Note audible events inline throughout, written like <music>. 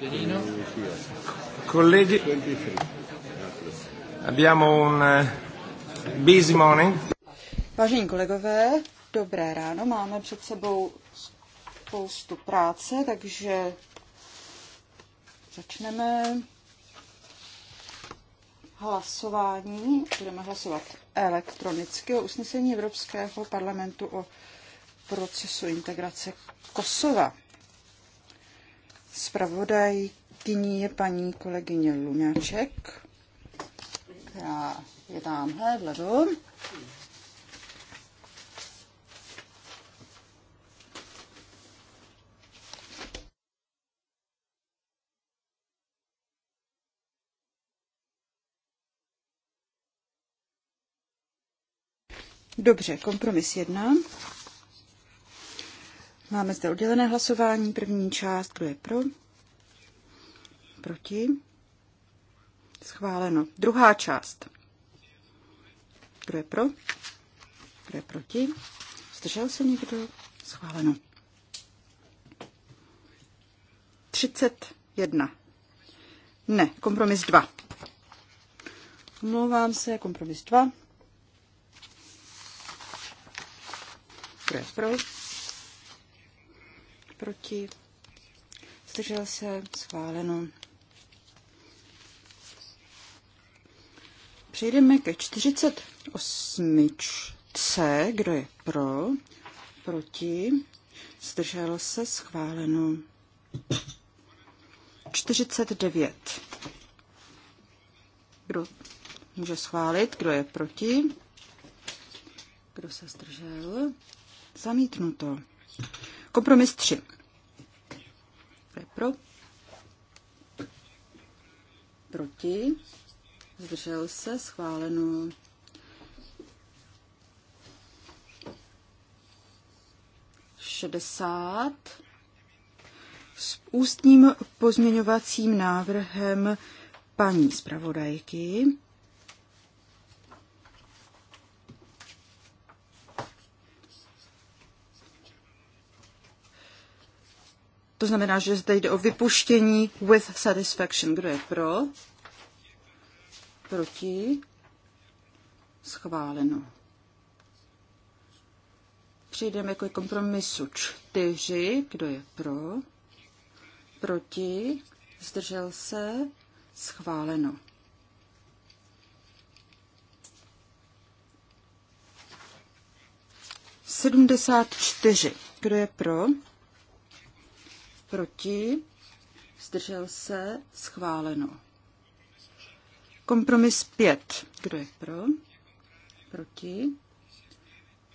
Pianino. Colleghi, abbiamo un eh, busy morning. Vážení kolegové, dobré ráno. Máme před sebou spoustu práce, takže začneme hlasování. Budeme hlasovat elektronicky o usnesení Evropského parlamentu o procesu integrace Kosova. Spravodajkyní je paní kolegyně Luňaček, která je tamhle vledu. Dobře, kompromis jedna. Máme zde oddělené hlasování. První část, kdo je pro? Proti? Schváleno. Druhá část. Kdo je pro? Kdo je proti? Zdržel se někdo? Schváleno. 31. Ne, kompromis 2. Omlouvám se, kompromis 2. Kdo je pro? proti, zdržel se, schváleno. Přejdeme ke 48. C, kdo je pro, proti, zdržel se, schváleno. 49. Kdo může schválit, kdo je proti, kdo se zdržel, zamítnuto. Kompromis 3. pro? Proti? Zdržel se? Schváleno. Šedesát. S ústním pozměňovacím návrhem paní zpravodajky. To znamená, že zde jde o vypuštění with satisfaction. Kdo je pro? Proti? Schváleno. Přijdeme k kompromisu čtyři. Kdo je pro? Proti? Zdržel se? Schváleno. Sedmdesát čtyři. Kdo je pro? proti, zdržel se, schváleno. Kompromis 5. Kdo je pro? Proti?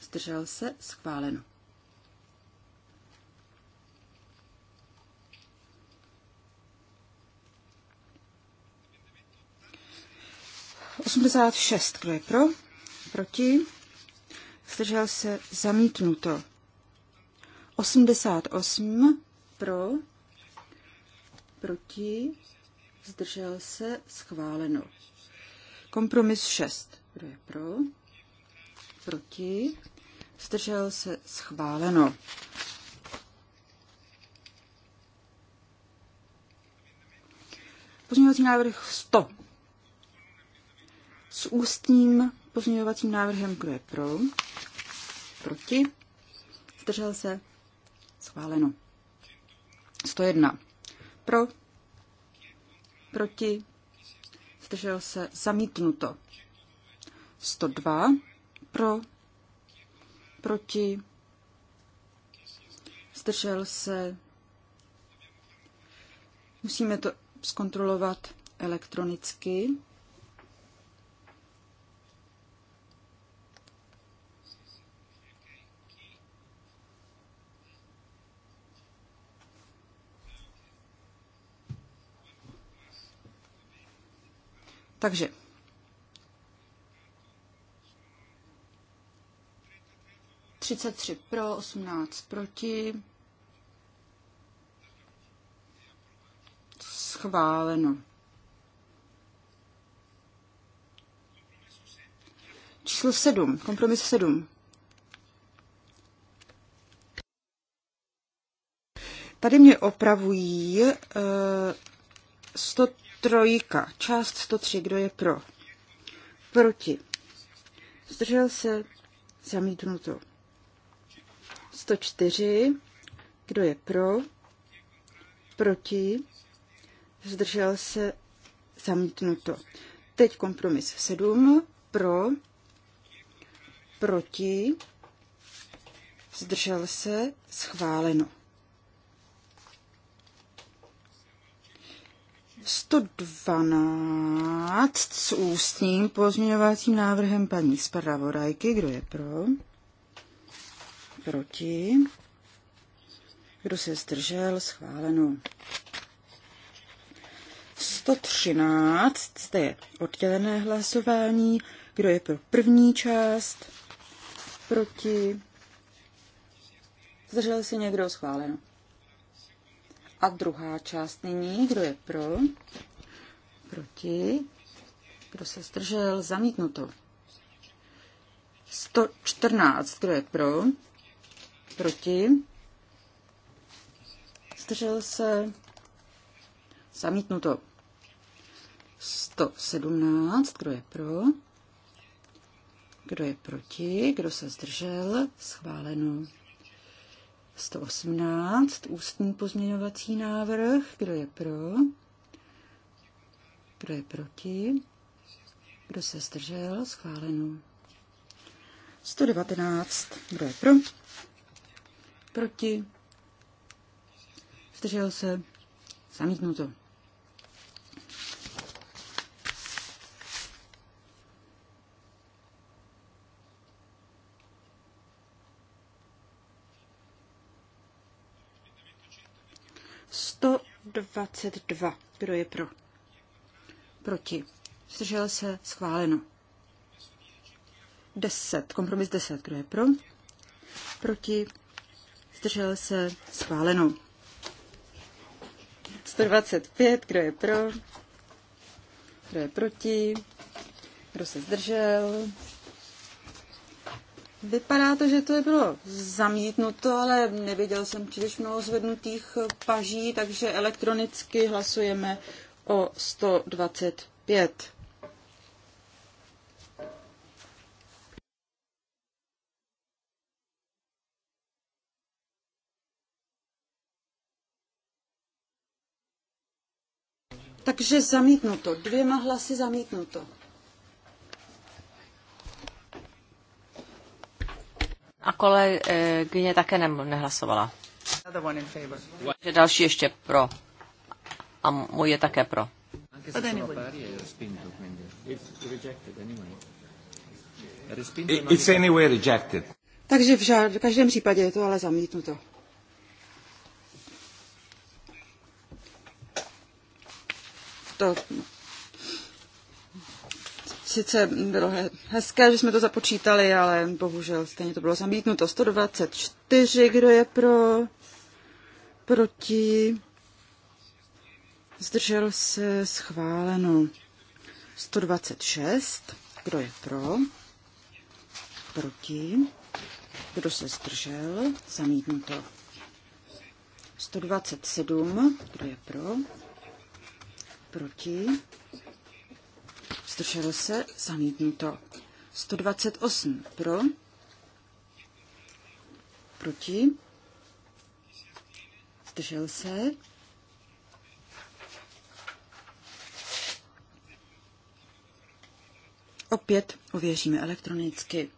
Zdržel se? Schváleno. Osmdesát šest. Kdo je pro? Proti? Zdržel se? Zamítnuto. Osmdesát osm pro, proti, zdržel se, schváleno. Kompromis 6. Kdo je pro? Proti? Zdržel se schváleno. Pozměňovací návrh 100. S ústním pozměňovacím návrhem, kdo je pro? Proti? Zdržel se schváleno. 101. Pro, proti, zdržel se, zamítnuto. 102. Pro, proti, zdržel se. Musíme to zkontrolovat elektronicky. Takže Třicet tři pro, osmnáct proti. Schváleno. Číslo sedm, kompromis sedm. Tady mě opravují. Uh, eh, 100, Trojka, část 103, kdo je pro? Proti. Zdržel se zamítnuto. 104, kdo je pro? Proti. Zdržel se zamítnuto. Teď kompromis 7, pro, proti, zdržel se, schváleno. 112 s ústním pozměňovacím návrhem paní zpravodajky. Kdo je pro? Proti? Kdo se zdržel? Schváleno. 113, to je oddělené hlasování. Kdo je pro první část? Proti? Zdržel se někdo? Schváleno. A druhá část nyní, kdo je pro, proti, kdo se zdržel, zamítnuto. 114, kdo je pro, proti, zdržel se, zamítnuto. 117, kdo je pro, kdo je proti, kdo se zdržel, schváleno. 118, ústní pozměňovací návrh. Kdo je pro? Kdo je proti? Kdo se zdržel? Schváleno. 119. Kdo je pro? Proti? Zdržel se? Zamítnuto. 122. Kdo je pro? Proti. Zdržel se. Schváleno. 10. Kompromis 10. Kdo je pro? Proti. Zdržel se. Schváleno. 125. Kdo je pro? Kdo je proti? Kdo se zdržel? Vypadá to, že to je bylo zamítnuto, ale neviděl jsem příliš mnoho zvednutých eh, paží, takže elektronicky hlasujeme o 125. Takže zamítnuto, dvěma hlasy zamítnuto. A kolegyně také ne, nehlasovala. Je další ještě pro. A můj je také pro. E it's e anyway rejected. Takže v, žád, v každém případě je to ale zamítnuto. To sice bylo hezké, že jsme to započítali, ale bohužel stejně to bylo zamítnuto. 124, kdo je pro, proti, zdrželo se schváleno. 126, kdo je pro, proti, kdo se zdržel, zamítnuto. 127, kdo je pro, proti, zdrželo se, zamítnuto. 128 pro, proti, zdržel se. Opět ověříme elektronicky.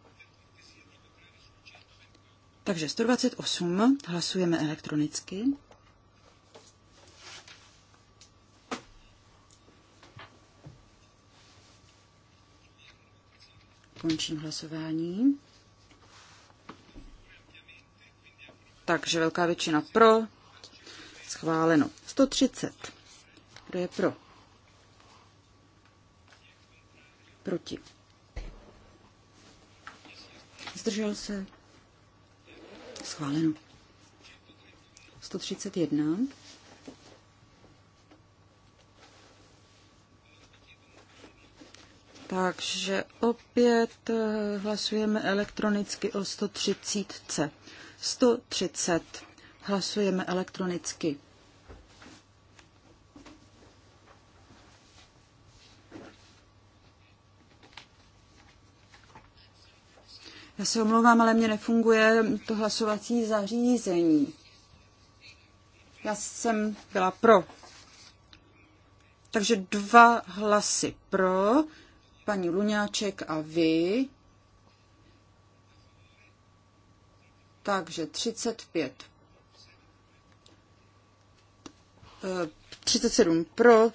Takže 128 hlasujeme elektronicky. Končím hlasování. Takže velká většina pro. Schváleno. 130. Kdo je pro? Proti. Zdržel se. Schváleno. 131. Takže opět eh, hlasujeme elektronicky o 130. 130. Hlasujeme elektronicky. Já se omlouvám, ale mě nefunguje to hlasovací zařízení. Já jsem byla pro. Takže dva hlasy pro, paní Luňáček a vy. Takže 35. 37 eh, pro,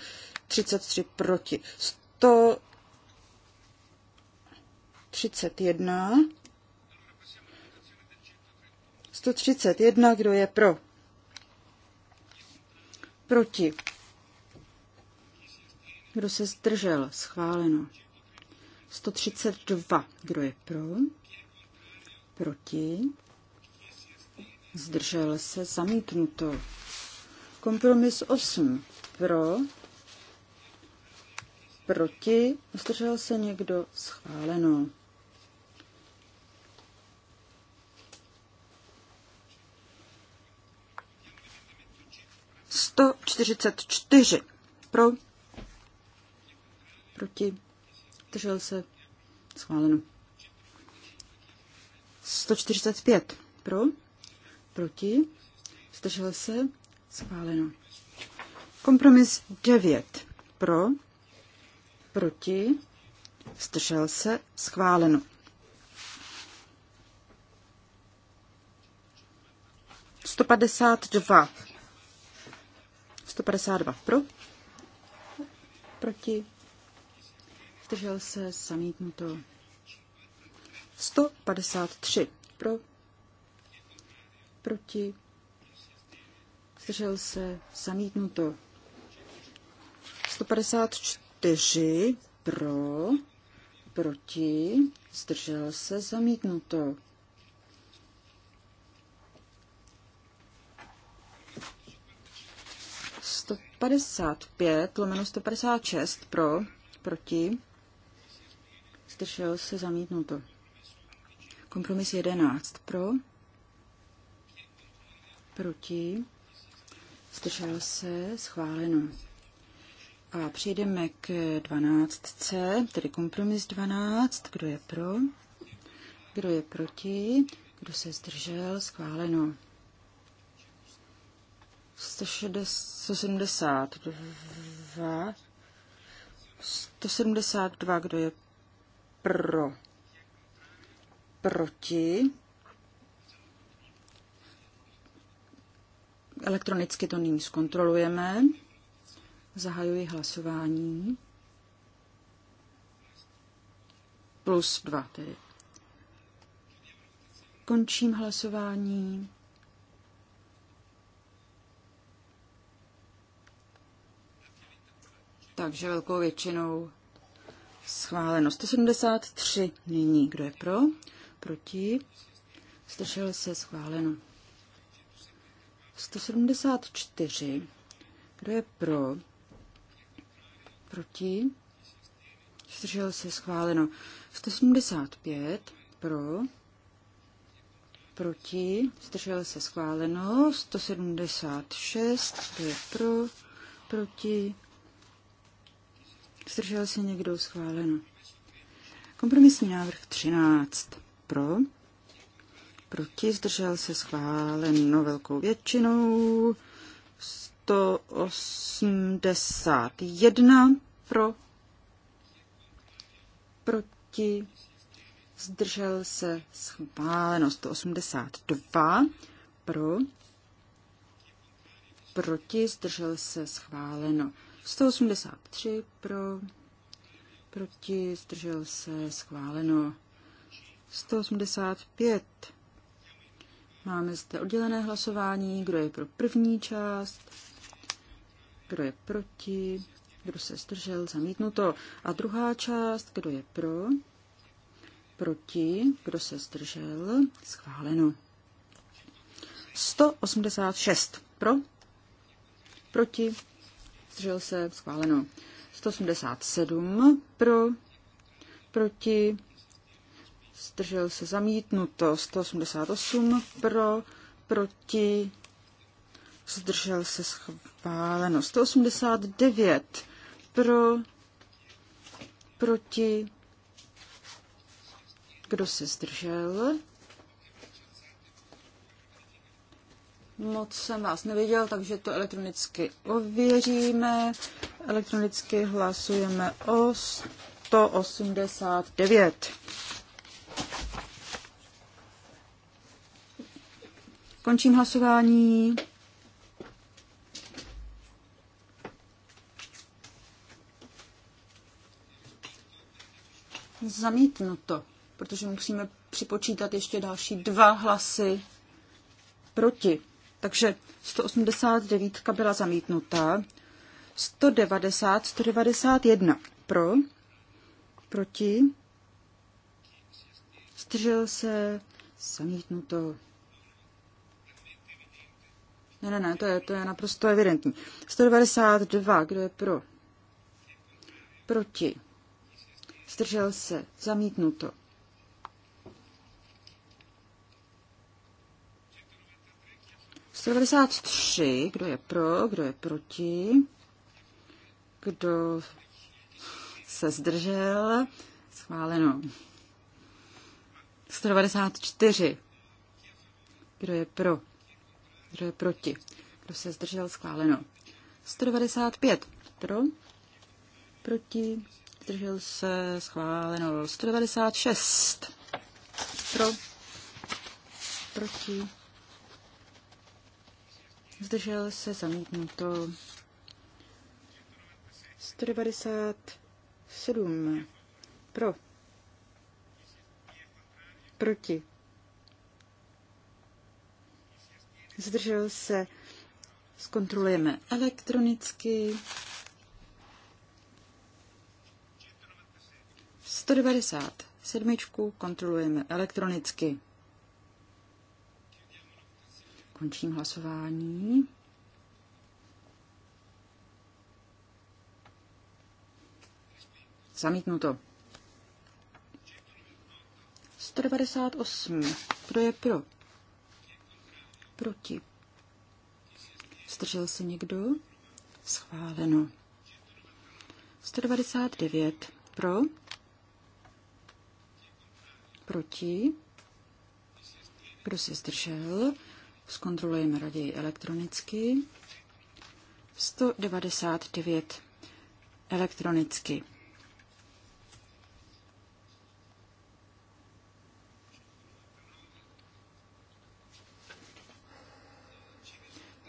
33 proti. 131. 131, kdo je pro? Proti. Kdo se zdržel? Schváleno. 132. Kdo je pro? Proti? Zdržel se zamítnuto. Kompromis 8. Pro? Proti? Zdržel se někdo schváleno. Sto čtyřicet čtyři. Pro? Proti? Zdržel se? Schváleno. 145 pro, proti, zdržel se, schváleno. Kompromis 9 pro, proti, zdržel se, schváleno. Sto padesát dva. Sto padesát dva pro, proti, zdržel se, zamítnuto. 153 pro, proti, zdržel se, zamítnuto. 154 pro, proti, zdržel se, zamítnuto. padesát pět, lomeno sto padesát šest pro, proti, zdržel se zamítnuto. Kompromis 11 pro, proti, zdržel se schváleno. A přejdeme k 12C, tedy kompromis 12. Kdo je pro? Kdo je proti? Kdo se zdržel? Schváleno. 172. 172. Kdo je pro, proti. Elektronicky to nyní zkontrolujeme. Zahajuji hlasování. Plus dva tedy. Končím hlasování. Takže velkou většinou Schváleno 173. Nyní, kdo je pro? Proti? Zdržel se schváleno. 174. Kdo je pro? Proti? Zdržel se schváleno. 175. Pro? Proti? Zdržel se schváleno. 176. Kdo je pro? Proti? Zdržel se někdo? Schváleno. Kompromisní návrh 13. Pro. Proti. Zdržel se? Schváleno velkou většinou. 181 pro. Proti. Zdržel se? Schváleno. 182 pro. Proti. Zdržel se? Schváleno. 183 pro, proti, zdržel se, schváleno. 185. Máme zde oddělené hlasování, kdo je pro první část, kdo je proti, kdo se zdržel, zamítnuto. A druhá část, kdo je pro, proti, kdo se zdržel, schváleno. 186 pro, proti, zdržel se, schváleno. 187 pro, proti, zdržel se, zamítnuto. 188 pro, proti, zdržel se, schváleno. 189 pro, proti, kdo se zdržel? Moc jsem vás neviděl, takže to elektronicky ověříme. Elektronicky hlasujeme o 189. Končím hlasování. Zamítnuto, protože musíme připočítat ještě další dva hlasy proti. Takže 189 byla zamítnuta. 190, 191 pro, proti, zdržel se, zamítnuto. Ne, ne, ne, to je, to je naprosto evidentní. 192, kdo je pro? Proti. Zdržel se, zamítnuto. 193, kdo je pro, kdo je proti, kdo se zdržel, schváleno. 194, kdo je pro, kdo je proti, kdo se zdržel, schváleno. 195, pro, proti, zdržel se, schváleno. 196, pro, proti, zdržel se zamítnuto. 197 pro, proti, zdržel se, zkontrolujeme elektronicky. 197 kontrolujeme elektronicky. Končím hlasování. Zamítnuto. 198. Kdo je pro? Proti. Zdržel se někdo? Schváleno. 199. Pro? Proti? Kdo se zdržel? Zkontrolujeme raději elektronicky. 199 elektronicky.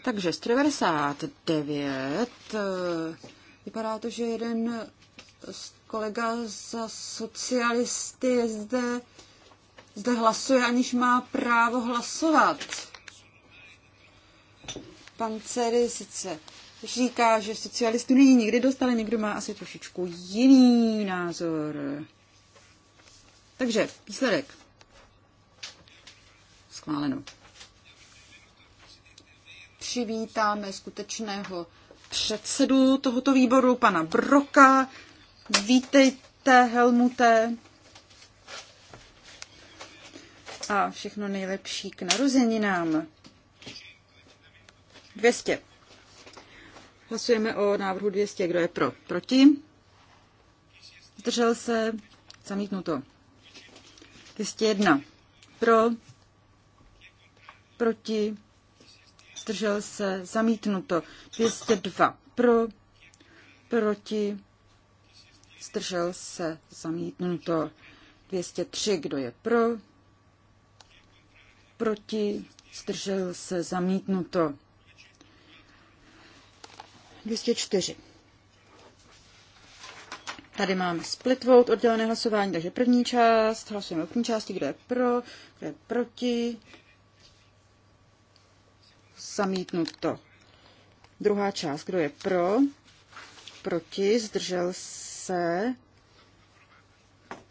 Takže 199, vypadá to, že jeden kolega za socialisty je zde, zde hlasuje, aniž má právo hlasovat pan Cery sice říká, že socialistů není nikdy dostali, někdo má asi trošičku jiný názor. Takže výsledek. Schváleno. Přivítáme skutečného předsedu tohoto výboru, pana Broka. Vítejte, Helmute. A všechno nejlepší k narozeninám. 200. Hlasujeme o návrhu 200. Kdo je pro? Proti? Zdržel se? Zamítnuto. 201. Pro? Proti? Zdržel se? Zamítnuto. 202. Pro? Proti? Zdržel se? Zamítnuto. 203. Kdo je pro? Proti? Zdržel se? Zamítnuto. 204. Tady máme split vote, oddělené hlasování, takže první část, hlasujeme o první části, kdo je pro, kdo je proti. Zamítnuto. Druhá část, kdo je pro, proti, zdržel se,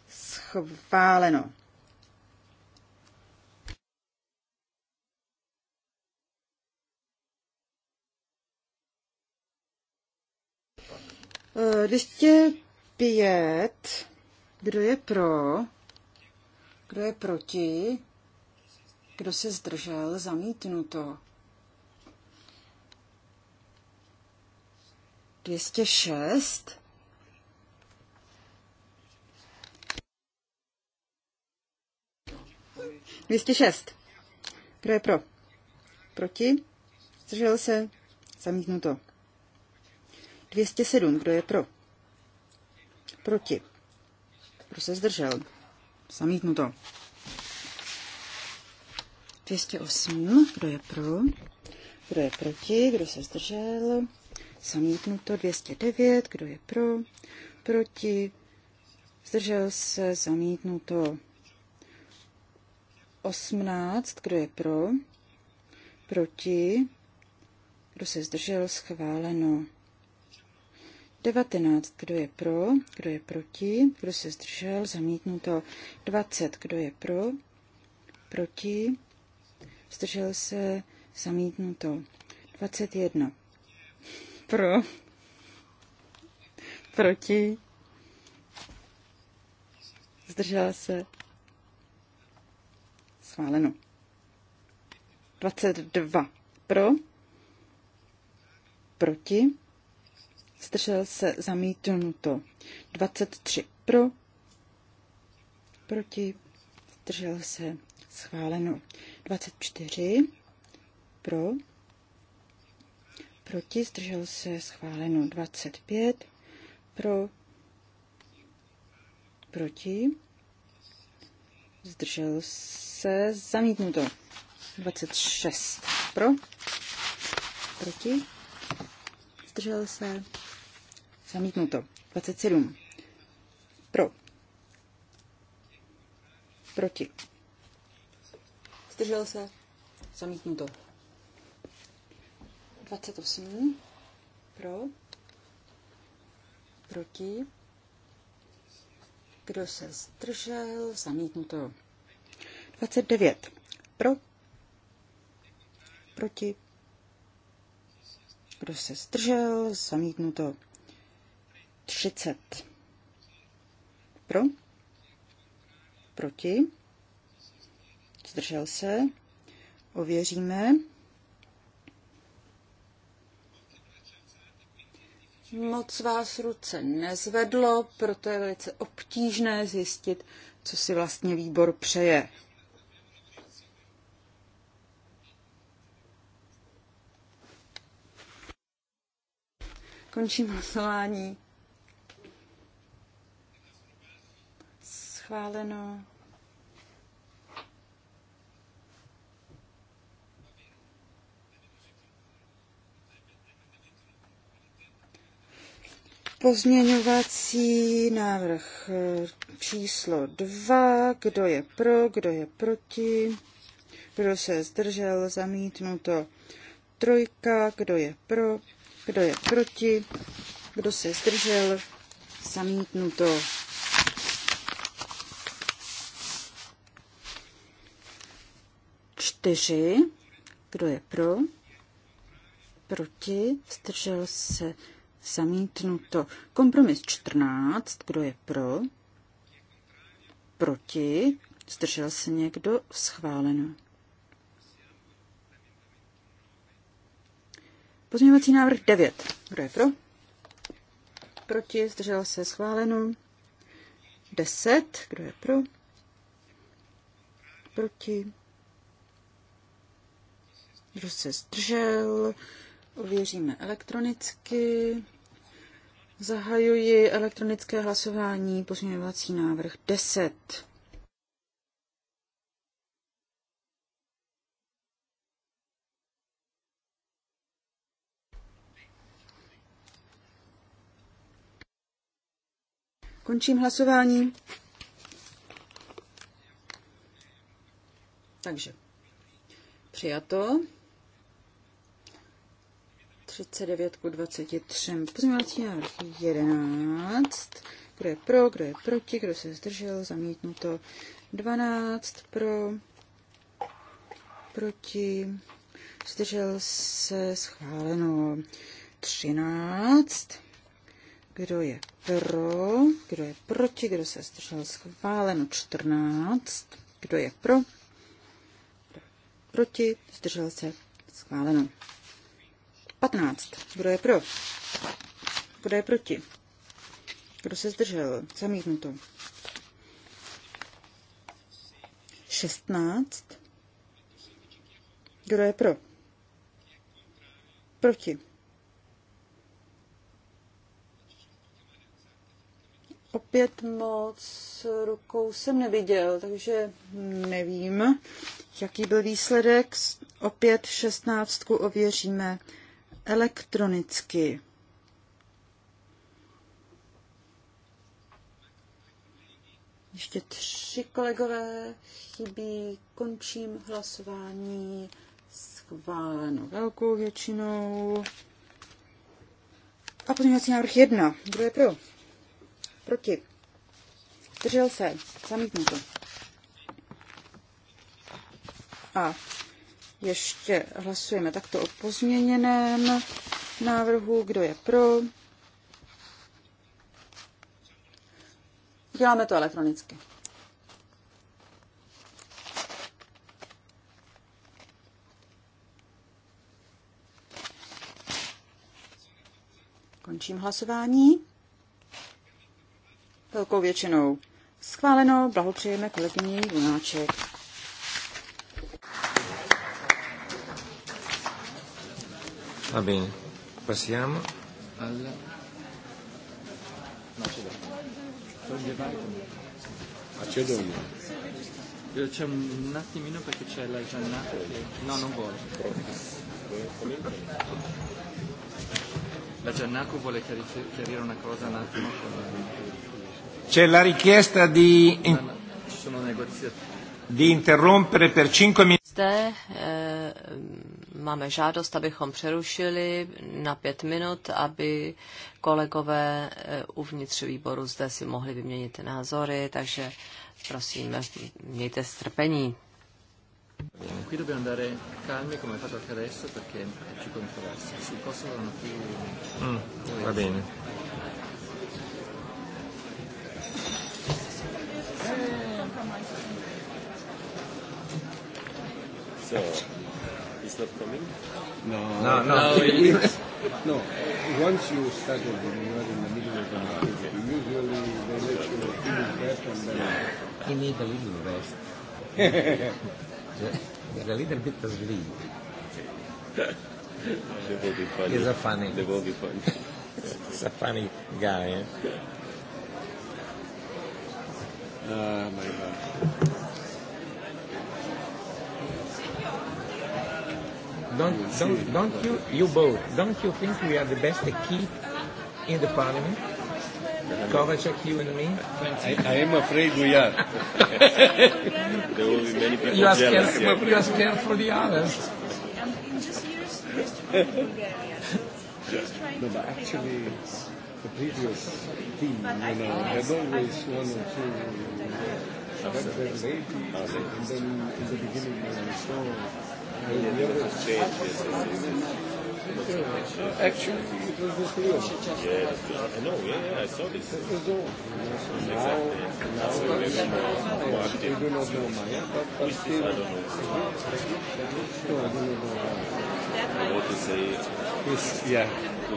schváleno. 205. Kdo je pro? Kdo je proti? Kdo se zdržel? Zamítnuto. 206. Dvěstě šest. Kdo je pro? Proti? Zdržel se? Zamítnuto. 207. Kdo je pro? Proti. Kdo se zdržel? Zamítnuto. 208. Kdo je pro? Kdo je proti? Kdo se zdržel? Zamítnuto. 209. Kdo je pro? Proti. Zdržel se. Zamítnuto. 18. Kdo je pro? Proti. Kdo se zdržel? Schváleno. 19. Kdo je pro? Kdo je proti? Kdo se zdržel? Zamítnuto. 20. Kdo je pro? Proti? Zdržel se? Zamítnuto. 21. Pro? Proti? Zdržel se? Schváleno. 22. Pro? Proti? zdržel se zamítnuto. 23 pro, proti, zdržel se schváleno. 24 pro, proti, zdržel se schváleno. 25 pro, proti, zdržel se zamítnuto. 26 pro, proti, zdržel se Zamítnuto. 27. Pro. Proti. Zdržel se. Zamítnuto. 28. Pro. Proti. Kdo se zdržel? Zamítnuto. 29. Pro. Proti. Kdo se zdržel? Zamítnuto. 30. Pro? Proti? Zdržel se? Ověříme. Moc vás ruce nezvedlo, proto je velice obtížné zjistit, co si vlastně výbor přeje. Končím hlasování. schváleno. Pozměňovací návrh eh, číslo 2. Kdo je pro, kdo je proti, kdo se zdržel, zamítnuto. Trojka, kdo je pro, kdo je proti, kdo se zdržel, zamítnuto. 4. Kdo je pro? Proti? Zdržel se zamítnuto. Kompromis 14. Kdo je pro? Proti? Zdržel se někdo? Schváleno. Pozměňovací návrh 9. Kdo je pro? Proti? Zdržel se? Schváleno. 10. Kdo je pro? Proti? kdo se zdržel. Ověříme elektronicky. Zahajuji elektronické hlasování pozměňovací návrh 10. Končím hlasování. Takže přijato. 39 ku 23. Pozměňovací návrh 11. Kdo je pro, kdo je proti, kdo se zdržel, zamítnuto. 12 pro, proti, zdržel se, schváleno. 13. Kdo je pro, kdo je proti, kdo se zdržel, schváleno. 14. Kdo je pro, kdo je proti, zdržel se, schváleno. 15. Kdo je pro? Kdo je proti? Kdo se zdržel? Zamítnuto. 16. Kdo je pro? Proti. 5 moc rukou jsem neviděl, takže nevím, jaký byl výsledek. Opět 16 ověříme elektronicky. Ještě tři kolegové chybí, končím hlasování, schváleno velkou většinou. A pozměňovací návrh jedna. Kdo je pro? Proti. Držel se. to. A ještě hlasujeme takto o pozměněném návrhu. Kdo je pro? Děláme to elektronicky. Končím hlasování. Velkou většinou schváleno. Blahopřejeme kolegyni Junáček. Va bene, passiamo al... Accedo io. Eh, c'è un attimino perché c'è la Gianna che... No, non vuole. La Giannaco vuole chiarire una cosa un attimo. C'è la richiesta di... Ci di interrompere per 5 minuti máme žádost, abychom přerušili na pět minut, aby kolegové eh, uvnitř výboru zde si mohli vyměnit názory, takže prosím, mějte strpení. Qui dobbiamo andare calmi come fatto anche adesso perché ci controversi. Sul costo Mm, va bene. So. Eh, not coming? No, no, no. no, <laughs> is, no. Once you start it, you are in the middle of the market. Usually they let you finish rest and then. Yeah. You need a little rest. There's <laughs> a little bit of sleep. they will be funny. He's a funny. They will be funny. <laughs> He's a funny guy. Eh? Ah, my God. don't, don't, don't you, you both, don't you think we are the best key in the parliament? Kovacek, you and me? I, I am afraid we are. <laughs> there will be many people you are jealous. Scared, yeah. You are scared for the others. no, but actually, the previous team, you know, had always one or two. But then maybe, ah, and then in the beginning when I saw Actually, Yeah, no, yeah, yeah, I saw this. Now, now we know Maya, still. want to say yeah. to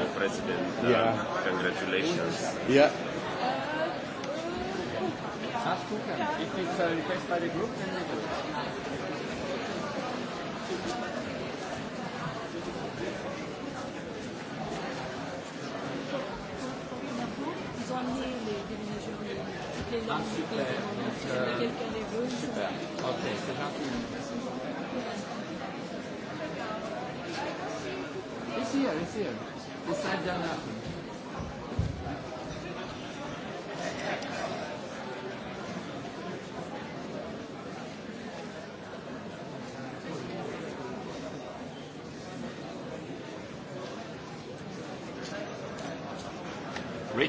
our president, yeah. congratulations. Yeah. If it's a request group, Ah, super. Euh, super. Ok, c'est gentil. It's here, it's here. It's right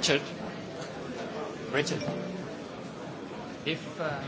Richard. Richard. If. Uh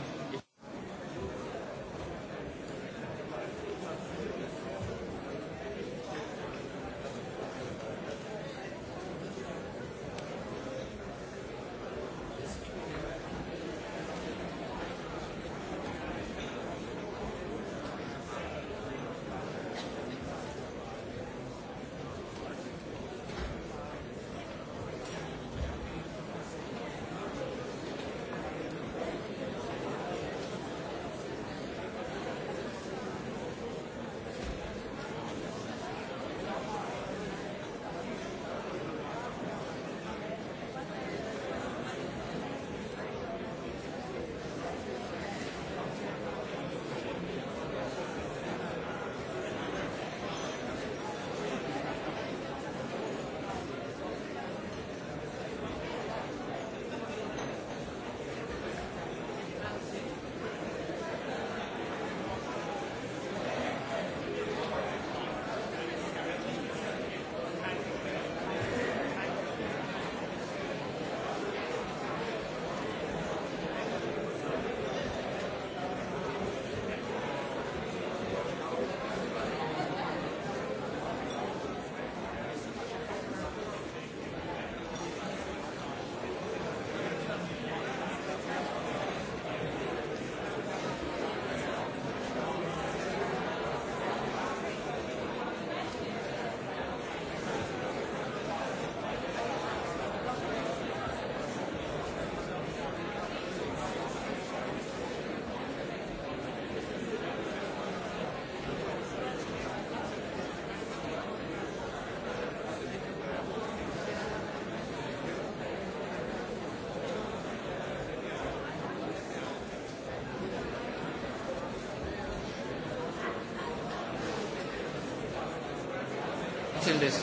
send this.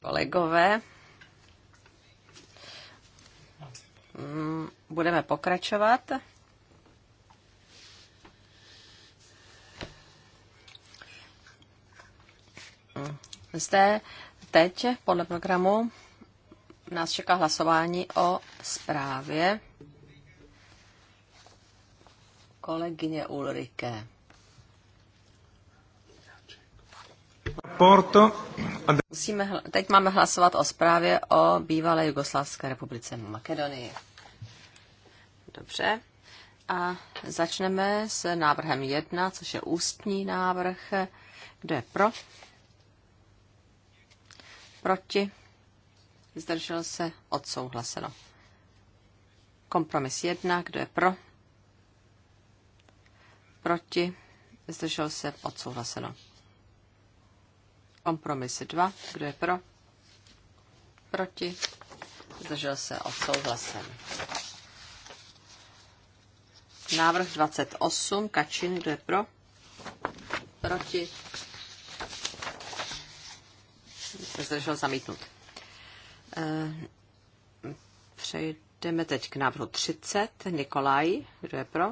Kolegové. Mm, budeme pokračovat. Zde teď podle programu nás čeká hlasování o zprávě kolegyně Ulrike. Porto. Musíme, teď máme hlasovat o zprávě o bývalé Jugoslávské republice Makedonii. Dobře. A začneme s návrhem 1, což je ústní návrh. Kdo je pro? Proti? Zdržel se? Odsouhlaseno. Kompromis 1. Kdo je pro? proti, zdržel se, odsouhlaseno. Kompromis 2, kdo je pro, proti, zdržel se, odsouhlasen. Návrh 28, Kačin, kdo je pro, proti, zdržel zamítnut. E, přejdeme teď k návrhu 30, Nikolaj, kdo je pro,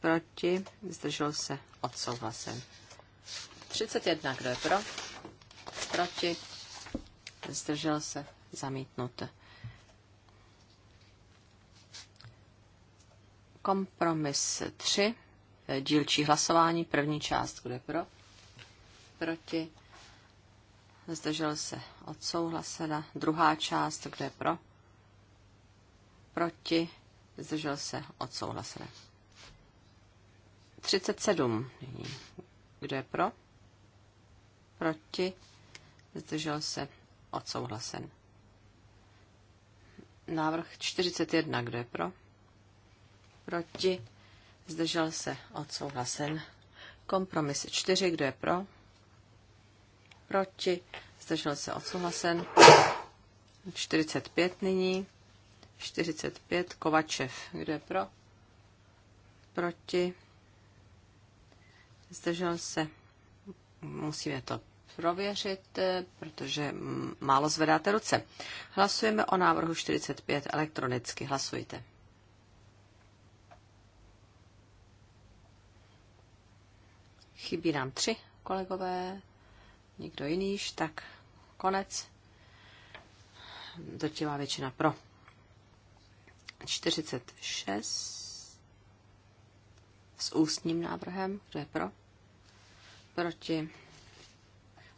proti, zdržel se, odsouhlasen. 31, kdo je pro, proti, zdržel se, zamítnut. Kompromis 3, dílčí hlasování, první část, kdo je pro, proti, zdržel se, odsouhlasena. Druhá část, kdo je pro, proti, zdržel se, odsouhlasena. 37. Kdo je pro? Proti? Zdržel se? Odsouhlasen. Návrh 41. Kdo je pro? Proti? Zdržel se? Odsouhlasen. Kompromis 4. Kdo je pro? Proti? Zdržel se? Odsouhlasen. 45 nyní. 45. Kovačev. Kdo je pro? Proti? zdržel se. Musíme to prověřit, eh, protože mm, málo zvedáte ruce. Hlasujeme o návrhu 45 elektronicky. Hlasujte. Chybí nám tři kolegové, nikdo jiný, tak konec. Dotivá většina pro. 46 s ústním návrhem. Kdo je pro? Proti?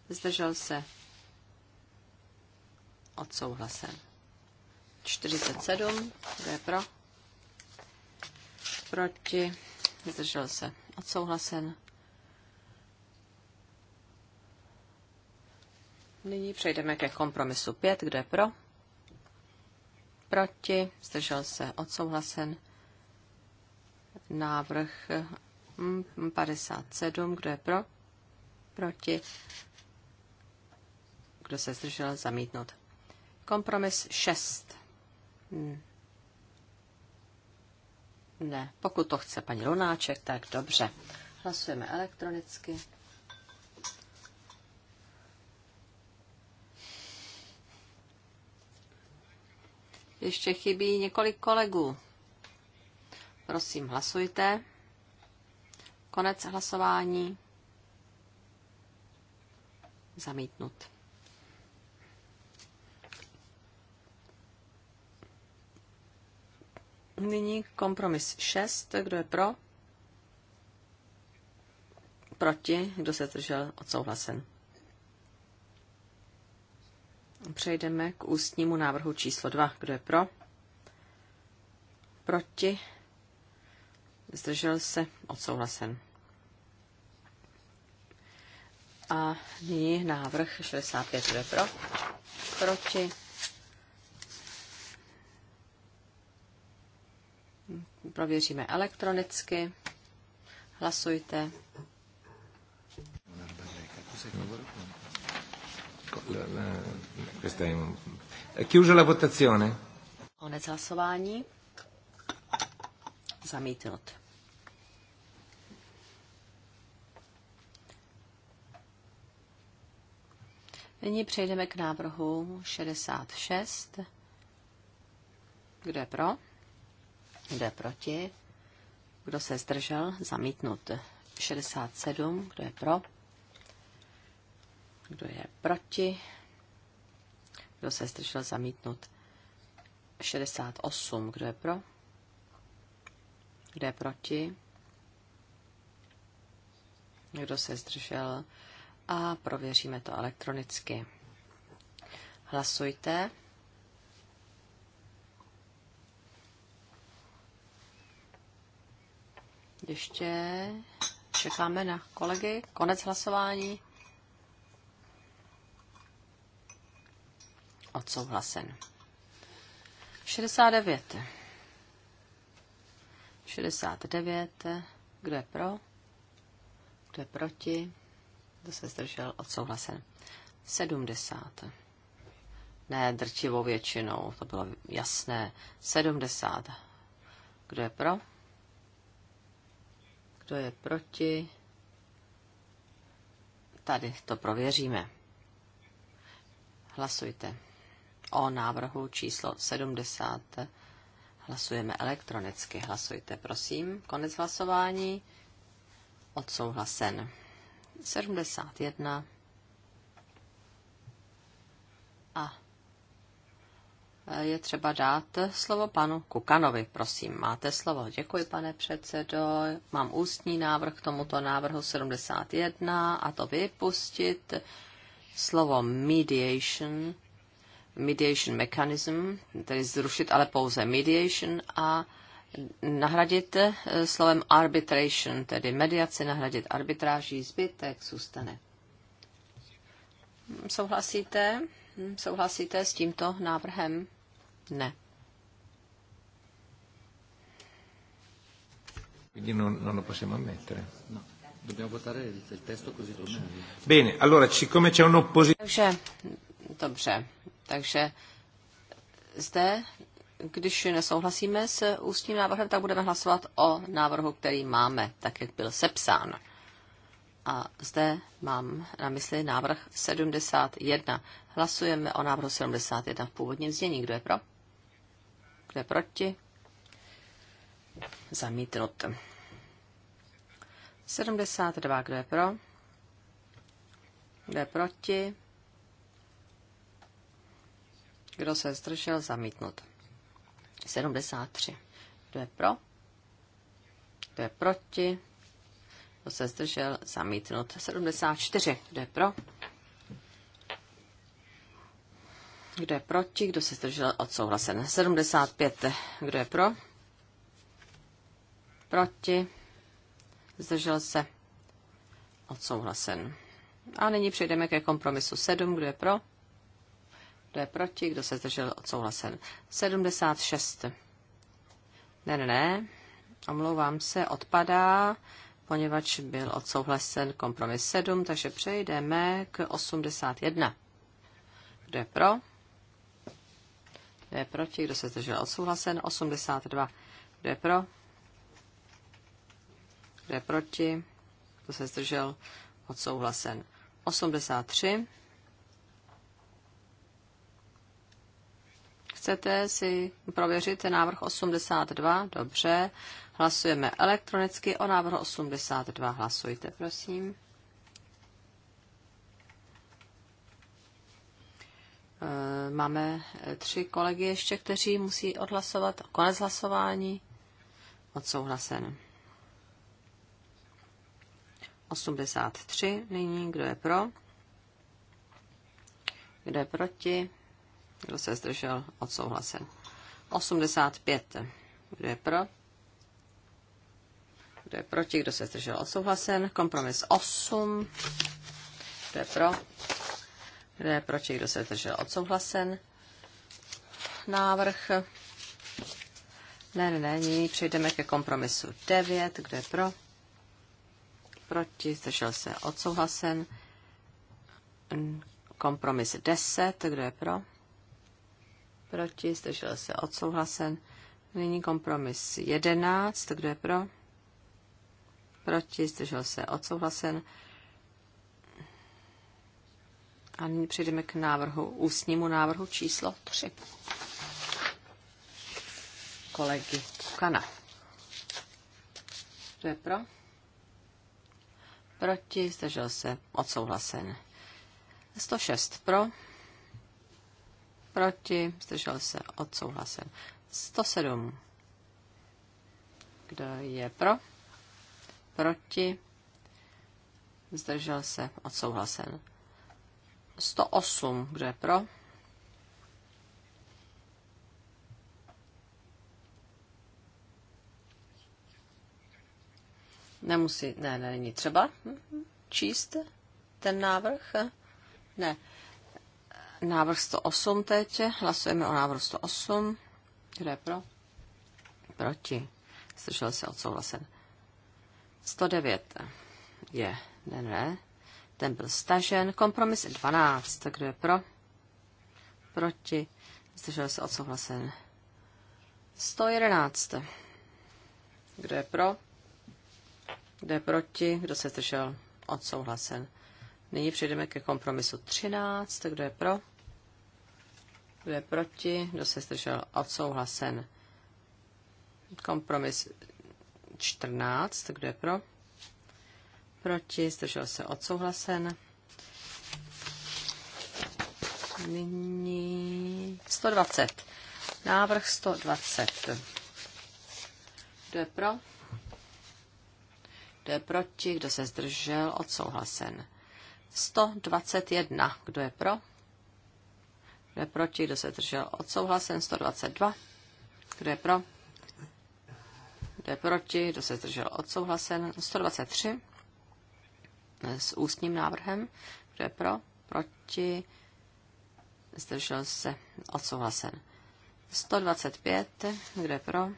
Zdržel se? Odsouhlasen. 47. Kdo je pro? Proti? Zdržel se? Odsouhlasen. Nyní přejdeme ke kompromisu 5. Kdo je pro? Proti? Zdržel se? Odsouhlasen návrh 57. Mm, kdo je pro? Proti? Kdo se zdržel? Zamítnout. Kompromis 6. Hmm. Ne, pokud to chce paní Lunáček, tak dobře. Hlasujeme elektronicky. Ještě chybí několik kolegů. Prosím, hlasujte. Konec hlasování. Zamítnut. Nyní kompromis 6. Kdo je pro? Proti? Kdo se držel? Odsouhlasen. Přejdeme k ústnímu návrhu číslo 2. Kdo je pro? Proti? zdržel se, odsouhlasen. A nyní návrh 65, kdo pro, proti, prověříme elektronicky, hlasujte. chiuso la votazione. Konec hlasování. Zamítnut. Nyní přejdeme k návrhu 66. Kdo je pro? Kdo je proti? Kdo se zdržel? Zamítnut. 67. Kdo je pro? Kdo je proti? Kdo se zdržel? Zamítnut. 68. Kdo je pro? Kdo je proti? Kdo se zdržel? A prověříme to elektronicky. Hlasujte. Ještě čekáme na kolegy. Konec hlasování. Odsouhlasen. 69. 69. Kdo je pro? Kdo je proti? Kdo se zdržel? Odsouhlasen. 70. Ne drtivou většinou, to bylo jasné. 70. Kdo je pro? Kdo je proti? Tady to prověříme. Hlasujte o návrhu číslo 70 Hlasujeme elektronicky. Hlasujte, prosím. Konec hlasování. Odsouhlasen. 71. A eh, je třeba dát slovo panu Kukanovi. Prosím, máte slovo. Děkuji, pane předsedo. Mám ústní návrh k tomuto návrhu 71 a to vypustit slovo mediation mediation mechanism, tedy zrušit ale pouze mediation a nahradit eh, slovem arbitration, tedy mediaci nahradit arbitráží, zbytek zůstane. Souhlasíte? Hm, souhlasíte s tímto návrhem? Ne. Quindi non, non lo possiamo ammettere. No. Dobbiamo votare il, testo così Bene, allora siccome c'è un'opposizione... dobře takže zde, když nesouhlasíme s ústním návrhem, tak budeme hlasovat o návrhu, který máme, tak jak byl sepsán. A zde mám na mysli návrh 71. Hlasujeme o návrhu 71 v původním znění. Kdo je pro? Kdo je proti? Zamítnut. 72. Kdo je pro? Kdo je proti? Kdo se zdržel? Zamítnut. 73. Kdo je pro? Kdo je proti? Kdo se zdržel? Zamítnut. 74. Kdo je pro? Kdo je proti? Kdo se zdržel? Odsouhlasen. 75. Kdo je pro? Proti? Zdržel se? Odsouhlasen. A nyní přejdeme ke kompromisu 7. Kdo je pro? Kdo je proti? Kdo se zdržel? Odsouhlasen. 76. Ne, ne, ne. Omlouvám se, odpadá, poněvadž byl odsouhlasen kompromis 7, takže přejdeme k 81. Kdo je pro? Kdo je proti? Kdo se zdržel? Odsouhlasen. 82. Kdo je pro? Kdo je proti? Kdo se zdržel? Odsouhlasen. 83. Chcete si prověřit návrh 82? Dobře. Hlasujeme elektronicky o návrhu 82. Hlasujte, prosím. Eh, máme eh, tři kolegy ještě, kteří musí odhlasovat. Konec hlasování. Odsouhlasen. 83 nyní. Kdo je pro? Kdo je proti? Kdo se zdržel? Odsouhlasen. 85. Kdo je pro? Kdo je proti? Kdo se zdržel? Odsouhlasen. Kompromis 8. Kdo je pro? Kdo je proti? Kdo se zdržel? Odsouhlasen. Návrh. Ne, ne, ne, nyní přejdeme ke kompromisu 9. Kdo je pro? Proti? Zdržel se? Odsouhlasen. Kompromis 10. Kdo je pro? proti, zdržel se odsouhlasen. Nyní kompromis 11, kdo je pro, proti, zdržel se odsouhlasen. A nyní přejdeme k návrhu, ústnímu návrhu číslo 3. Kolegy Kana. Kdo je pro? Proti, zdržel se, odsouhlasen. 106 pro, proti, zdržel se, odsouhlasen. 107. Kdo je pro? Proti, zdržel se, odsouhlasen. 108. Kdo je pro? Nemusí, ne, ne, není třeba číst ten návrh. Ne. Návrh 108 teď. Hlasujeme o návrhu 108. Kdo je pro? Proti. Slyšel se odsouhlasen. 109 je ne, ne. Ten byl stažen. Kompromis 12. Kdo je pro? Proti. Slyšel se odsouhlasen. 111. Kdo je pro? Kdo je proti? Kdo se zdržel? Odsouhlasen. Nyní přejdeme ke kompromisu 13. Kdo je pro? Kdo je proti? Kdo se zdržel? Odsouhlasen. Kompromis 14. Kdo je pro? Proti? Zdržel se? Odsouhlasen. Nyní 120. Návrh 120. Kdo je pro? Kdo je proti? Kdo se zdržel? Odsouhlasen. 121. Kdo je pro? Kdo je proti? Kdo se držel? Odsouhlasen. 122. Kdo je pro? Kdo je proti? Kdo se držel Odsouhlasen. 123. S ústním návrhem. Kdo je pro? Proti? Zdržel se. Odsouhlasen. 125. Kdo je pro?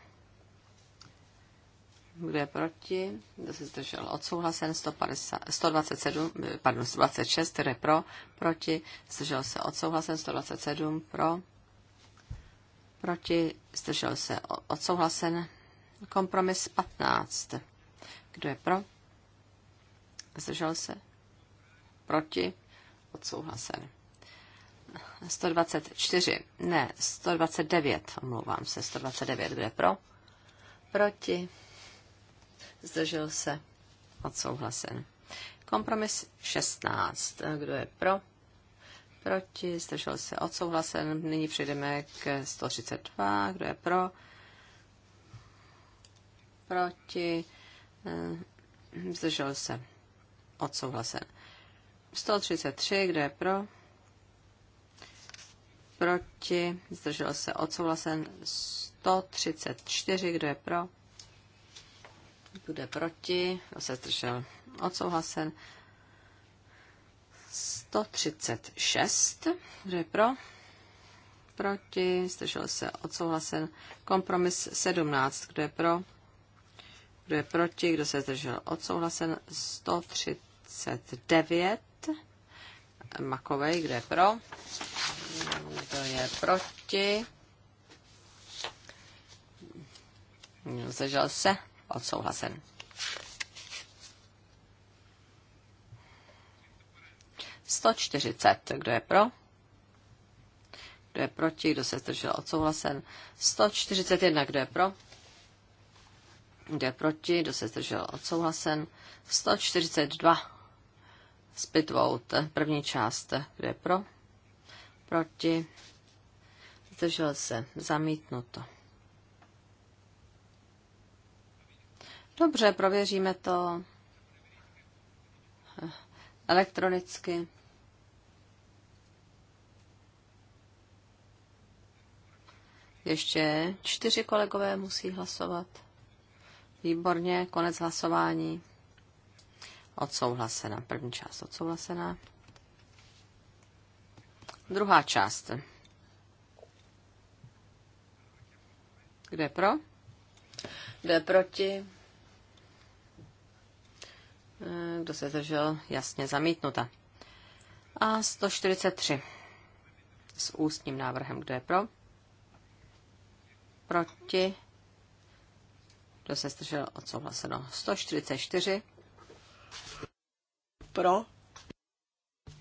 Kdo je proti? Kdo se zdržel? Odsouhlasen. 150, 127, pardon, 126, tedy pro, proti. Zdržel se odsouhlasen. 127 pro, proti. Zdržel se odsouhlasen. Kompromis 15. Kdo je pro? Zdržel se? Proti? Odsouhlasen. 124, ne, 129, omlouvám se, 129, kde pro? Proti zdržel se, odsouhlasen. Kompromis 16. Kdo je pro? Proti, zdržel se, odsouhlasen. Nyní přejdeme k 132. Eh, kdo je pro? Proti, zdržel se, odsouhlasen. 133, kdo je pro? Proti, zdržel se, odsouhlasen. 134, kdo je pro? bude proti, kdo se zdržel odsouhlasen. 136, kdo je pro, proti, zdržel se odsouhlasen. Kompromis 17, kdo je pro, kdo je proti, kdo se zdržel odsouhlasen. 139, Makovej, kdo je pro, kdo je proti, zdržel se odsouhlasen. 140. Kdo je pro? Kdo je proti? Kdo se zdržel? Odsouhlasen. 141. Kdo je pro? Kdo je proti? Kdo se zdržel? Odsouhlasen. 142. Spitvout. První část. Kdo je pro? Proti? Zdržel se. Zamítnuto. Dobře, prověříme to elektronicky. Ještě čtyři kolegové musí hlasovat. Výborně, konec hlasování. Odsouhlasena. První část odsouhlasena. Druhá část. Kde pro? Kde proti? Eh, kdo se zdržel? Jasně zamítnuta. A 143 s ústním návrhem. Kdo je pro? Proti? Kdo se zdržel? Odsouhlaseno. 144 pro?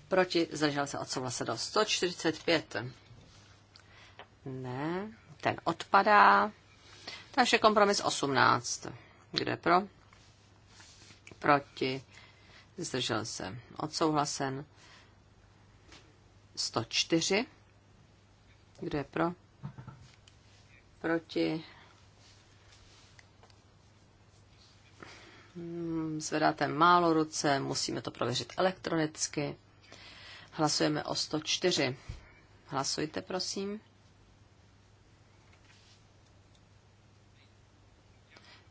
Proti? Zdržel se? Odsouhlaseno. 145 ne, ten odpadá. Takže kompromis 18. Kdo je pro? proti, zdržel se odsouhlasen. 104, kdo je pro, proti, hmm, zvedáte málo ruce, musíme to prověřit elektronicky. Hlasujeme o 104. Hlasujte, prosím.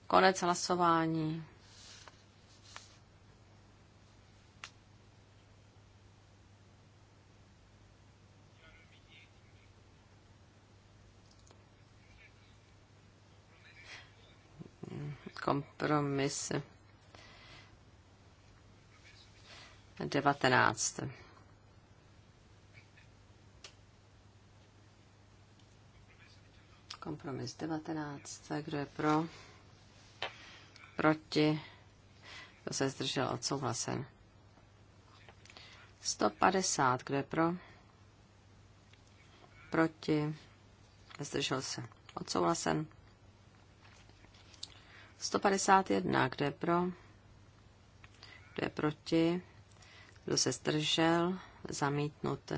Konec hlasování. Kompromis 19. Kompromis 19. Kdo je pro? Proti? Kdo se zdržel odsouhlasen? 150. Kdo je pro? Proti? Zdržel se odsouhlasen. 151, kdo je pro, kdo je proti, kdo se zdržel, zamítnut.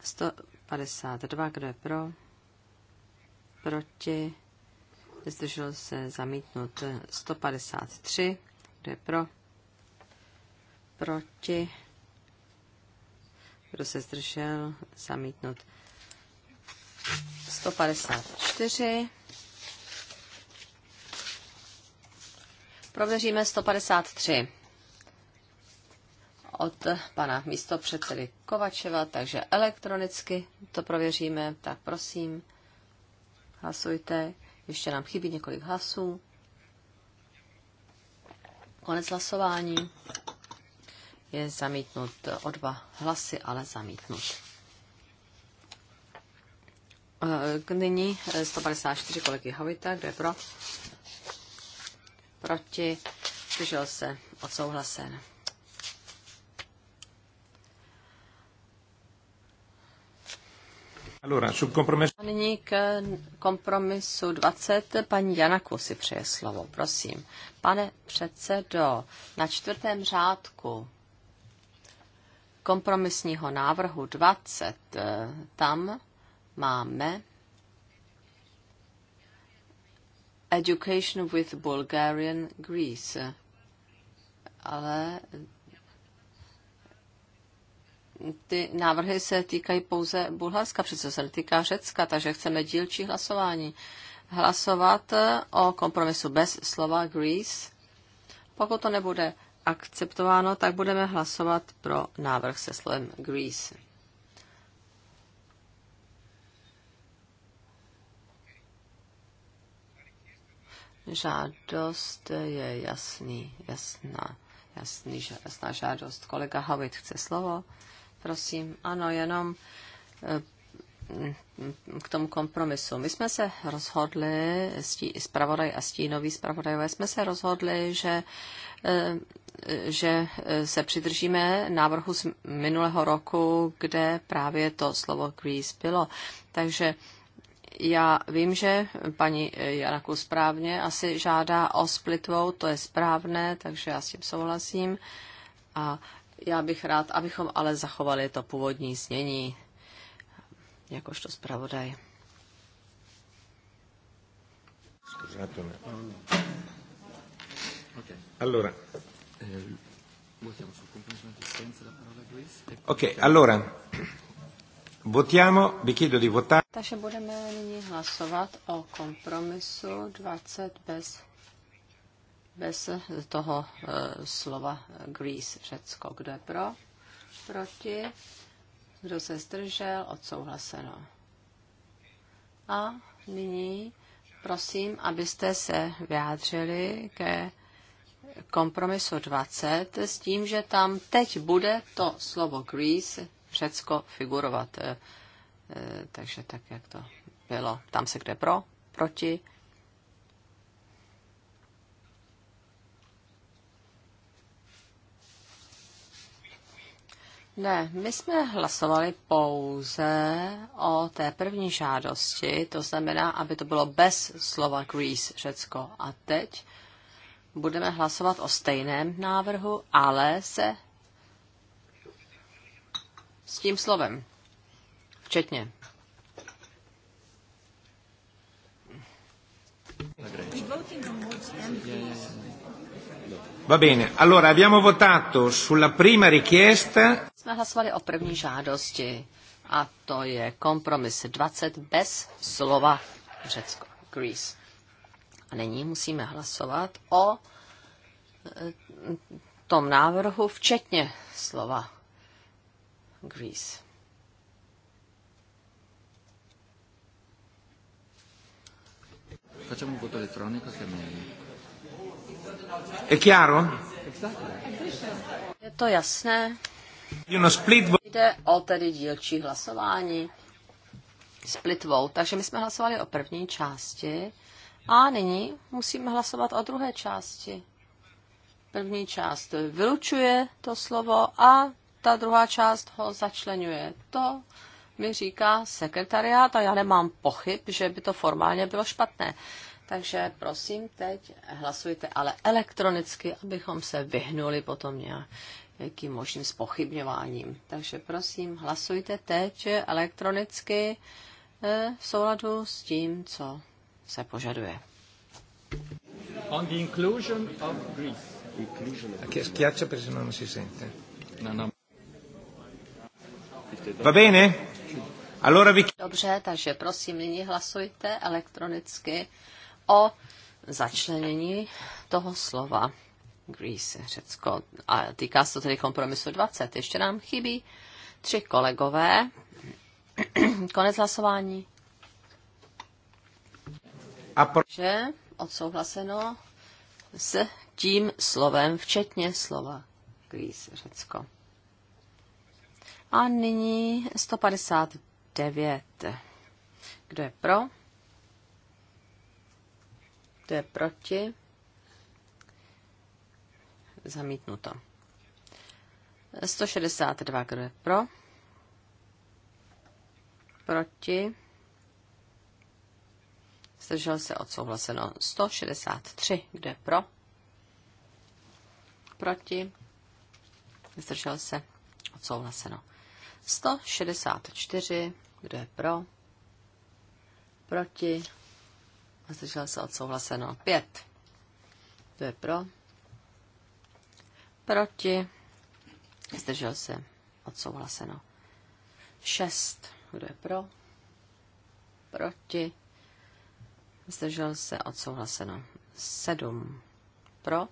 152, kdo je pro, proti, zdržel se zamítnut 153, kdo je pro, proti, kdo se zdržel, zamítnut 154, Prověříme 153 od pana předsedy Kovačeva, takže elektronicky to prověříme. Tak prosím, hlasujte. Ještě nám chybí několik hlasů. Konec hlasování. Je zamítnut o dva hlasy, ale zamítnut. E, nyní 154 kolegy Havita, kde je pro, proti, zdržel se, odsouhlasen. Allora, sul compromesso... Nyní k kompromisu 20. Paní Janaku si přeje slovo, prosím. Pane předsedo, na čtvrtém řádku kompromisního návrhu 20 eh, tam máme Education with Bulgarian Greece. Ale ty návrhy se týkají pouze Bulharska, přece se netýká Řecka, takže chceme dílčí hlasování. Hlasovat o kompromisu bez slova Greece. Pokud to nebude akceptováno, tak budeme hlasovat pro návrh se slovem Greece. žádost je jasný, jasná, jasný, jasná žádost. Kolega Havit chce slovo. Prosím, ano, jenom eh, k tomu kompromisu. My jsme se rozhodli, zpravodaj a stínový spravodajové, jsme se rozhodli, že, eh, že eh, se přidržíme návrhu z minulého roku, kde právě to slovo Greece bylo. Takže já vím, že paní Janaku správně asi žádá o split vote, to je správné, takže já s tím souhlasím. A já bych rád, abychom ale zachovali to původní znění, jakožto zpravodaj. Allora, eh, ok, allora, Votiamo, vi chiedo di votare. Takže budeme nyní hlasovat o kompromisu 20 bez, bez toho e, slova Greece, Řecko. Kdo je pro? Proti? Kdo se zdržel? Odsouhlaseno. A nyní prosím, abyste se vyjádřili ke kompromisu 20 s tím, že tam teď bude to slovo Greece, všecko figurovat. Eh, eh, takže tak, jak to bylo. Tam se kde pro, proti. Ne, my jsme hlasovali pouze o té první žádosti, to znamená, aby to bylo bez slova Greece, Řecko. A teď budeme hlasovat o stejném návrhu, ale se s tím slovem. Včetně. Va bene, allora abbiamo votato sulla prima richiesta. Jsme hlasovali o první žádosti a to je kompromis 20 bez slova Řecko, Greece. A nyní musíme hlasovat o e, tom návrhu včetně slova Greece. Facciamo un voto elettronico che è meglio. È chiaro? Je to jasné. Jde o tedy dílčí hlasování Split vote. Takže my jsme hlasovali o první části a nyní musíme hlasovat o druhé části. První část vylučuje to slovo a ta druhá část ho začlenuje. To mi říká sekretariát a já nemám pochyb, že by to formálně bylo špatné. Takže prosím teď hlasujte ale elektronicky, abychom se vyhnuli potom nějakým možným spochybňováním. Takže prosím, hlasujte teď elektronicky eh, v souladu s tím, co se požaduje. On the inclusion of Greece. Inclusion of non si sente. No, no, Va bene? Allora vi... Dobře, takže prosím, nyní hlasujte elektronicky o začlenění toho slova Greece, Řecko. A týká se to tedy kompromisu 20. Ještě nám chybí tři kolegové. <clears throat> Konec hlasování. A pro... Že odsouhlaseno s tím slovem, včetně slova Greece, Řecko. A nyní 159. Kdo je pro? Kdo je proti? Zamítnuto. 162. Kdo je pro? Proti? Zdržel se odsouhlaseno. 163. Kdo je pro? Proti? Zdržel se odsouhlaseno. 164, kdo je pro, proti, A slyšel se odsouhlaseno 5, kdo je pro, proti, zdržel se odsouhlaseno 6, kdo je pro, proti, zdržel se odsouhlaseno 7, pro,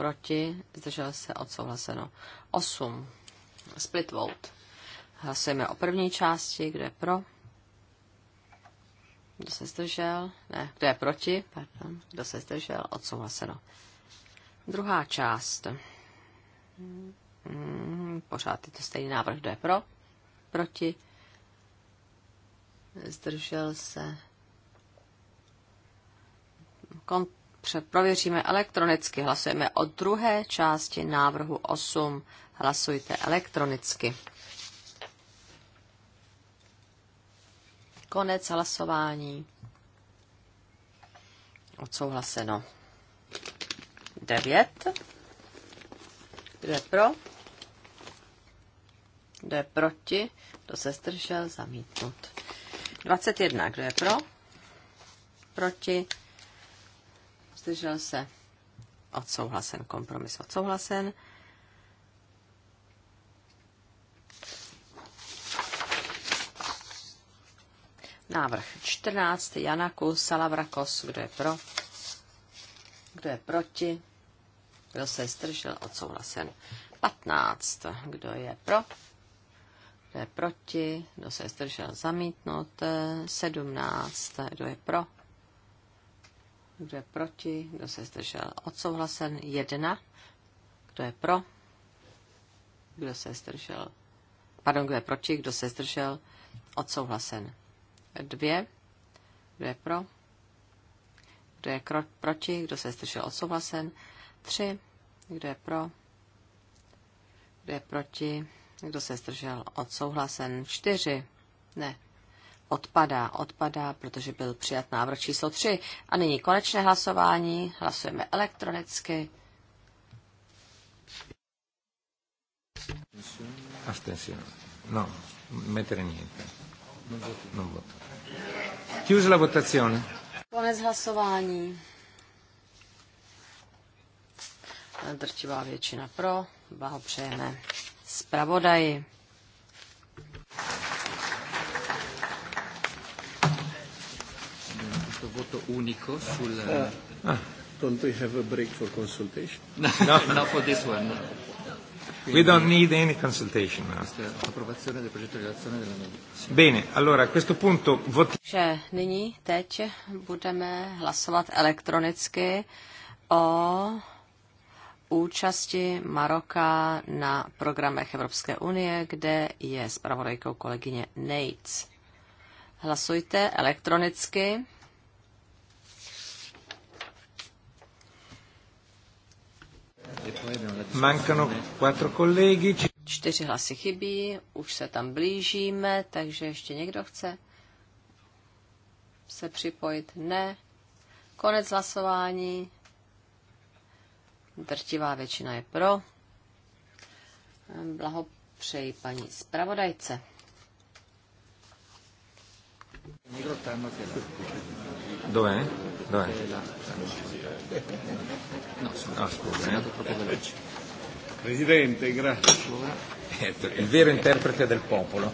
proti, zdržel se, odsouhlaseno. 8. Split vote. Hlasujeme o první části, kdo je pro, kdo se zdržel, ne, kdo je proti, pardon, kdo se zdržel, odsouhlaseno. Druhá část. Hmm, pořád je to stejný návrh, kdo je pro, proti, zdržel se, Kont- prověříme elektronicky. Hlasujeme o druhé části návrhu 8. Hlasujte elektronicky. Konec hlasování. Odsouhlaseno. 9. Kdo je pro? Kdo je proti? Kdo se zdržel? Zamítnut. 21. Kdo je pro? Proti? zdržel se, odsouhlasen, kompromis odsouhlasen. Návrh 14. Janaku Salavrakos. Kdo je pro? Kdo je proti? Kdo se zdržel? Odsouhlasen. 15. Kdo je pro? Kdo je proti? Kdo se zdržel? Zamítnut. 17. Kdo je pro? Kdo je proti? Kdo se zdržel? Odsouhlasen jedna, Kdo je pro? Kdo se zdržel? Pardon, kdo je proti? Kdo se zdržel? Odsouhlasen dvě, Kdo je pro? Kdo je kro- proti? Kdo se zdržel? Odsouhlasen tři, Kdo je pro? Kdo je proti? Kdo se zdržel? Odsouhlasen čtyři, Ne, odpadá, odpadá, protože byl přijat návrh číslo 3. A nyní konečné hlasování, hlasujeme elektronicky. Astensione. No, metere niente. Non voto. Chiusa la votazione. Konec hlasování. Drtivá většina pro. Blahopřejeme zpravodaji. questo voto unico sul... Uh, ah. Don't we have a break for consultation? No, no. no, not for this one. No. We don't need any consultation Bene, allora a questo punto votiamo. Nyní teď budeme hlasovat elektronicky o účasti Maroka na programech Evropské unie, kde je zpravodajkou kolegyně Nates. Hlasujte elektronicky. Mancano quattro colleghi. Čtyři hlasy chybí, už se tam blížíme, takže ještě někdo chce se připojit? Ne. Konec hlasování. Drtivá většina je pro. Blahopřeji paní zpravodajce. Dov'è? Dov'è? No, sono... ah, scusa, eh. Presidente, grazie. Eh, il vero interprete del popolo.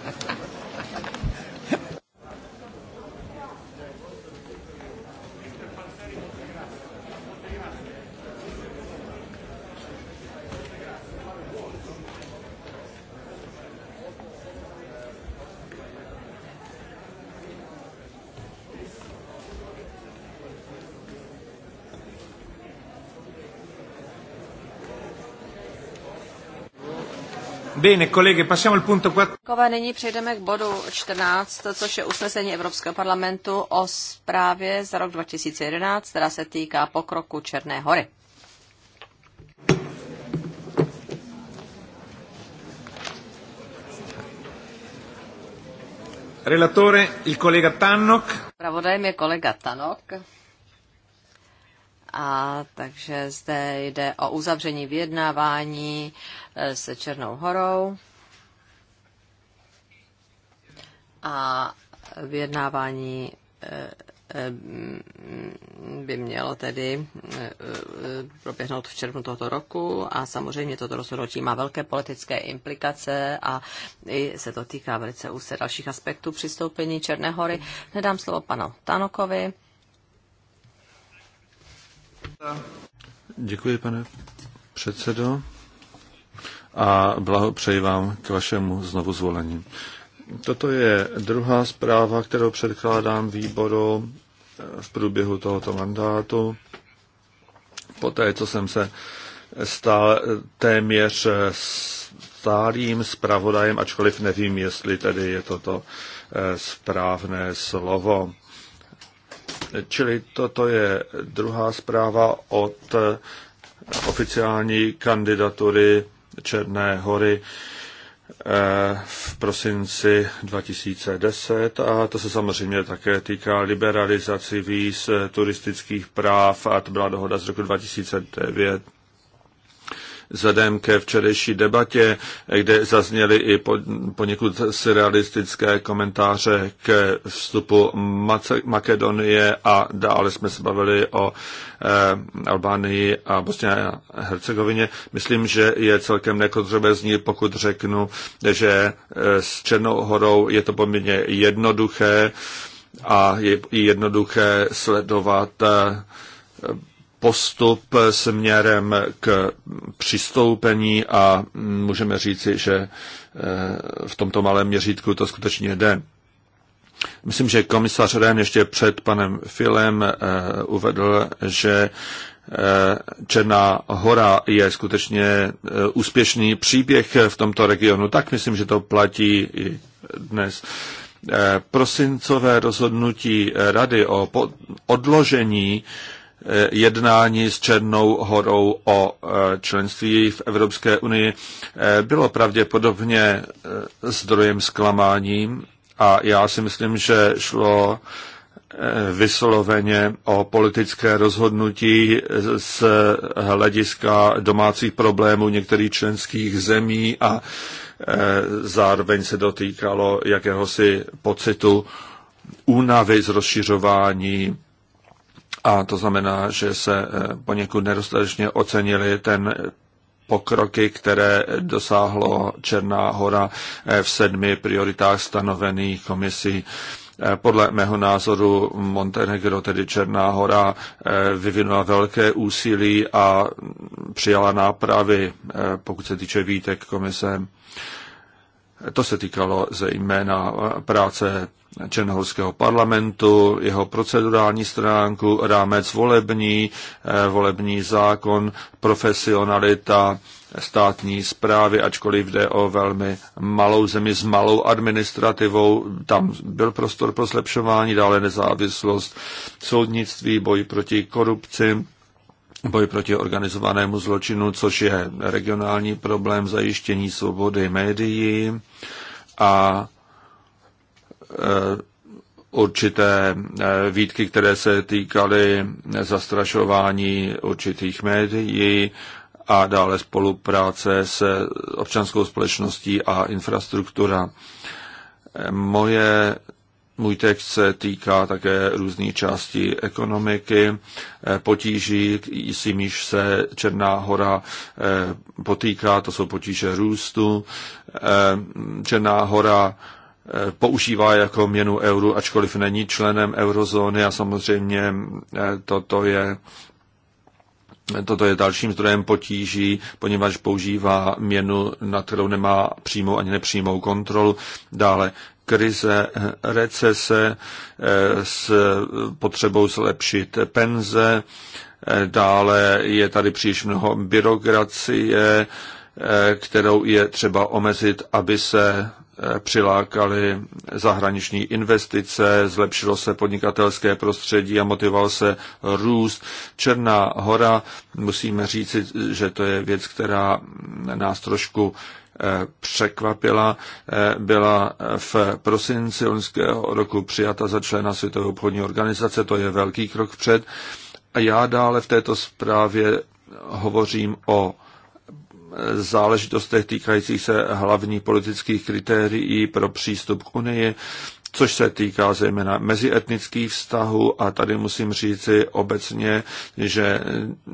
Bene, passiamo al punto 4. Nyní přejdeme k bodu 14, což je usnesení Evropského parlamentu o zprávě za rok 2011, která se týká pokroku Černé hory. Relatore, il collega Tannock. Pravodajem je kolega Tannock a takže zde jde o uzavření vyjednávání e, se Černou horou a vyjednávání e, e, by mělo tedy proběhnout v červnu tohoto roku a samozřejmě toto rozhodnutí má velké politické implikace a i se to týká velice úzce dalších aspektů přistoupení Černé hory. Nedám slovo panu Tanokovi Děkuji, pane předsedo, a blahopřeji vám k vašemu znovu zvolení. Toto je druhá zpráva, kterou předkládám výboru eh, v průběhu tohoto mandátu. Poté, co jsem se stal téměř stálým zpravodajem, ačkoliv nevím, jestli tedy je toto eh, správné slovo. Čili toto je druhá zpráva od oficiální kandidatury Černé hory eh, v prosinci 2010 a to se samozřejmě také týká liberalizaci víz eh, turistických práv a to byla dohoda z roku 2009 vzhledem ke včerejší debatě, kde zazněly i poněkud surrealistické komentáře k vstupu Makedonie a dále jsme se bavili o eh, Albánii a Bosně a Hercegovině. Myslím, že je celkem nekontroverzní, pokud řeknu, že eh, s Černou horou je to poměrně jednoduché a je jednoduché sledovat eh, postup směrem k přistoupení a můžeme říci, že eh, v tomto malém měřítku to skutečně jde. Myslím, že komisař Ren ještě před panem Filem eh, uvedl, že eh, Černá hora je skutečně úspěšný příběh v tomto regionu. Tak myslím, že to platí i dnes prosincové rozhodnutí rady o odložení Eh, jednání s Černou horou o eh, členství v Evropské unii eh, bylo pravděpodobně zdrojem zklamáním a já si myslím, že šlo vysloveně o politické rozhodnutí z hlediska domácích problémů některých členských zemí a zároveň se dotýkalo jakéhosi pocitu únavy z rozšiřování a to znamená, že se eh, poněkud nedostatečně ocenili ten pokroky, které dosáhlo Černá hora eh, v sedmi prioritách stanovených komisí. Eh, podle mého názoru Montenegro, tedy Černá hora, vyvinula velké úsilí a přijala nápravy, pokud se týče výtek komise. To se týkalo zejména práce Černohorského parlamentu, jeho procedurální stránku, rámec volební, eh, volební zákon, profesionalita státní zprávy, ačkoliv jde o velmi malou zemi s malou administrativou. Tam byl prostor pro zlepšování, dále nezávislost soudnictví, boj proti korupci, boj proti organizovanému zločinu, což je regionální problém zajištění svobody médií a Eh, určité eh, výtky, které se týkaly zastrašování určitých médií a dále spolupráce s občanskou společností a infrastruktura. Moje můj text se týká také různých částí ekonomiky, eh, potíží, s níž se Černá hora potýká, to jsou potíže růstu. Černá hora Eh, používá jako měnu euru, ačkoliv není členem eurozóny a samozřejmě eh, toto je Toto je dalším zdrojem potíží, poněvadž používá měnu, na kterou nemá přímou ani nepřímou kontrolu. Dále krize, eh, recese s potřebou zlepšit penze, dále je tady příliš mnoho byrokracie, kterou je třeba omezit, aby se přilákali zahraniční investice, zlepšilo se podnikatelské prostředí a motivoval se růst. Černá hora, musíme říci, že to je věc, která nás trošku eh, překvapila, eh, byla v prosinci loňského roku přijata za člena Světové obchodní organizace, to je velký krok před. A já dále v této zprávě hovořím o záležitostech týkajících se hlavních politických kritérií pro přístup k Unii, což se týká zejména mezietnických vztahů a tady musím říci obecně, že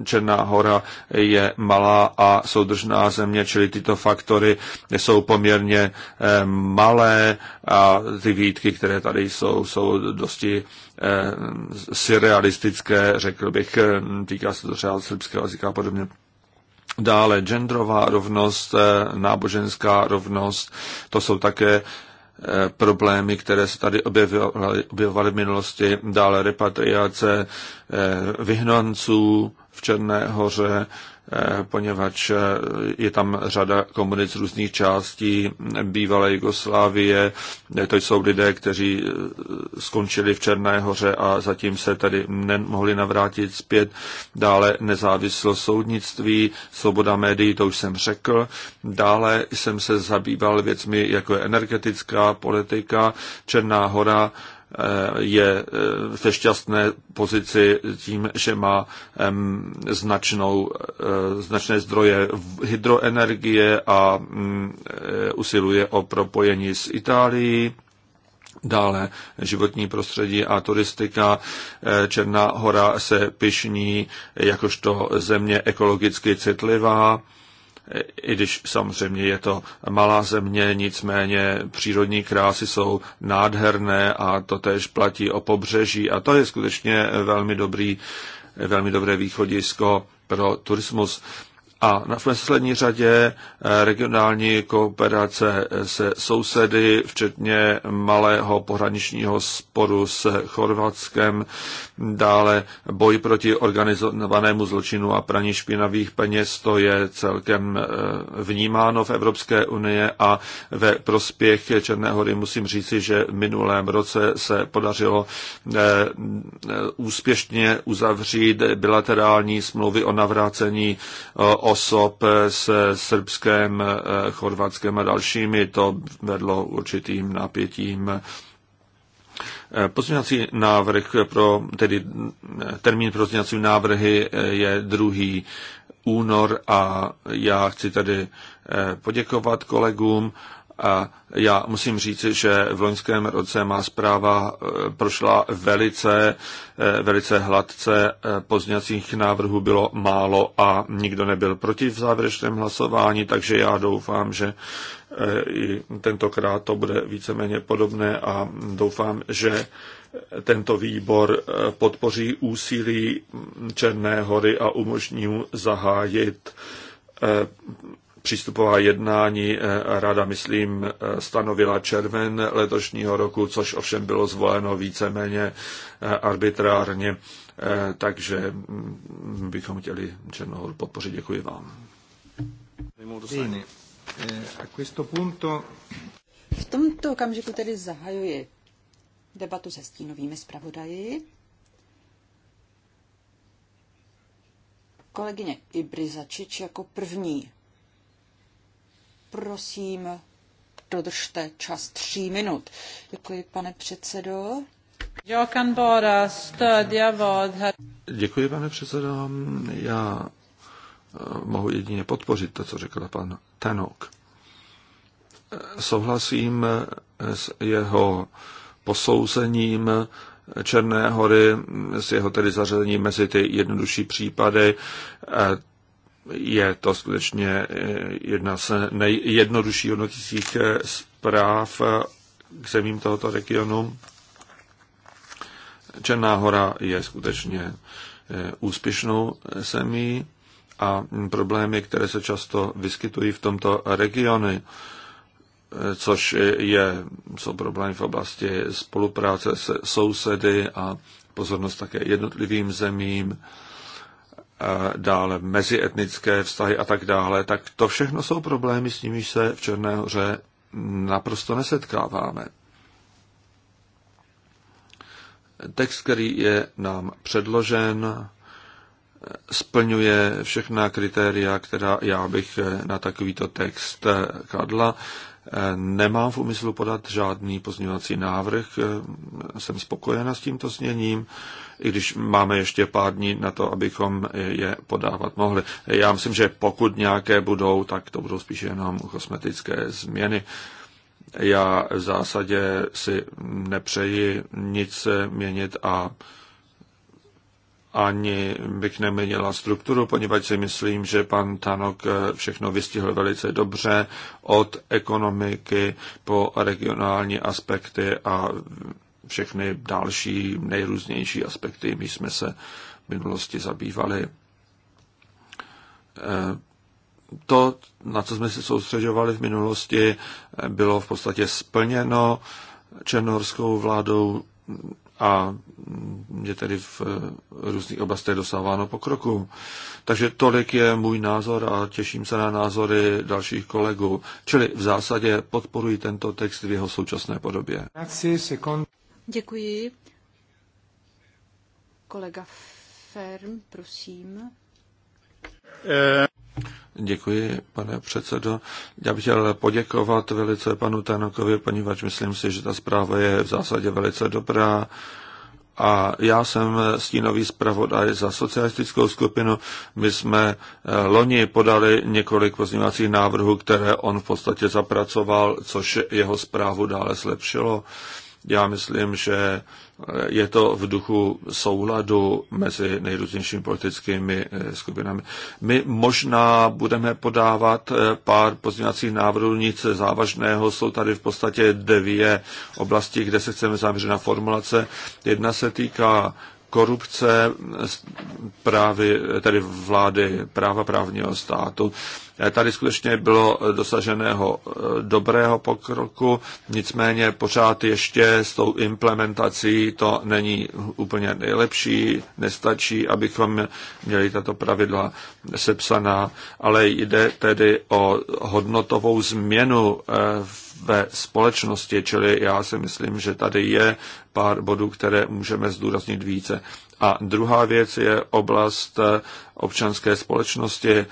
Černá hora je malá a soudržná země, čili tyto faktory jsou poměrně eh, malé a ty výtky, které tady jsou, jsou dosti eh, surrealistické, řekl bych, eh, týká se to třeba srbského jazyka a podobně. Dále genderová rovnost, eh, náboženská rovnost, to jsou také eh, problémy, které se tady objevovaly, objevovaly v minulosti, dále repatriace eh, vyhnanců v Černé hoře, Eh, poněvadž eh, je tam řada komunit z různých částí bývalé Jugoslávie. Eh, to jsou lidé, kteří skončili v Černé hoře a zatím se tady nemohli navrátit zpět. Dále nezávislost soudnictví, svoboda médií, to už jsem řekl. Dále jsem se zabýval věcmi jako je energetická politika, Černá hora, Eh, je eh, ve šťastné pozici tím, že má značnou, eh, značné zdroje hydroenergie a mm, usiluje o propojení s Itálií. Dále životní prostředí a turistika. Černá hora se pišní jakožto země ekologicky citlivá i když samozřejmě je to malá země, nicméně přírodní krásy jsou nádherné a to tež platí o pobřeží a to je skutečně velmi, dobrý, velmi dobré východisko pro turismus. A na poslední řadě eh, regionální kooperace se sousedy, včetně malého pohraničního sporu s Chorvatskem, Dále boj proti organizovanému zločinu a praní špinavých peněz, to je celkem eh, vnímáno v Evropské unie a ve prospěch Černé hory musím říci, že v minulém roce se podařilo eh, eh, úspěšně uzavřít bilaterální smlouvy o navrácení osob s Srbském, Chorvatském a dalšími. To vedlo určitým napětím Pozměňovací návrh pro, tedy termín pro pozměňovací návrhy eh, je 2. únor a já chci tady eh, poděkovat kolegům. A já musím říct, že v loňském roce má zpráva eh, prošla velice, velice hladce, pozněcích návrhů bylo málo a nikdo nebyl proti v závěrečném hlasování, takže já doufám, že i tentokrát to bude víceméně podobné a doufám, že tento výbor eh, podpoří úsilí Černé hory a umožní mu zahájit eh, přístupová jednání eh, rada, myslím, stanovila červen letošního roku, což ovšem bylo zvoleno víceméně arbitrárně, takže mm, bychom chtěli horu podpořit. Děkuji vám. Eh, v tomto okamžiku tedy zahajuji debatu se stínovými zpravodaji. Kolegyně Ibrizačič jako první. Prosím, dodržte čas tří minut. Děkuji, pane předsedo. Děkuji, pane předsedo. Já mohu jedině podpořit to, co řekl pan Tenok. Souhlasím s jeho posouzením Černé hory, s jeho tedy zařazením mezi ty jednodušší případy. Je to skutečně jedna z nejjednodušších hodnotících zpráv k zemím tohoto regionu. Černá hora je skutečně úspěšnou zemí a problémy, které se často vyskytují v tomto regionu, eh, což je, jsou problémy v oblasti spolupráce se sousedy a pozornost také jednotlivým zemím, eh, dále mezietnické vztahy a tak dále, tak to všechno jsou problémy, s nimiž se v Černé hoře naprosto nesetkáváme. Text, který je nám předložen, splňuje všechna kritéria, která já bych eh, na takovýto text eh, kladla. Eh, nemám v úmyslu podat žádný pozměňovací návrh, jsem spokojena s tímto sněním, i když máme ještě pár dní na to, abychom je podávat mohli. Já myslím, že pokud nějaké budou, tak to budou spíše jenom kosmetické změny. Já v zásadě si nepřeji nic měnit a ani bych neměnila strukturu, poněvadž si myslím, že pan Tanok eh, všechno vystihl velice dobře od ekonomiky po regionální aspekty a všechny další nejrůznější aspekty, my jsme se v minulosti zabývali. Eh, to, na co jsme se soustředovali v minulosti, eh, bylo v podstatě splněno černohorskou vládou a je tedy v eh, různých oblastech dosáváno pokroku. Takže tolik je můj názor a těším se na názory dalších kolegů. Čili v zásadě podporuji tento text v jeho současné podobě. Děkuji. Kolega Ferm, prosím. Eh, Děkuji, pane předsedo. Já bych chtěl poděkovat velice panu Tanokovi, poněvadž myslím si, že ta zpráva je v zásadě velice dobrá. A já jsem stínový zpravodaj za socialistickou skupinu. My jsme eh, loni podali několik pozměňovacích návrhů, které on v podstatě zapracoval, což jeho zprávu dále zlepšilo. Já myslím, že je to v duchu souladu mezi nejrůznějšími politickými eh, skupinami. My možná budeme podávat eh, pár pozměňovacích návrhů, nic závažného. Jsou tady v podstatě dvě oblasti, kde se chceme zaměřit na formulace. Jedna se týká korupce právě, tedy vlády práva právního státu. Eh, tady skutečně bylo eh, dosaženého eh, dobrého pokroku, nicméně pořád ještě s tou implementací to není úplně nejlepší, nestačí, abychom měli tato pravidla sepsaná, ale jde tedy o hodnotovou změnu ve společnosti, čili já si myslím, že tady je pár bodů, které můžeme zdůraznit více. A druhá věc je oblast občanské společnosti.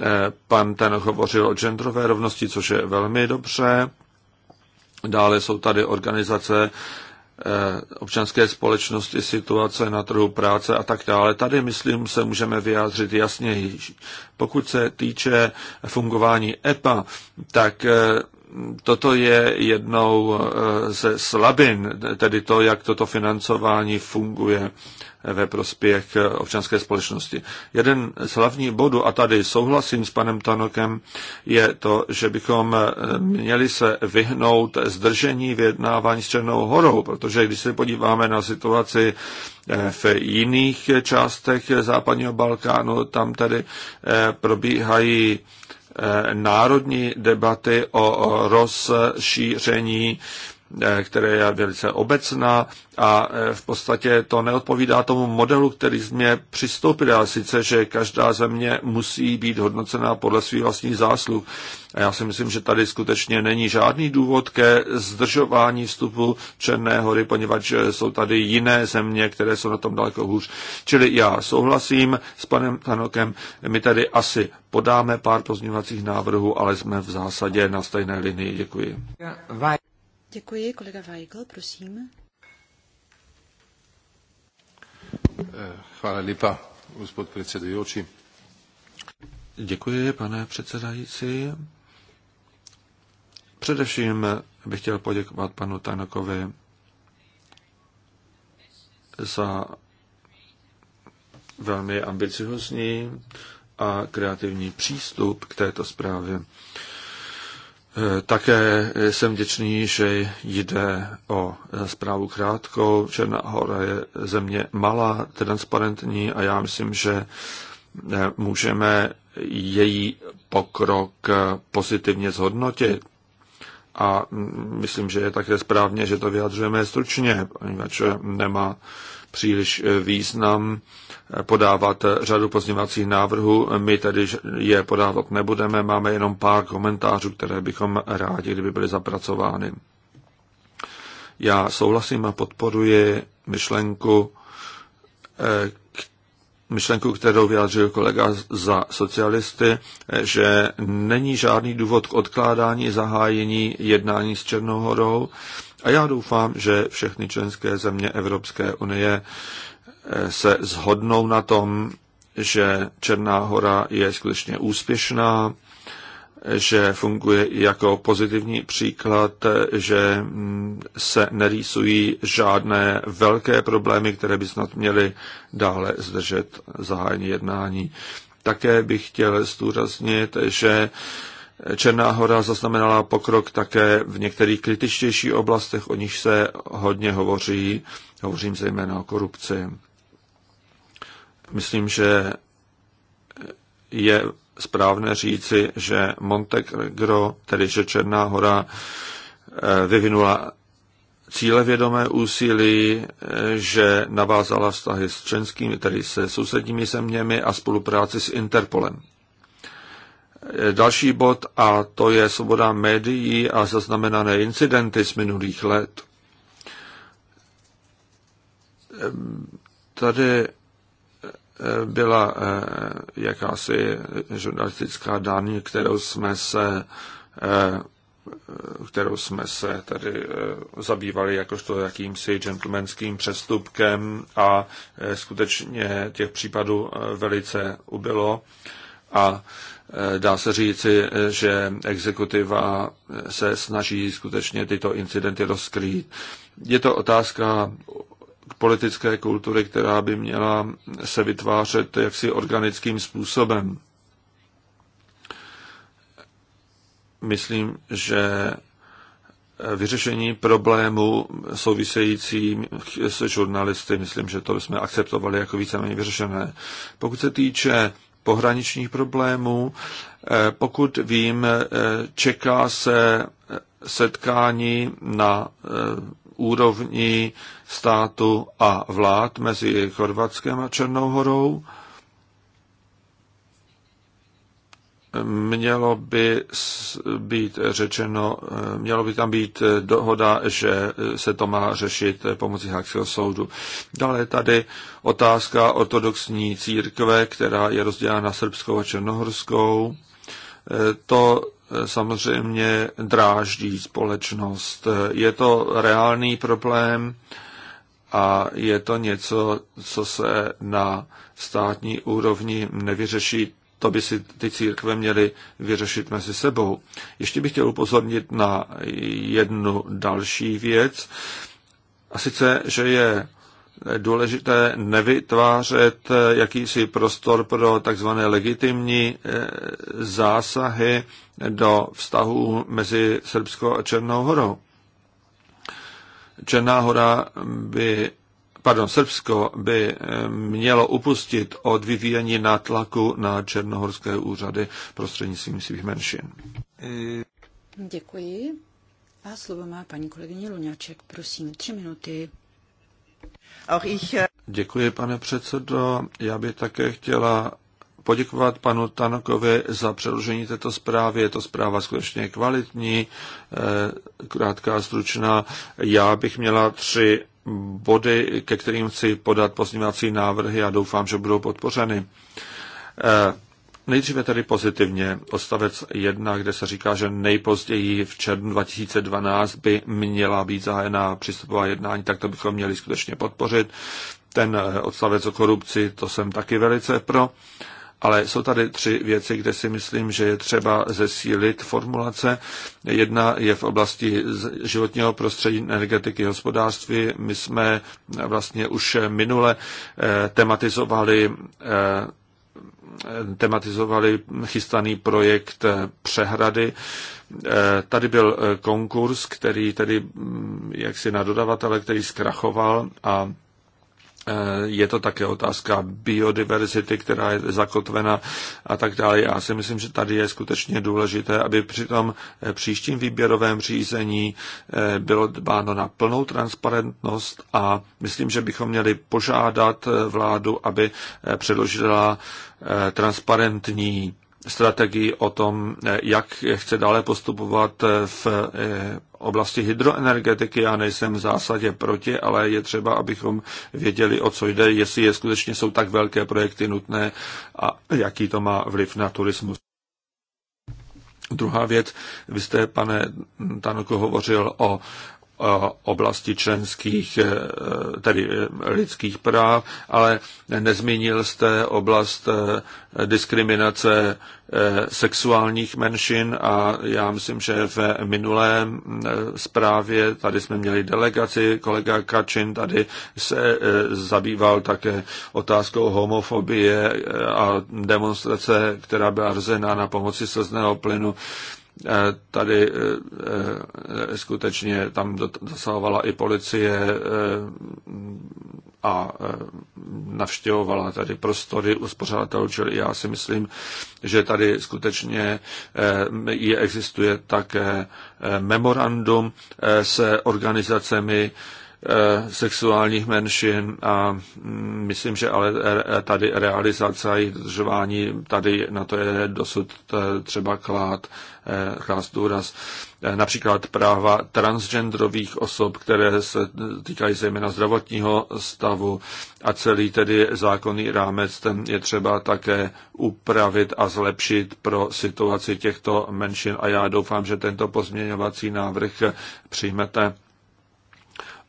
Eh, pan ten hovořil o genderové rovnosti, což je velmi dobře. Dále jsou tady organizace eh, občanské společnosti, situace na trhu práce a tak dále. Tady, myslím, se můžeme vyjádřit jasně. Pokud se týče fungování EPA, tak eh, toto je jednou eh, ze slabin, tedy to, jak toto financování funguje ve prospěch eh, občanské společnosti. Jeden z hlavních bodů, a tady souhlasím s panem Tanokem, je to, že bychom eh, měli se vyhnout zdržení vyjednávání s Černou horou, protože když se podíváme na situaci v jiných částech západního Balkánu, tam tady probíhají Eh, národní debaty o rozšíření Eh, které je velice obecná a eh, v podstatě to neodpovídá tomu modelu, který jsme přistoupili, a sice, že každá země musí být hodnocená podle svých vlastních zásluh. A já si myslím, že tady skutečně není žádný důvod ke zdržování vstupu Černé hory, poněvadž eh, jsou tady jiné země, které jsou na tom daleko hůř. Čili já souhlasím s panem Tanokem, my tady asi podáme pár pozměňovacích návrhů, ale jsme v zásadě na stejné linii. Děkuji. Děkuji. Kolega Weigl, prosím. Hvala lepa, gospod predsedujoči. Děkuji, pane předsedající. Především bych chtěl poděkovat panu Tanakovi za velmi ambiciozní a kreativní přístup k této zprávě. Eh, také jsem vděčný, že jde o eh, zprávu krátkou. Černá hora je země malá, transparentní a já myslím, že eh, můžeme její pokrok pozitivně zhodnotit. A mm, myslím, že je také správně, že to vyjadřujeme stručně, poněvadž nemá příliš význam podávat řadu pozněvacích návrhů. My tedy je podávat nebudeme, máme jenom pár komentářů, které bychom rádi, kdyby byly zapracovány. Já souhlasím a podporuji myšlenku, eh, myšlenku, kterou vyjádřil kolega za socialisty, eh, že není žádný důvod k odkládání zahájení jednání s Černohorou a já doufám, že všechny členské země Evropské unie se zhodnou na tom, že Černá hora je skutečně úspěšná, že funguje jako pozitivní příklad, že se nerýsují žádné velké problémy, které by snad měly dále zdržet zahájení jednání. Také bych chtěl zdůraznit, že Černá hora zaznamenala pokrok také v některých kritičtějších oblastech, o nich se hodně hovoří, hovořím zejména o korupci. Myslím, že je správné říci, že Montegro, tedy že Černá hora, eh, vyvinula cílevědomé úsilí, eh, že navázala vztahy s členskými, tedy se sousedními zeměmi a spolupráci s Interpolem. Eh, další bod, a to je svoboda médií a zaznamenané incidenty z minulých let. Ehm, tady byla eh, jakási žurnalistická daň, kterou jsme se eh, kterou jsme se tady eh, zabývali jakožto jakýmsi gentlemanským přestupkem a skutečně těch případů velice ubylo a dá se říci, že exekutiva se snaží skutečně tyto incidenty rozkrýt. Je to otázka politické kultury, která by měla se vytvářet jaksi organickým způsobem. Myslím, že vyřešení problému souvisejícím s žurnalisty, myslím, že to jsme akceptovali jako víceméně vyřešené. Pokud se týče pohraničních problémů, pokud vím, čeká se setkání na úrovni státu a vlád mezi Chorvatskem a Černou horou. Mělo by být řečeno, mělo by tam být dohoda, že se to má řešit pomocí Hákského soudu. Dále tady otázka ortodoxní církve, která je rozdělena na srbskou a černohorskou. To samozřejmě dráždí společnost. Je to reálný problém a je to něco, co se na státní úrovni nevyřeší. To by si ty církve měly vyřešit mezi sebou. Ještě bych chtěl upozornit na jednu další věc, a sice, že je důležité nevytvářet jakýsi prostor pro takzvané legitimní eh, zásahy do vztahů mezi Srbskou a Černou horou. Černá hora by, pardon, Srbsko by eh, mělo upustit od vyvíjení nátlaku na černohorské úřady prostřednictvím svých menšin. Děkuji. A slovo má paní kolegyně Luňáček. Prosím, tři minuty. Äh, Děkuji, pane předsedo. Já bych také chtěla poděkovat panu Tanokovi za předložení této zprávy. Je to zpráva skutečně kvalitní, eh, krátká a stručná. Já bych měla tři body, ke kterým chci podat pozměňovací návrhy a doufám, že budou podpořeny. Eh, Nejdříve tedy pozitivně odstavec 1, kde se říká, že nejpozději v červnu 2012 by měla být zahájena přístupová jednání, tak to bychom měli skutečně podpořit. Ten eh, odstavec o korupci, to jsem taky velice pro. Ale jsou tady tři věci, kde si myslím, že je třeba zesílit formulace. Jedna je v oblasti životního prostředí, energetiky, hospodářství. My jsme vlastně už minule eh, tematizovali eh, tematizovali chystaný projekt přehrady. Tady byl konkurs, který tedy mm, jaksi na dodavatele, který zkrachoval a Eh, je to také otázka biodiverzity, která je zakotvena a tak dále. Já si myslím, že tady je skutečně důležité, aby při tom eh, příštím výběrovém řízení eh, bylo dbáno na plnou transparentnost a myslím, že bychom měli požádat vládu, aby předložila transparentní strategii o tom, eh, jak chce dále postupovat eh, v eh, oblasti hydroenergetiky. Já nejsem v zásadě proti, ale je třeba, abychom věděli, o co jde, jestli je skutečně jsou tak velké projekty nutné a jaký to má vliv na turismus. Druhá věc, vy jste, pane Tanoko, hovořil o oblasti členských, eh, tedy eh, lidských práv, ale nezmínil jste oblast eh, diskriminace sexuálních menšin a já myslím, že v minulém mm, zprávě, tady jsme měli delegaci, kolega Kačin tady se zabýval také otázkou homofobie a demonstrace, která byla rzena na pomoci slzného plynu. Eh, tady eh, eh, skutečně tam zasahovala i policie a navštěvovala tady prostory uspořádatelů, čili já si myslím, že tady skutečně je, existuje také memorandum se organizacemi, Eh, sexuálních menšin a mm, myslím, že ale tady realizace a jejich dodržování, tady na to je dosud eh, třeba klát, eh, klást důraz. Například práva transgenderových osob, které se týkají zejména zdravotního stavu a celý tedy zákonný rámec, ten je třeba také upravit a zlepšit pro situaci těchto menšin a já doufám, že tento pozměňovací návrh přijmete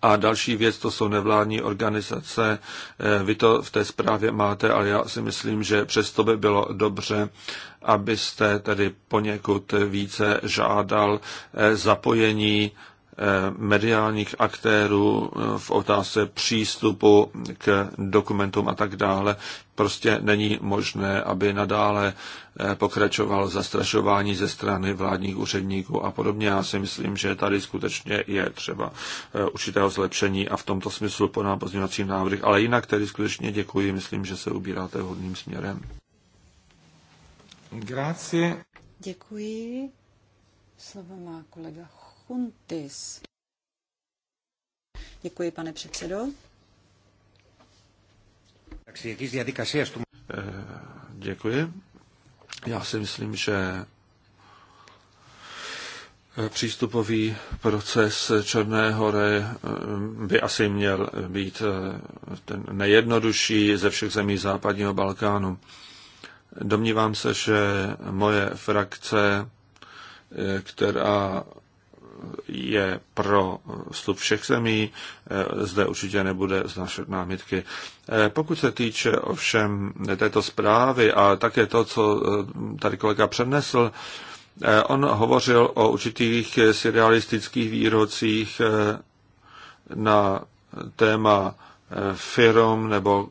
a další věc, to jsou nevládní organizace. Eh, vy to v té zprávě máte, ale já si myslím, že přesto by bylo dobře, abyste tedy poněkud více žádal eh, zapojení Eh, mediálních aktérů eh, v otázce přístupu k dokumentům a tak dále. Prostě není možné, aby nadále eh, pokračoval zastrašování ze strany vládních úředníků a podobně. Já si myslím, že tady skutečně je třeba určitého zlepšení a v tomto smyslu podám pozměňovací návrh. Ale jinak tady skutečně děkuji, myslím, že se ubíráte hodným směrem. Grazie. Děkuji. Slovo má kolega Huntis. Děkuji, pane předsedo. Eh, děkuji. Já si myslím, že eh, přístupový proces Černé hory eh, by asi měl být ten nejjednodušší ze všech zemí západního Balkánu. Domnívám se, že moje frakce, která je pro vstup všech zemí, eh, zde určitě nebude znašet námitky. Eh, pokud se týče ovšem této zprávy a také to, co eh, tady kolega přednesl, on hovořil o určitých surrealistických výrocích na téma firm nebo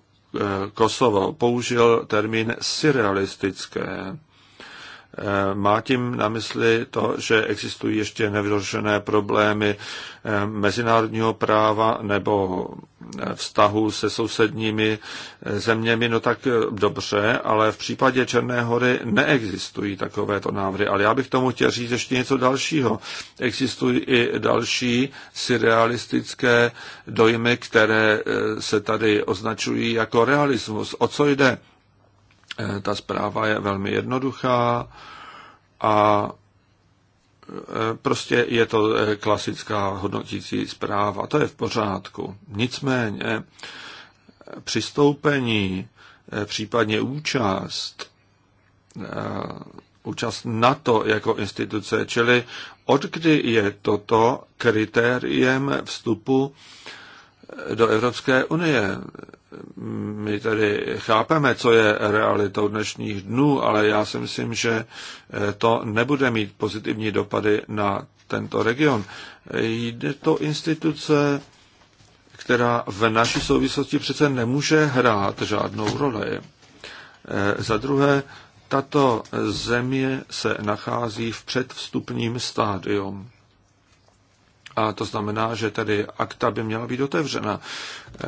Kosovo. Použil termín surrealistické Eh, má tím na mysli to, že existují ještě nevyřešené problémy eh, mezinárodního práva nebo eh, vztahu se sousedními zeměmi, no tak dobře, ale v případě Černé hory neexistují takovéto návrhy. Ale já bych tomu chtěl říct ještě něco dalšího. Existují i další surrealistické dojmy, které se tady označují jako realismus. O co jde? Eh, ta zpráva je velmi jednoduchá a eh, prostě je to eh, klasická hodnotící zpráva. To je v pořádku. Nicméně přistoupení, případně účast, účast na to jako instituce, čili od kdy je toto kritériem vstupu do Evropské unie my tady chápeme, co je realitou dnešních dnů, ale já si myslím, že eh, to nebude mít pozitivní dopady na tento region. Jde to instituce, která v naší souvislosti přece nemůže hrát žádnou roli. Eh, za druhé, tato země se nachází v předvstupním stádium. A to znamená, že tedy akta by měla být otevřena. Eh,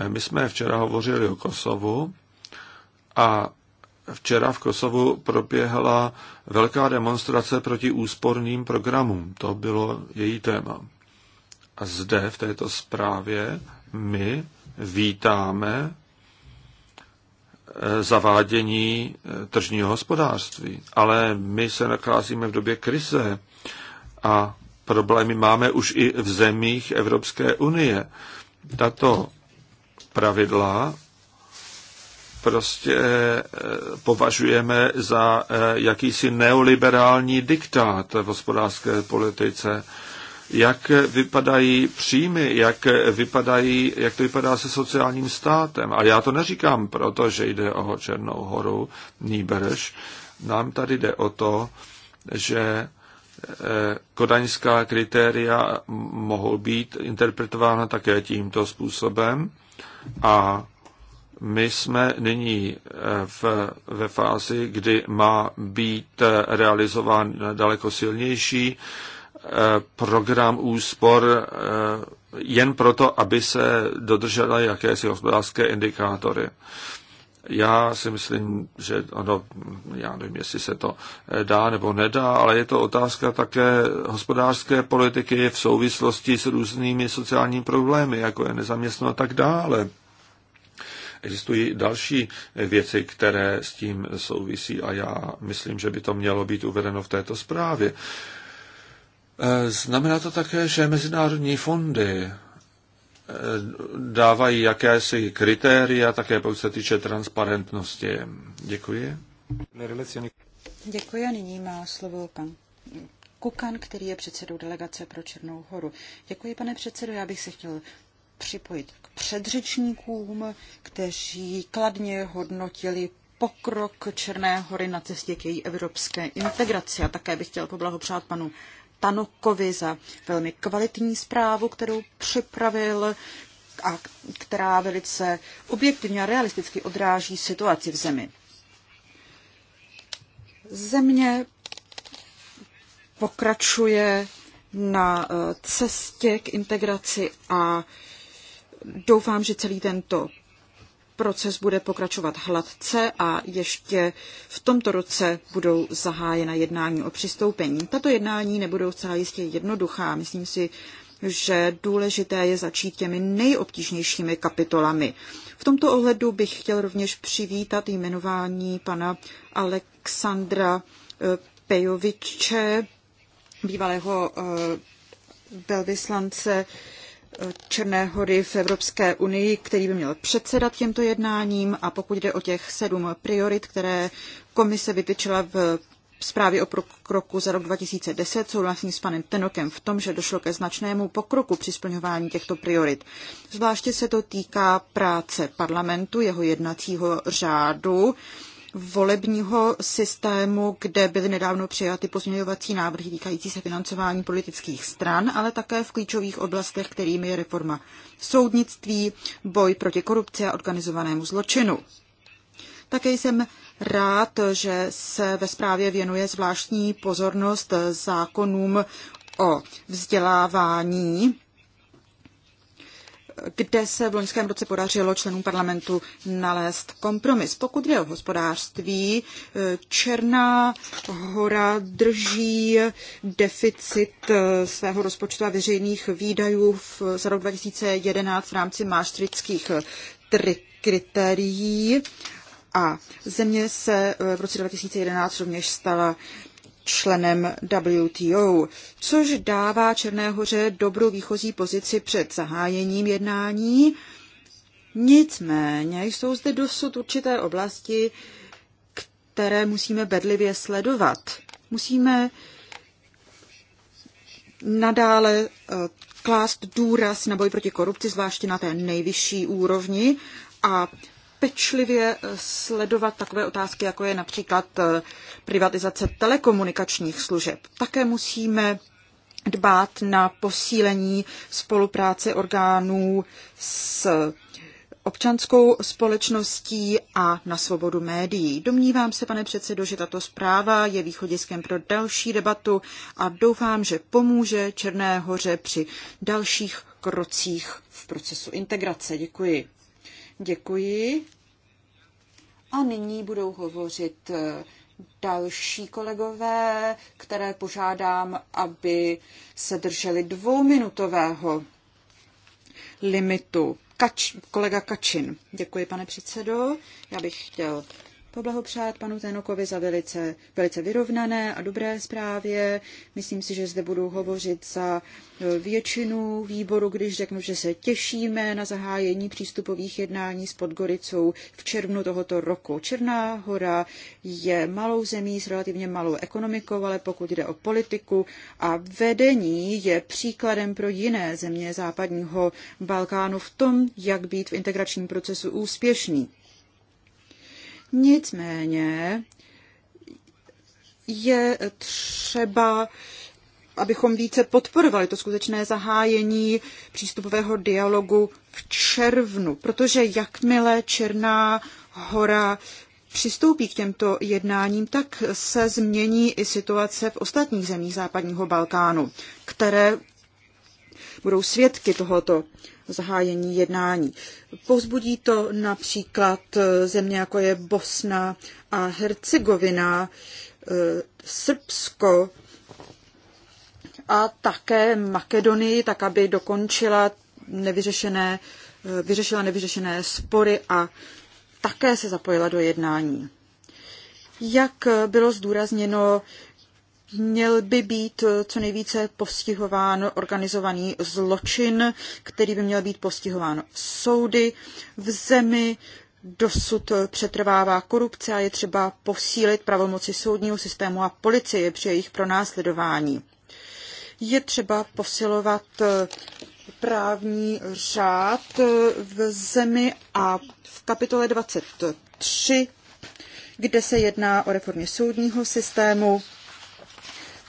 my jsme včera hovořili o Kosovu a včera v Kosovu proběhla velká demonstrace proti úsporným programům. To bylo její téma. A zde v této zprávě my vítáme eh, zavádění eh, tržního hospodářství. Ale my se nacházíme v době krize a problémy máme už i v zemích Evropské unie. Tato pravidla prostě eh, považujeme za eh, jakýsi neoliberální diktát v hospodářské politice. Jak vypadají příjmy, jak, vypadají, jak to vypadá se sociálním státem. A já to neříkám proto, že jde o Černou horu, Nýbrž. Nám tady jde o to, že Eh, kodaňská kritéria mohou být interpretována také tímto způsobem a my jsme nyní eh, v, ve fázi, kdy má být eh, realizován daleko silnější program úspor jen proto, aby se dodržely jakési hospodářské indikátory. Já si myslím, že ano, já nevím, jestli se to eh, dá nebo nedá, ale je to otázka také hospodářské politiky v souvislosti s různými sociálními problémy, jako je nezaměstnost a tak dále. Existují další eh, věci, které s tím souvisí a já myslím, že by to mělo být uvedeno v této zprávě. Eh, znamená to také, že mezinárodní fondy dávají jakési kritéria, také pokud se týče transparentnosti. Děkuji. Děkuji a nyní má slovo pan Kukan, který je předsedou delegace pro Černou horu. Děkuji, pane předsedo, já bych se chtěl připojit k předřečníkům, kteří kladně hodnotili pokrok Černé hory na cestě k její evropské integraci. A také bych chtěl poblahopřát panu Tanokovi za velmi kvalitní zprávu, kterou připravil a která velice objektivně a realisticky odráží situaci v zemi. Země pokračuje na eh, cestě k integraci a doufám, že celý tento proces bude pokračovat hladce a ještě v tomto roce budou zahájena jednání o přistoupení. Tato jednání nebudou zcela jistě jednoduchá. Myslím si, že důležité je začít těmi nejobtížnějšími kapitolami. V tomto ohledu bych chtěl rovněž přivítat jmenování pana Alexandra eh, Pejoviče, bývalého eh, velvyslance uh, Černé hory v Evropské unii, který by měl předsedat těmto jednáním a pokud jde o těch sedm priorit, které komise vytyčila v zprávě o pokroku za rok 2010 souhlasím s panem Tenokem v tom, že došlo ke značnému pokroku při splňování těchto priorit. Zvláště se to týká práce parlamentu, jeho jednacího řádu, volebního systému, kde byly nedávno přijaty pozměňovací návrhy týkající se financování politických stran, ale také v klíčových oblastech, kterými je reforma soudnictví, boj proti korupci a organizovanému zločinu. Také jsem rád, že se ve zprávě věnuje zvláštní pozornost zákonům o vzdělávání kde se v loňském roce podařilo členům parlamentu nalézt kompromis. Pokud jde o hospodářství, Černá hora drží deficit svého rozpočtu a veřejných výdajů v, za rok 2011 v rámci maastrichtských kritérií a země se v roce 2011 rovněž stala členem WTO, což dává Černé hoře dobrou výchozí pozici před zahájením jednání. Nicméně jsou zde dosud určité oblasti, které musíme bedlivě sledovat. Musíme nadále eh, klást důraz na boj proti korupci, zvláště na té nejvyšší úrovni a pečlivě eh, sledovat takové otázky, jako je například eh, privatizace telekomunikačních služeb. Také musíme dbát na posílení spolupráce orgánů s občanskou společností a na svobodu médií. Domnívám se, pane předsedo, že tato zpráva je východiskem pro další debatu a doufám, že pomůže Černé hoře při dalších krocích v procesu integrace. Děkuji. Děkuji. A nyní budou hovořit eh, další kolegové, které požádám, aby se drželi dvouminutového limitu. Kač, kolega Kačin. Děkuji, pane předsedo. Já bych chtěl poblahopřát panu Tenokovi za velice, velice vyrovnané a dobré zprávě. Myslím si, že zde budu hovořit za e, většinu výboru, když řeknu, že se těšíme na zahájení přístupových jednání s Podgoricou v červnu tohoto roku. Černá hora je malou zemí s relativně malou ekonomikou, ale pokud jde o politiku a vedení, je příkladem pro jiné země západního Balkánu v tom, jak být v integračním procesu úspěšný. Nicméně je třeba abychom více podporovali to skutečné zahájení přístupového dialogu v červnu, protože jakmile Černá hora přistoupí k těmto jednáním, tak se změní i situace v ostatních zemích západního Balkánu, které budou svědky tohoto zahájení jednání. Povzbudí to například eh, země, jako je Bosna a Hercegovina, eh, Srbsko a také Makedonii, tak aby dokončila nevyřešené, eh, vyřešila nevyřešené spory a také se zapojila do jednání. Jak bylo zdůrazněno, měl by být eh, co nejvíce postihován organizovaný zločin, který by měl být postihován soudy v zemi. Dosud eh, přetrvává korupce a je třeba posílit pravomoci soudního systému a policie při jejich pronásledování. Je třeba posilovat eh, právní řád v zemi a v kapitole 23, kde se jedná o reformě soudního systému,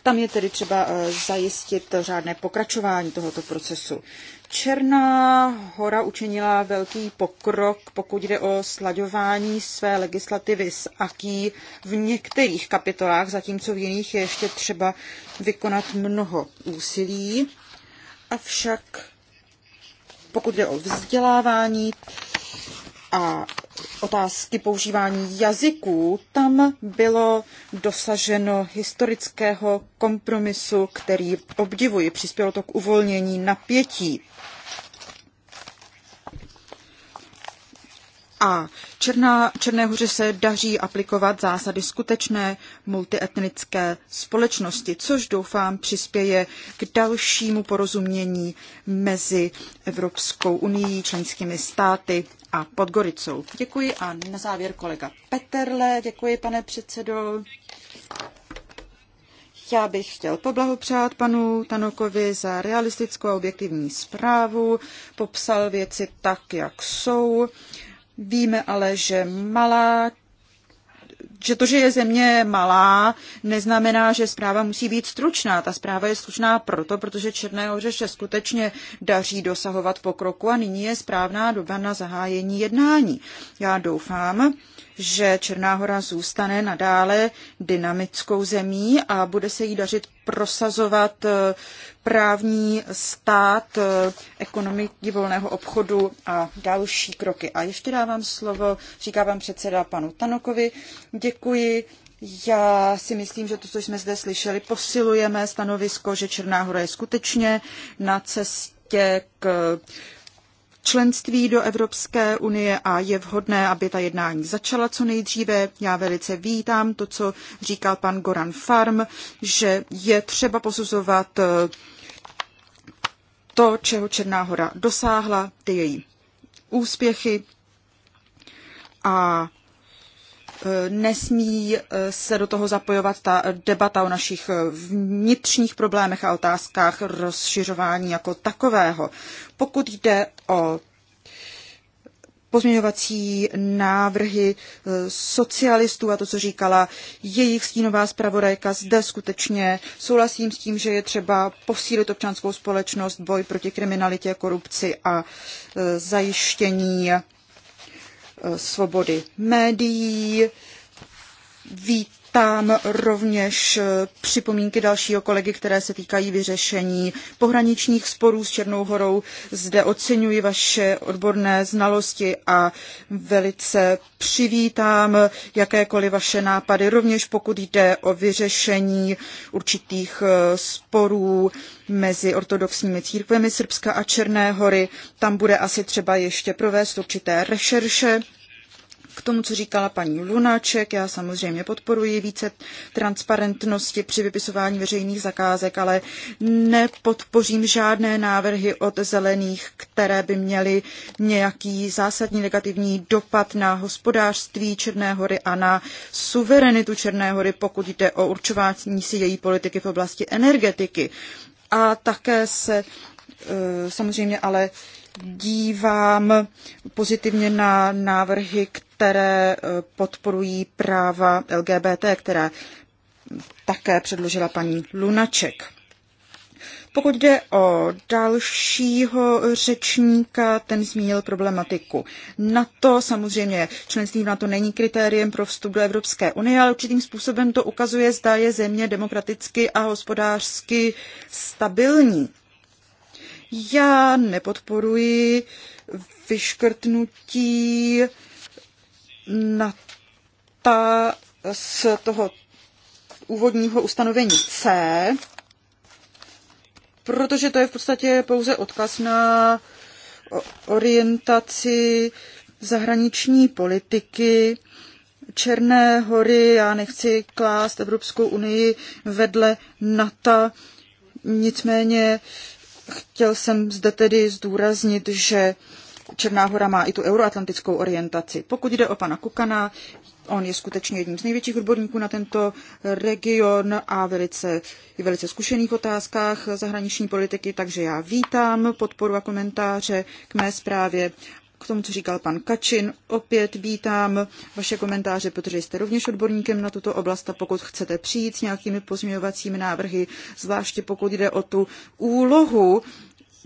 tam je tedy třeba eh, zajistit řádné pokračování tohoto procesu. Černá hora učinila velký pokrok, pokud jde o slaďování své legislativy s AKI v některých kapitolách, zatímco v jiných je ještě třeba vykonat mnoho úsilí. Avšak pokud jde o vzdělávání, a otázky používání jazyků, tam bylo dosaženo historického kompromisu, který obdivuji. Přispělo to k uvolnění napětí. A Černá, Černé hoře se daří aplikovat zásady skutečné multietnické společnosti, což doufám přispěje k dalšímu porozumění mezi Evropskou unii, členskými státy a Podgoricou. Děkuji a na závěr kolega Peterle. Děkuji, pane předsedo. Já bych chtěl poblahopřát panu Tanokovi za realistickou a objektivní zprávu. Popsal věci tak, jak jsou. Víme ale, že malá že to, že je země malá, neznamená, že zpráva musí být stručná. Ta zpráva je stručná proto, protože Černé hoře se skutečně daří dosahovat pokroku a nyní je správná doba na zahájení jednání. Já doufám, že Černá hora zůstane nadále dynamickou zemí a bude se jí dařit prosazovat eh, právní stát, eh, ekonomiky volného obchodu a další kroky. A ještě dávám slovo, říká vám předseda panu Tanokovi. Děkuji. Já si myslím, že to, co jsme zde slyšeli, posilujeme stanovisko, že Černá hora je skutečně na cestě k členství do Evropské unie a je vhodné, aby ta jednání začala co nejdříve. Já velice vítám to, co říkal pan Goran Farm, že je třeba posuzovat eh, to, čeho Černá hora dosáhla, ty její úspěchy a nesmí eh, se do toho zapojovat ta debata o našich eh, vnitřních problémech a otázkách rozšiřování jako takového. Pokud jde o pozměňovací návrhy eh, socialistů a to, co říkala jejich stínová zpravodajka. Zde skutečně souhlasím s tím, že je třeba posílit občanskou společnost, boj proti kriminalitě, korupci a zajištění svobody médií, vít, tam rovněž eh, připomínky dalšího kolegy, které se týkají vyřešení pohraničních sporů s Černou horou. Zde oceňuji vaše odborné znalosti a velice přivítám jakékoliv vaše nápady, rovněž pokud jde o vyřešení určitých eh, sporů mezi ortodoxními církvemi Srbska a Černé hory. Tam bude asi třeba ještě provést určité rešerše k tomu, co říkala paní Lunáček, já samozřejmě podporuji více transparentnosti při vypisování veřejných zakázek, ale nepodpořím žádné návrhy od zelených, které by měly nějaký zásadní negativní dopad na hospodářství Černé hory a na suverenitu Černé hory, pokud jde o určování si její politiky v oblasti energetiky. A také se eh, samozřejmě ale dívám pozitivně na návrhy, které eh, podporují práva LGBT, které také předložila paní Lunaček. Pokud jde o dalšího řečníka, ten zmínil problematiku NATO. Samozřejmě členství v NATO není kritériem pro vstup do Evropské unie, ale určitým způsobem to ukazuje, zda je země demokraticky a hospodářsky stabilní. Já nepodporuji vyškrtnutí na ta z toho úvodního ustanovení C, protože to je v podstatě pouze odkaz na orientaci zahraniční politiky Černé hory. Já nechci klást Evropskou unii vedle NATO, nicméně Chtěl jsem zde tedy zdůraznit, že Černá hora má i tu euroatlantickou orientaci. Pokud jde o pana Kukana, on je skutečně jedním z největších odborníků na tento region a velice, je velice zkušený v otázkách zahraniční politiky, takže já vítám podporu a komentáře k mé zprávě tomu, co říkal pan Kačin, opět vítám vaše komentáře, protože jste rovněž odborníkem na tuto oblast a pokud chcete přijít s nějakými pozměňovacími návrhy, zvláště pokud jde o tu úlohu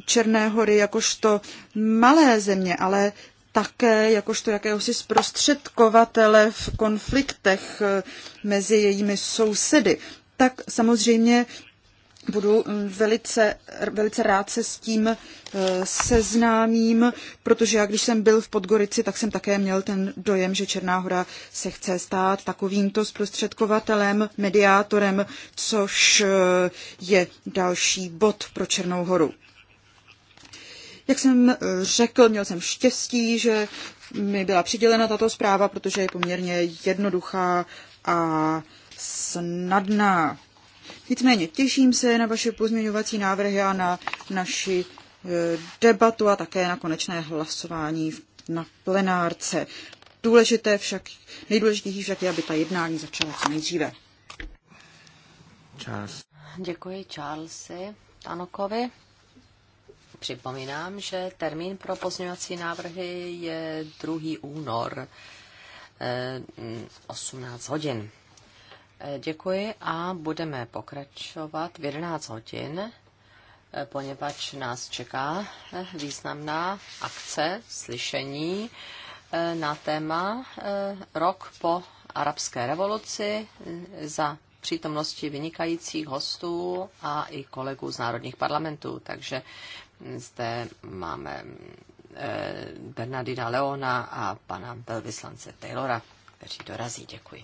Černé hory jakožto malé země, ale také jakožto jakéhosi zprostředkovatele v konfliktech eh, mezi jejími sousedy, tak samozřejmě budu mm, velice, velice rád se s tím eh, seznámím, protože já když jsem byl v Podgorici, tak jsem také měl ten dojem, že Černá hora se chce stát takovýmto zprostředkovatelem, mediátorem, což eh, je další bod pro Černou horu. Jak jsem eh, řekl, měl jsem štěstí, že mi byla přidělena tato zpráva, protože je poměrně jednoduchá a snadná. Nicméně těším se na vaše pozměňovací návrhy a na naši e, debatu a také na konečné hlasování na plenárce. Důležité však, nejdůležitější však je, aby ta jednání začala co nejdříve. Charles. Děkuji Charlesi Tanokovi. Připomínám, že termín pro pozměňovací návrhy je 2. únor 18 e, hodin. Děkuji a budeme pokračovat v 11 hodin, poněvadž nás čeká významná akce, slyšení eh, na téma eh, rok po arabské revoluci eh, za přítomnosti vynikajících hostů a i kolegů z národních parlamentů. Takže hm, zde máme Bernardina Leona a pana velvyslance Taylora, kteří dorazí. Děkuji.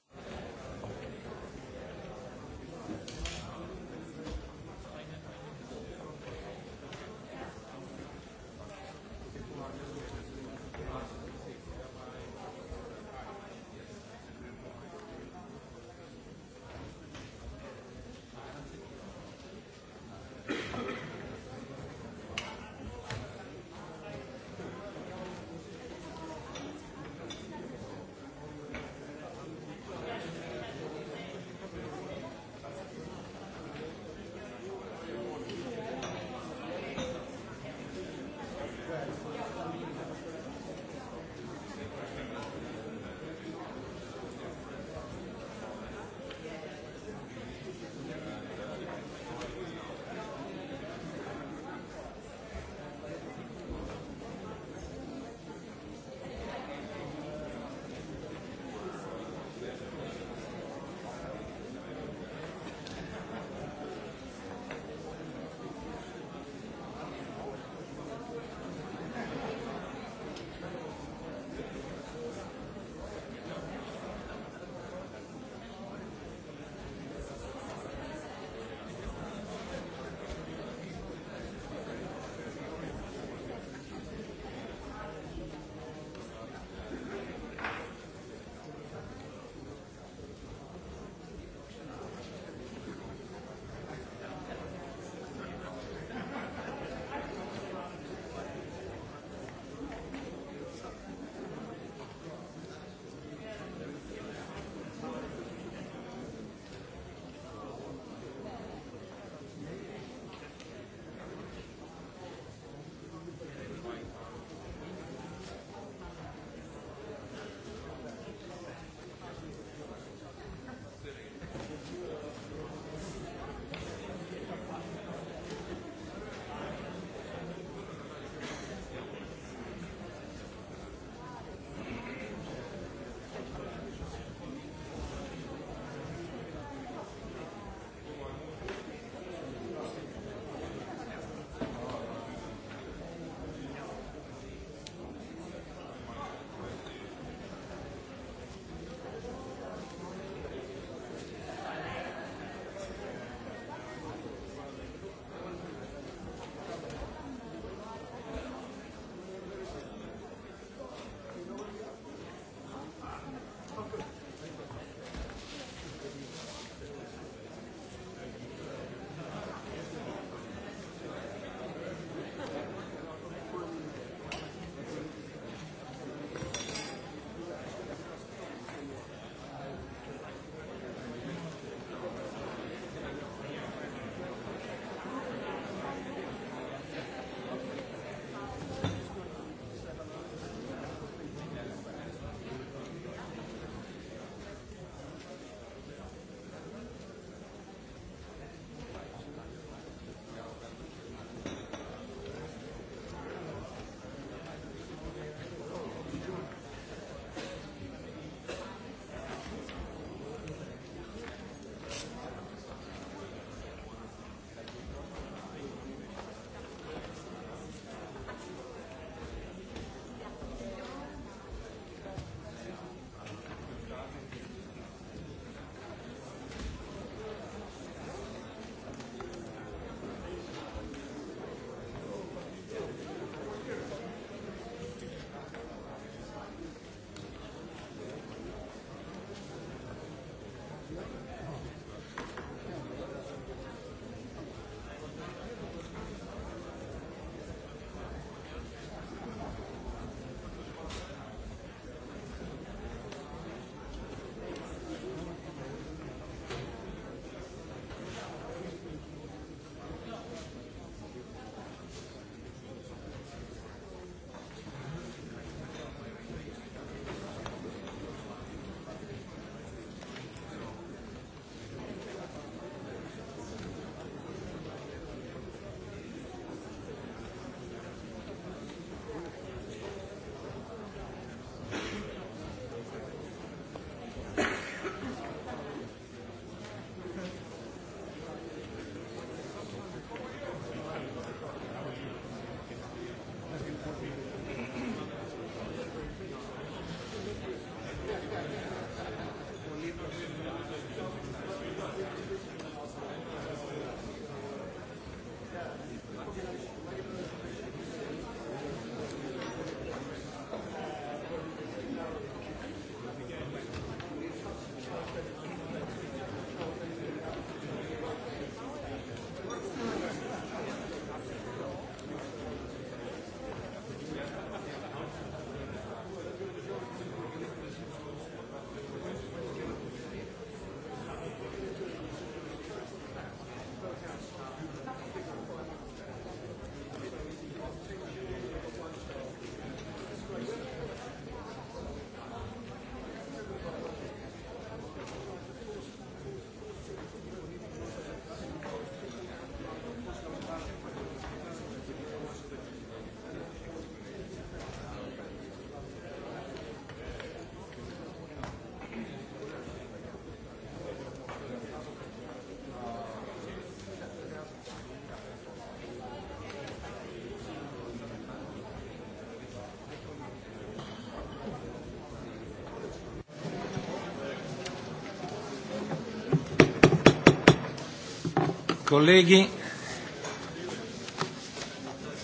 Colleghi,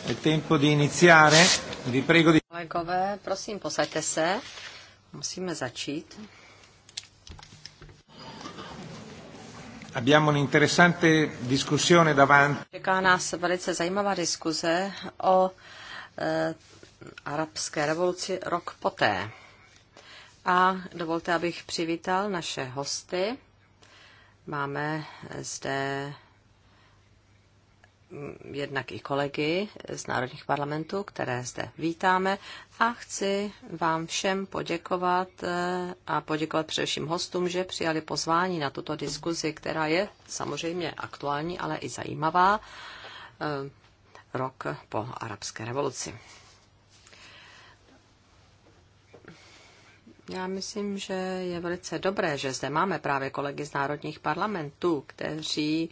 è tempo di iniziare. Vi prego di... Kolegové, prosím, posaďte se. Musíme začít. Abbiamo un'interessante discussione davanti. Čeká nás velice zajímavá diskuze o e, arabské revoluci rok poté. A dovolte, abych přivítal naše hosty. Máme zde jednak i kolegy z národních parlamentů, které zde vítáme a chci vám všem poděkovat eh, a poděkovat především hostům, že přijali pozvání na tuto diskuzi, která je samozřejmě aktuální, ale i zajímavá eh, rok po arabské revoluci. Já myslím, že je velice dobré, že zde máme právě kolegy z národních parlamentů, kteří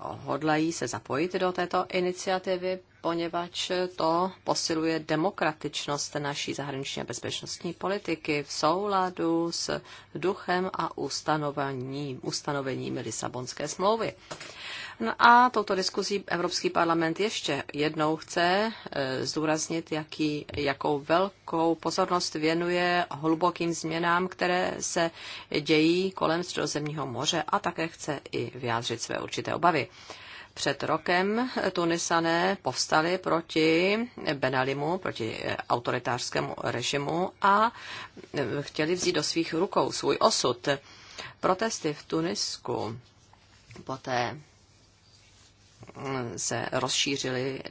hodlají se zapojit do této iniciativy, poněvadž to posiluje demokratičnost naší zahraniční bezpečnostní politiky v souladu s duchem a ustanovením, ustanoveními Lisabonské smlouvy. No a touto diskuzí Evropský parlament ještě jednou chce e, zdůraznit, jaký, jakou velkou pozornost věnuje hlubokým změnám, které se dějí kolem Středozemního moře a také chce i vyjádřit své určité obavy. Před rokem Tunisané povstali proti Benalimu, proti e, autoritářskému režimu a e, chtěli vzít do svých rukou svůj osud. Protesty v Tunisku poté se rozšířily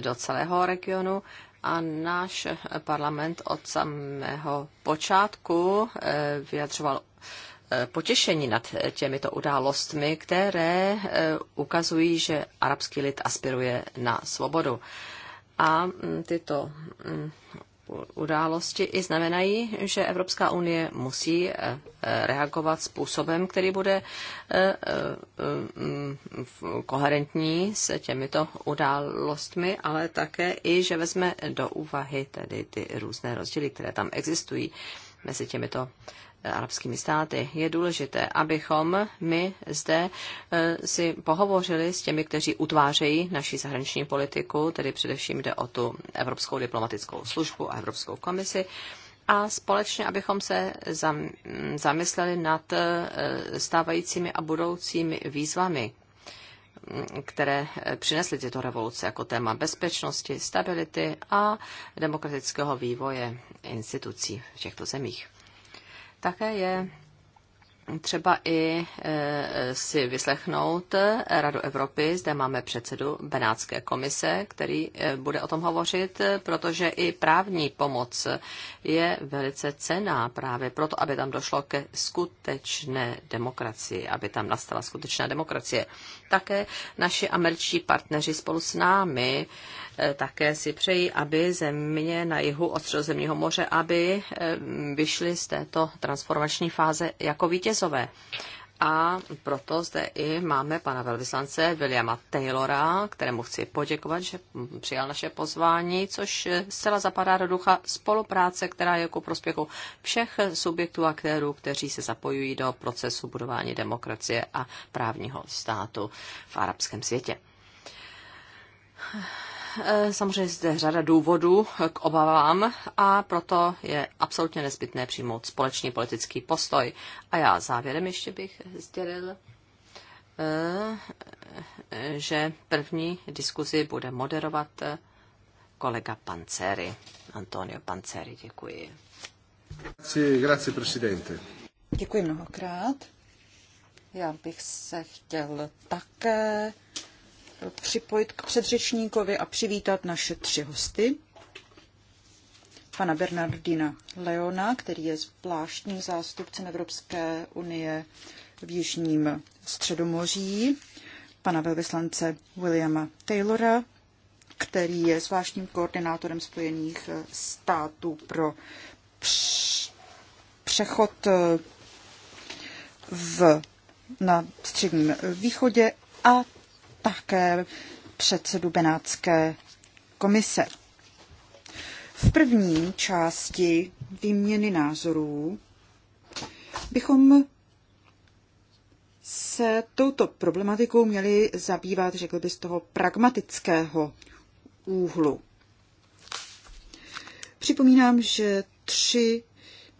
do celého regionu a náš parlament od samého počátku eh, vyjadřoval eh, potěšení nad těmito událostmi, které eh, ukazují, že arabský lid aspiruje na svobodu. A mm, tyto mm, události i znamenají, že Evropská unie musí eh, eh, reagovat způsobem, který bude eh, mm, mm, koherentní s těmito událostmi, ale také i, že vezme do úvahy tedy ty různé rozdíly, které tam existují mezi těmito arabskými státy. Je důležité, abychom my zde eh, si pohovořili s těmi, kteří utvářejí naši zahraniční politiku, tedy především jde o tu Evropskou diplomatickou službu a Evropskou komisi, a společně, abychom se zamysleli nad eh, stávajícími a budoucími výzvami, které eh, přinesly tyto revoluce jako téma bezpečnosti, stability a demokratického vývoje institucí v těchto zemích. Také je třeba i e, si vyslechnout Radu Evropy. Zde máme předsedu Benátské komise, který e, bude o tom hovořit, protože i právní pomoc je velice cená právě proto, aby tam došlo ke skutečné demokracii, aby tam nastala skutečná demokracie. Také naši američtí partneři spolu s námi Eh, také si přeji, aby země na jihu od Středozemního moře, aby eh, vyšly z této transformační fáze jako vítězové. A proto zde i máme pana velvyslance Williama Taylora, kterému chci poděkovat, že přijal naše pozvání, což eh, zcela zapadá do ducha spolupráce, která je ku prospěchu všech subjektů a aktérů, kteří se zapojují do procesu budování demokracie a právního státu v arabském světě. Eh, samozřejmě zde řada důvodů k obavám a proto je absolutně nezbytné přijmout společný politický postoj. A já závěrem ještě bych sdělil, eh, že první diskuzi bude moderovat eh, kolega Panceri. Antonio Panceri, děkuji. Grazie, grazie, presidente. Děkuji mnohokrát. Já bych se chtěl také připojit k předřečníkovi a přivítat naše tři hosty. Pana Bernardina Leona, který je zvláštním zástupcem Evropské unie v Jižním středomoří, pana velvyslance Williama Taylora, který je zvláštním koordinátorem Spojených eh, států pro přechod eh, v, na středním východě a také předsedu Benátské komise. V první části výměny názorů bychom se touto problematikou měli zabývat, řekl bych, z toho pragmatického úhlu. Připomínám, že tři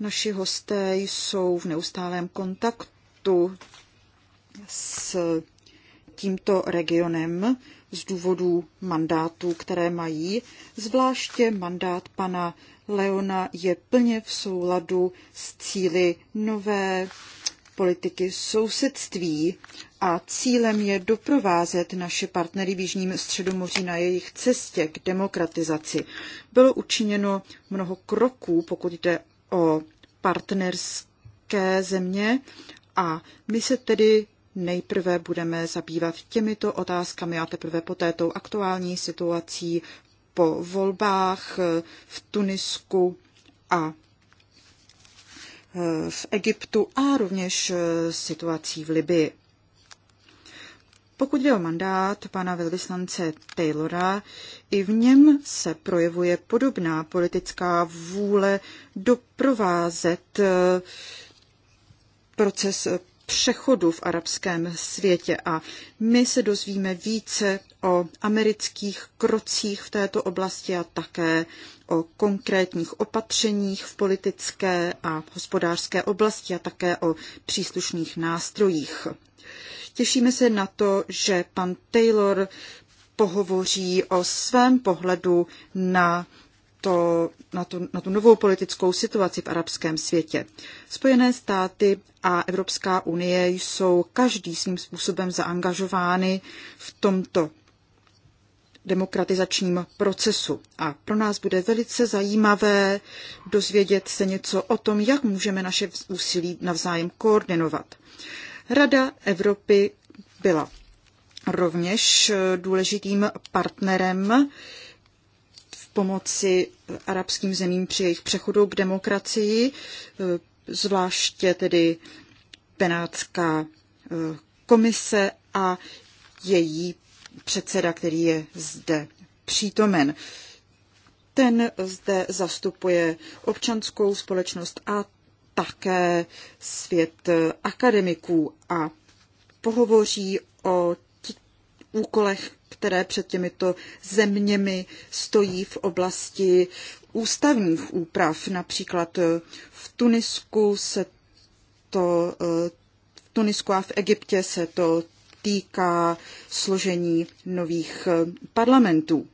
naši hosté jsou v neustálém kontaktu s tímto regionem z důvodu mandátů, které mají. Zvláště mandát pana Leona je plně v souladu s cíly nové politiky sousedství a cílem je doprovázet naše partnery v Jižním středomoří na jejich cestě k demokratizaci. Bylo učiněno mnoho kroků, pokud jde o partnerské země a my se tedy nejprve budeme zabývat těmito otázkami a teprve poté této aktuální situací po volbách eh, v Tunisku a eh, v Egyptu a rovněž eh, situací v Libii. Pokud jde o mandát pana velvyslance Taylora, i v něm se projevuje podobná politická vůle doprovázet proces přechodu v arabském světě a my se dozvíme více o amerických krocích v této oblasti a také o konkrétních opatřeních v politické a hospodářské oblasti a také o příslušných nástrojích. Těšíme se na to, že pan Taylor pohovoří o svém pohledu na to, na, tu, na tu novou politickou situaci v arabském světě. Spojené státy a Evropská unie jsou každý svým způsobem zaangažovány v tomto demokratizačním procesu. A pro nás bude velice zajímavé dozvědět se něco o tom, jak můžeme naše úsilí navzájem koordinovat. Rada Evropy byla rovněž eh, důležitým partnerem pomoci arabským zemím při jejich přechodu k demokracii, eh, zvláště tedy Benátská eh, komise a její předseda, který je zde přítomen. Ten zde zastupuje občanskou společnost a také svět akademiků a pohovoří o úkolech, které před těmito zeměmi stojí v oblasti ústavních úprav. Například eh, v Tunisku se to, eh, v Tunisku a v Egyptě se to týká složení nových eh, parlamentů.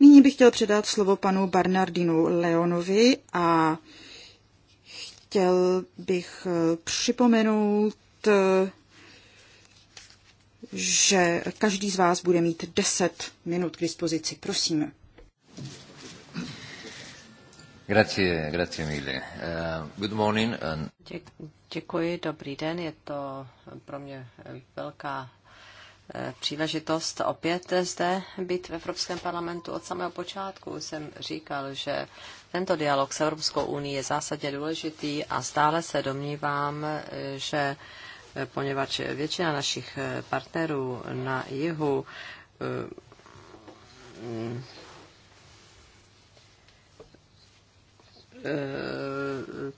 Nyní bych chtěl předat slovo panu Bernardinu Leonovi a chtěl bych připomenout že každý z vás bude mít 10 minut k dispozici. Prosím. Grazie, grazie mille. Uh, good morning. Děkuji, dobrý den. Je to pro mě velká eh, příležitost opět zde být v Evropském parlamentu. Od samého počátku jsem říkal, že tento dialog s Evropskou unii je zásadně důležitý a stále se domnívám, eh, že poněvadž většina našich eh, partnerů na jihu eh,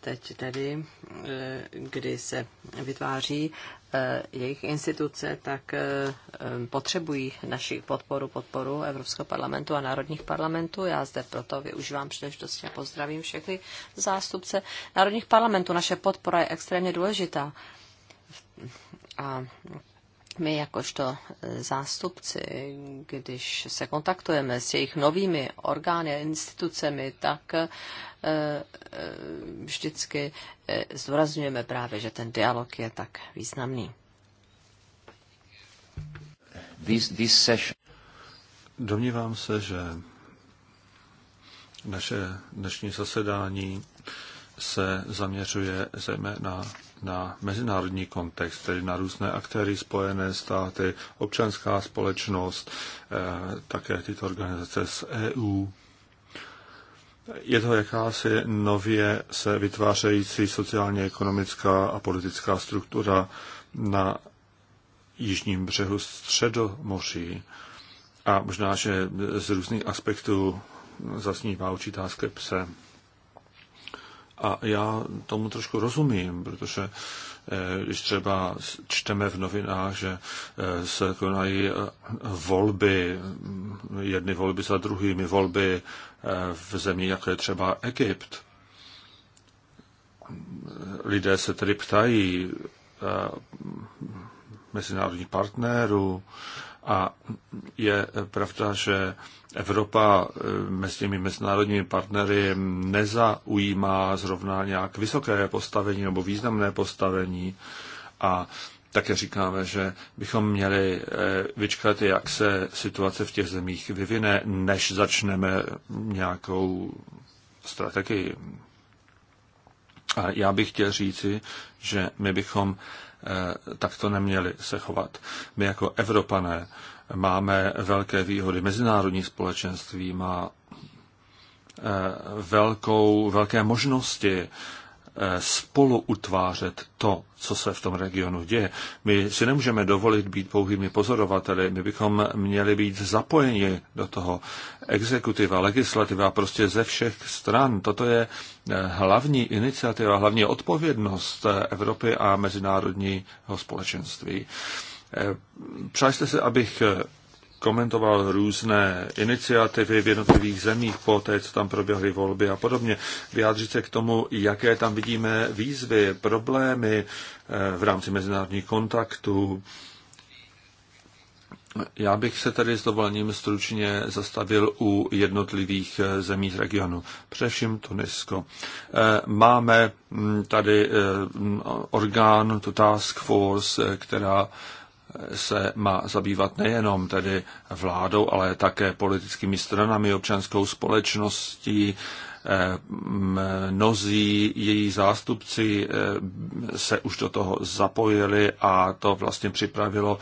teď tedy, eh, kdy se vytváří jejich instituce, tak potřebují naši podporu, podporu Evropského parlamentu a národních parlamentů. Já zde proto využívám příležitosti a pozdravím všechny zástupce národních parlamentů. Naše podpora je extrémně důležitá a my jakožto zástupci, když se kontaktujeme s jejich novými orgány a institucemi, tak eh, eh, vždycky eh, zdůrazňujeme právě, že ten dialog je tak významný. This, this session... Domnívám se, že naše dnešní zasedání se zaměřuje zejména na mezinárodní kontext, tedy na různé aktéry, spojené státy, občanská společnost, eh, také tyto organizace z EU. Je to jakási nově se vytvářející sociálně ekonomická a politická struktura na jižním břehu Středomoří. A možná, že z různých aspektů zasnívá určitá skepse. A já tomu trošku rozumím, protože eh, když třeba čteme v novinách, že eh, se konají eh, volby, mm, jedny volby za druhými, volby v zemi, jako je třeba Egypt, lidé se tedy ptají mezinárodních partnerů, a je pravda, že Evropa eh, mezi těmi mezinárodními partnery nezaujímá zrovna nějak vysoké postavení nebo významné postavení. A také říkáme, že bychom měli eh, vyčkat, jak se situace v těch zemích vyvine, než začneme nějakou strategii. A já bych chtěl říci, že my bychom Eh, tak to neměli se chovat. My jako Evropané máme velké výhody. Mezinárodní společenství má eh, velkou, velké možnosti spolu utvářet to, co se v tom regionu děje. My si nemůžeme dovolit být pouhými pozorovateli, my bychom měli být zapojeni do toho exekutiva, legislativa, prostě ze všech stran. Toto je eh, hlavní iniciativa, hlavní odpovědnost eh, Evropy a mezinárodního společenství. Eh, Přáli se, abych komentoval různé iniciativy v jednotlivých zemích po té, co tam proběhly volby a podobně. Vyjádřit se k tomu, jaké tam vidíme výzvy, problémy eh, v rámci mezinárodních kontaktů. Já bych se tady s dovolením stručně zastavil u jednotlivých eh, zemí z regionu, především Tunisko. Eh, máme mm, tady orgán, to Task Force, která se má zabývat nejenom tedy vládou, ale také politickými stranami, občanskou společností. Eh, mnozí její zástupci eh, se už do toho zapojili a to vlastně připravilo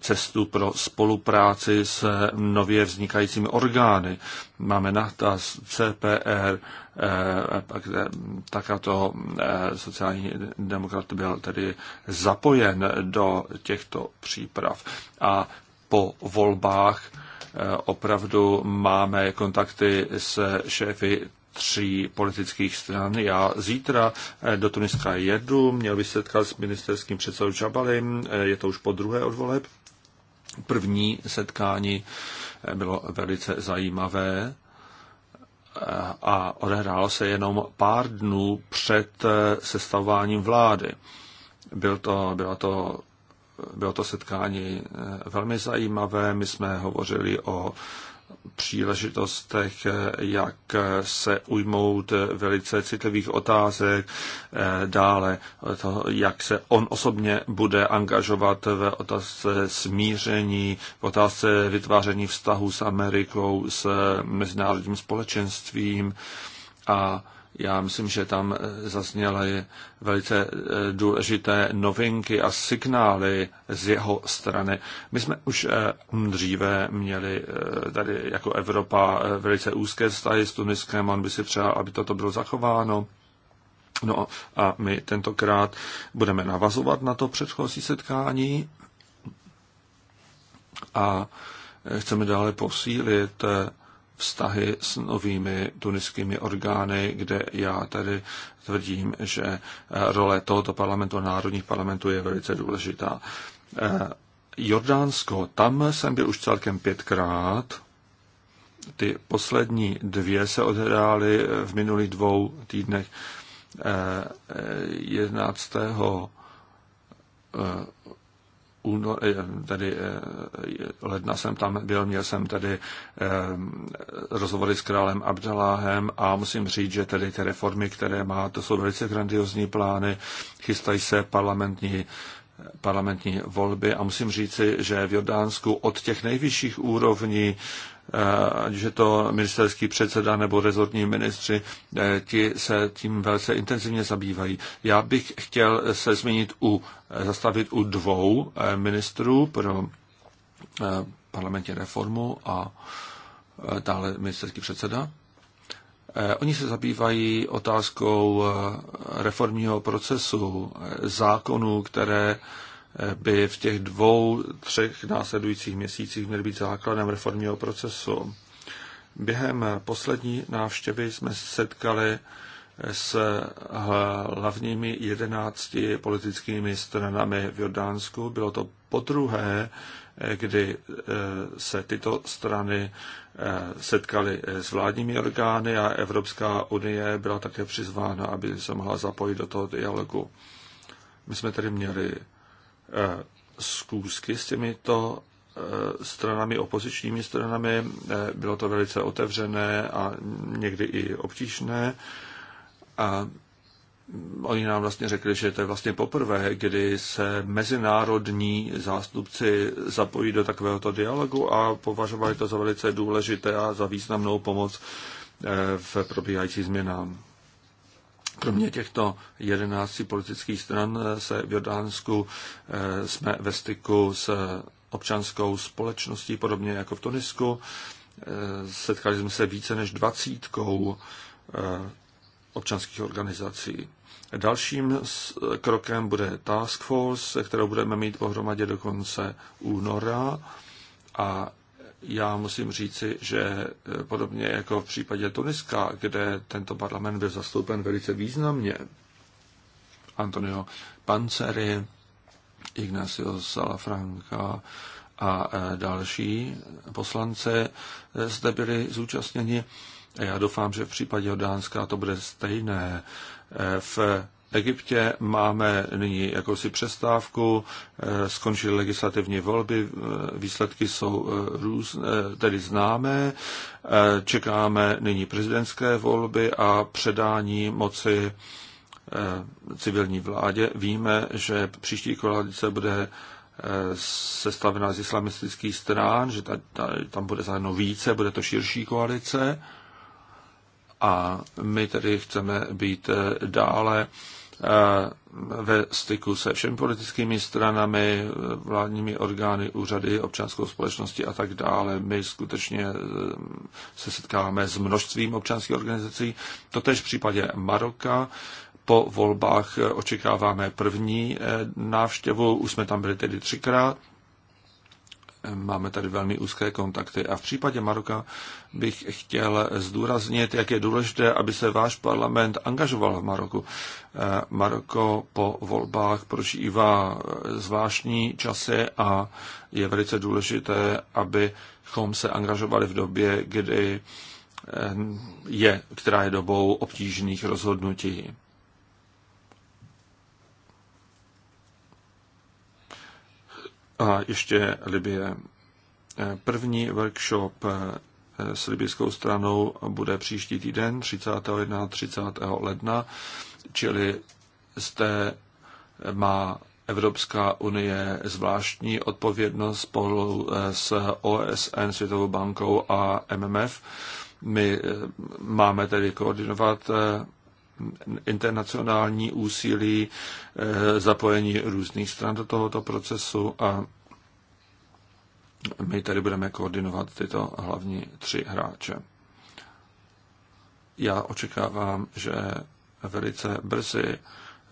cestu pro spolupráci s nově vznikajícími orgány. Máme NATO, CPR, eh, pak eh, to eh, sociální demokrat byl tedy zapojen do těchto příprav. A po volbách opravdu máme kontakty s šéfy tří politických stran. Já zítra eh, do Tuniska jedu, měl bych setkat s ministerským předsedou Džabalim, eh, je to už po druhé od voleb. První setkání eh, bylo velice zajímavé a odehrálo se jenom pár dnů před sestavováním vlády. Byl to, bylo to, bylo to setkání velmi zajímavé. My jsme hovořili o příležitostech, jak se ujmout velice citlivých otázek, dále to, jak se on osobně bude angažovat v otázce smíření, v otázce vytváření vztahu s Amerikou, s mezinárodním společenstvím a já myslím, že tam eh, zazněly velice eh, důležité novinky a signály z jeho strany. My jsme už eh, dříve měli tady jako Evropa velice úzké vztahy s Tuniskem, on by si přál, aby toto bylo zachováno. No a my tentokrát budeme navazovat na to předchozí setkání a chceme dále posílit vztahy s novými tuniskými orgány, kde já tady tvrdím, že eh, role tohoto parlamentu a národních parlamentů je velice důležitá. Eh, Jordánsko, tam jsem byl už celkem pětkrát. Ty poslední dvě se odehrály eh, v minulých dvou týdnech 11 únor, eh, tady eh, ledna jsem tam byl, měl jsem tady eh, rozhovory s králem Abdaláhem a musím říct, že tedy ty reformy, které má, to jsou velice grandiozní plány, chystají se parlamentní parlamentní volby a musím říci, že v Jordánsku od těch nejvyšších úrovní Eh, ať je to ministerský předseda nebo rezortní ministři, eh, ti se tím velice intenzivně zabývají. Já bych chtěl se zmínit u, eh, zastavit u dvou ministrů pro parlamentní reformu a dále ministerský předseda. Oni se zabývají otázkou reformního procesu, zákonů, které by v těch dvou, třech následujících měsících měly být základem reformního procesu. Během poslední návštěvy jsme setkali s hlavními jedenácti politickými stranami v Jordánsku. Bylo to podruhé, kdy eh, se tyto strany eh, setkaly eh, s vládními orgány a Evropská unie byla také přizvána, aby se mohla zapojit do toho dialogu. My jsme tedy měli Eh, zkoušky s těmito eh, stranami, opozičními stranami. Eh, bylo to velice otevřené a někdy i obtížné. A oni nám vlastně řekli, že to je vlastně poprvé, kdy se mezinárodní zástupci zapojí do takovéhoto dialogu a považovali to za velice důležité a za významnou pomoc v probíhajících změnám. Kromě těchto 11 politických stran eh, se v Jordánsku eh, jsme ve styku s eh, občanskou společností, podobně jako v Tunisku. Setkali jsme se více než dvacítkou občanských organizací. Dalším krokem bude Task Force, kterou budeme mít pohromadě do konce února a já musím říci, že e, podobně jako v případě Tuniska, kde tento parlament byl zastoupen velice významně, Antonio Panceri, Ignacio Salafranca a e, další poslance e, zde byli zúčastněni. Já doufám, že v případě Dánska to bude stejné. V Egyptě máme nyní jakousi přestávku, eh, skončily legislativní volby, eh, výsledky jsou eh, různé, tedy známé, čekáme nyní prezidentské volby a předání moci civilní vládě. Víme, že příští koalice bude sestavená z islamistických strán, že ta, ta, tam bude zájemno více, bude to širší koalice. A my tedy chceme být dále ve styku se všemi politickými stranami, vládními orgány, úřady, občanskou společností a tak dále. My skutečně e, se setkáváme s množstvím občanských organizací. Totež v případě Maroka. Po volbách e, očekáváme první e, návštěvu. Už jsme tam byli tedy třikrát Máme tady velmi úzké kontakty. A v případě Maroka bych chtěl zdůraznit, jak je důležité, aby se váš parlament angažoval v Maroku. Eh, Maroko po volbách prožívá zvláštní časy a je velice důležité, abychom se angažovali v době, kdy eh, je, která je dobou obtížných rozhodnutí. A ještě Libie. První workshop eh, s libyskou stranou bude příští týden 31. 30. ledna, čili zde má Evropská unie zvláštní odpovědnost spolu eh, s OSN, Světovou bankou a MMF. My eh, máme tedy koordinovat internacionální úsilí, eh, zapojení různých stran do tohoto procesu a my tady budeme koordinovat tyto hlavní tři hráče. Já očekávám, že velice brzy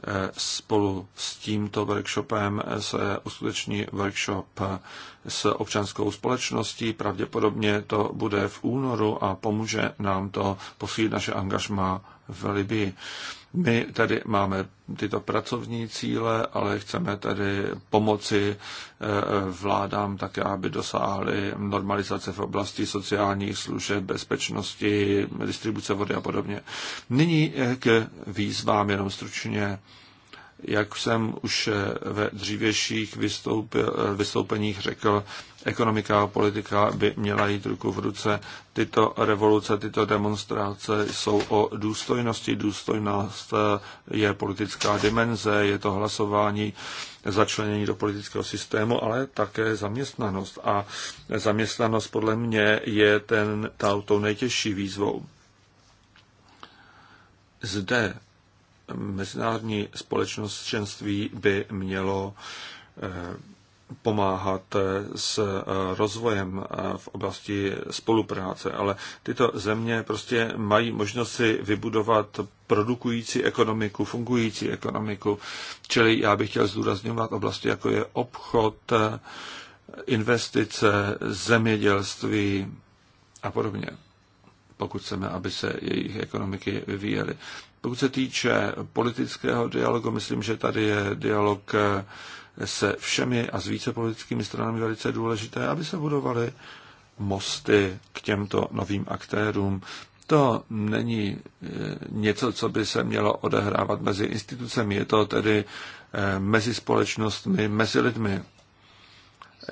eh, spolu s tímto workshopem se uskuteční workshop eh, s občanskou společností. Pravděpodobně to bude v únoru a pomůže nám to posílit naše angažma v Libii. My tady máme tyto pracovní cíle, ale chceme tady pomoci eh, vládám také, aby dosáhly normalizace v oblasti sociálních služeb, bezpečnosti, distribuce vody a podobně. Nyní eh, k výzvám jenom stručně. Jak jsem už eh, ve dřívějších eh, vystoupeních řekl, ekonomika a politika by měla jít ruku v ruce. Tyto revoluce, tyto demonstrace jsou o důstojnosti. Důstojnost eh, je politická dimenze, je to hlasování, začlenění do politického systému, ale také zaměstnanost. A zaměstnanost podle mě je ten, ta, tou nejtěžší výzvou. Zde mezinárodní členství by mělo eh, pomáhat eh, s eh, rozvojem v oblasti spolupráce, ale tyto země prostě mají možnost si vybudovat produkující ekonomiku, fungující ekonomiku, čili já bych chtěl zdůrazňovat oblasti, jako je obchod, investice, zemědělství a podobně, pokud chceme, aby se jejich ekonomiky vyvíjely. Pokud se týče politického dialogu, myslím, že tady je dialog eh, se všemi a s více politickými stranami velice důležité, aby se budovaly mosty k těmto novým aktérům. To není eh, něco, co by se mělo odehrávat mezi institucemi, je to tedy eh, mezi společnostmi, mezi lidmi.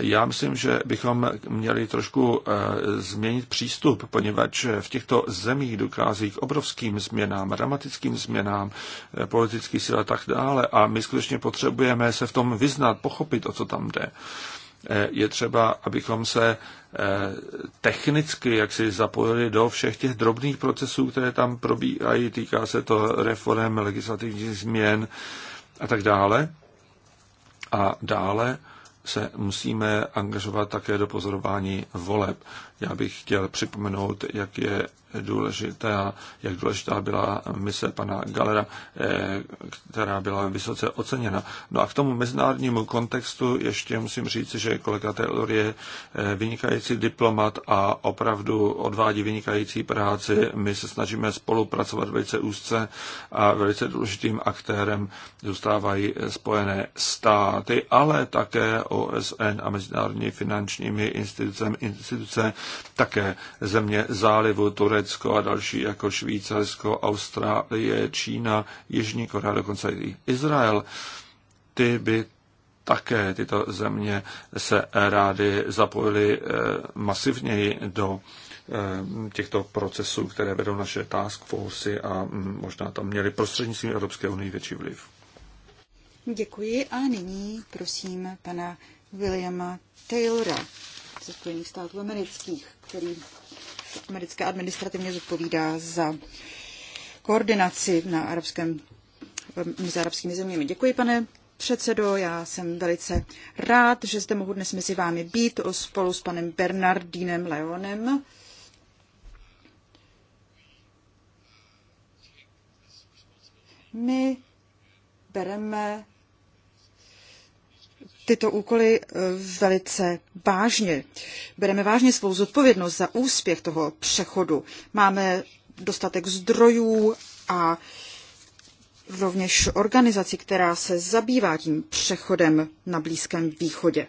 Já myslím, že bychom měli trošku eh, změnit přístup, poněvadž v těchto zemích dokází k obrovským změnám, dramatickým změnám eh, politický sil a tak dále. A my skutečně potřebujeme se v tom vyznat, pochopit, o co tam jde. Eh, je třeba, abychom se technicky jak si zapojili do všech těch drobných procesů, které tam probíhají. Týká se to reform, legislativních změn a tak dále. A dále se musíme angažovat také do pozorování voleb. Já bych chtěl připomenout, jak je důležitá, jak důležitá byla mise pana Galera, eh, která byla vysoce oceněna. No a k tomu mezinárodnímu kontextu ještě musím říct, že kolega Taylor je eh, vynikající diplomat a opravdu odvádí vynikající práci. My se snažíme spolupracovat velice úzce a velice důležitým aktérem zůstávají eh, Spojené státy, ale také OSN a mezinárodní finančními institucemi, instituce, také země zálivu Turecko a další jako Švýcarsko, Austrálie, Čína, Jižní Korea, dokonce i Izrael, ty by také tyto země se rády zapojily eh, masivněji do eh, těchto procesů, které vedou naše task force a mm, možná tam měli prostřednictvím Evropské unie větší vliv. Děkuji a nyní prosím pana Williama Taylora ze Spojených států amerických, který americké administrativně zodpovídá za koordinaci na arabském, mezi eh, arabskými zeměmi. Děkuji, pane předsedo, já jsem velice rád, že zde mohu dnes mezi vámi být spolu s panem Bernardínem Leonem. My bereme tyto úkoly eh, velice vážně. Bereme vážně svou zodpovědnost za úspěch toho přechodu. Máme dostatek zdrojů a rovněž organizaci, která se zabývá tím přechodem na Blízkém východě.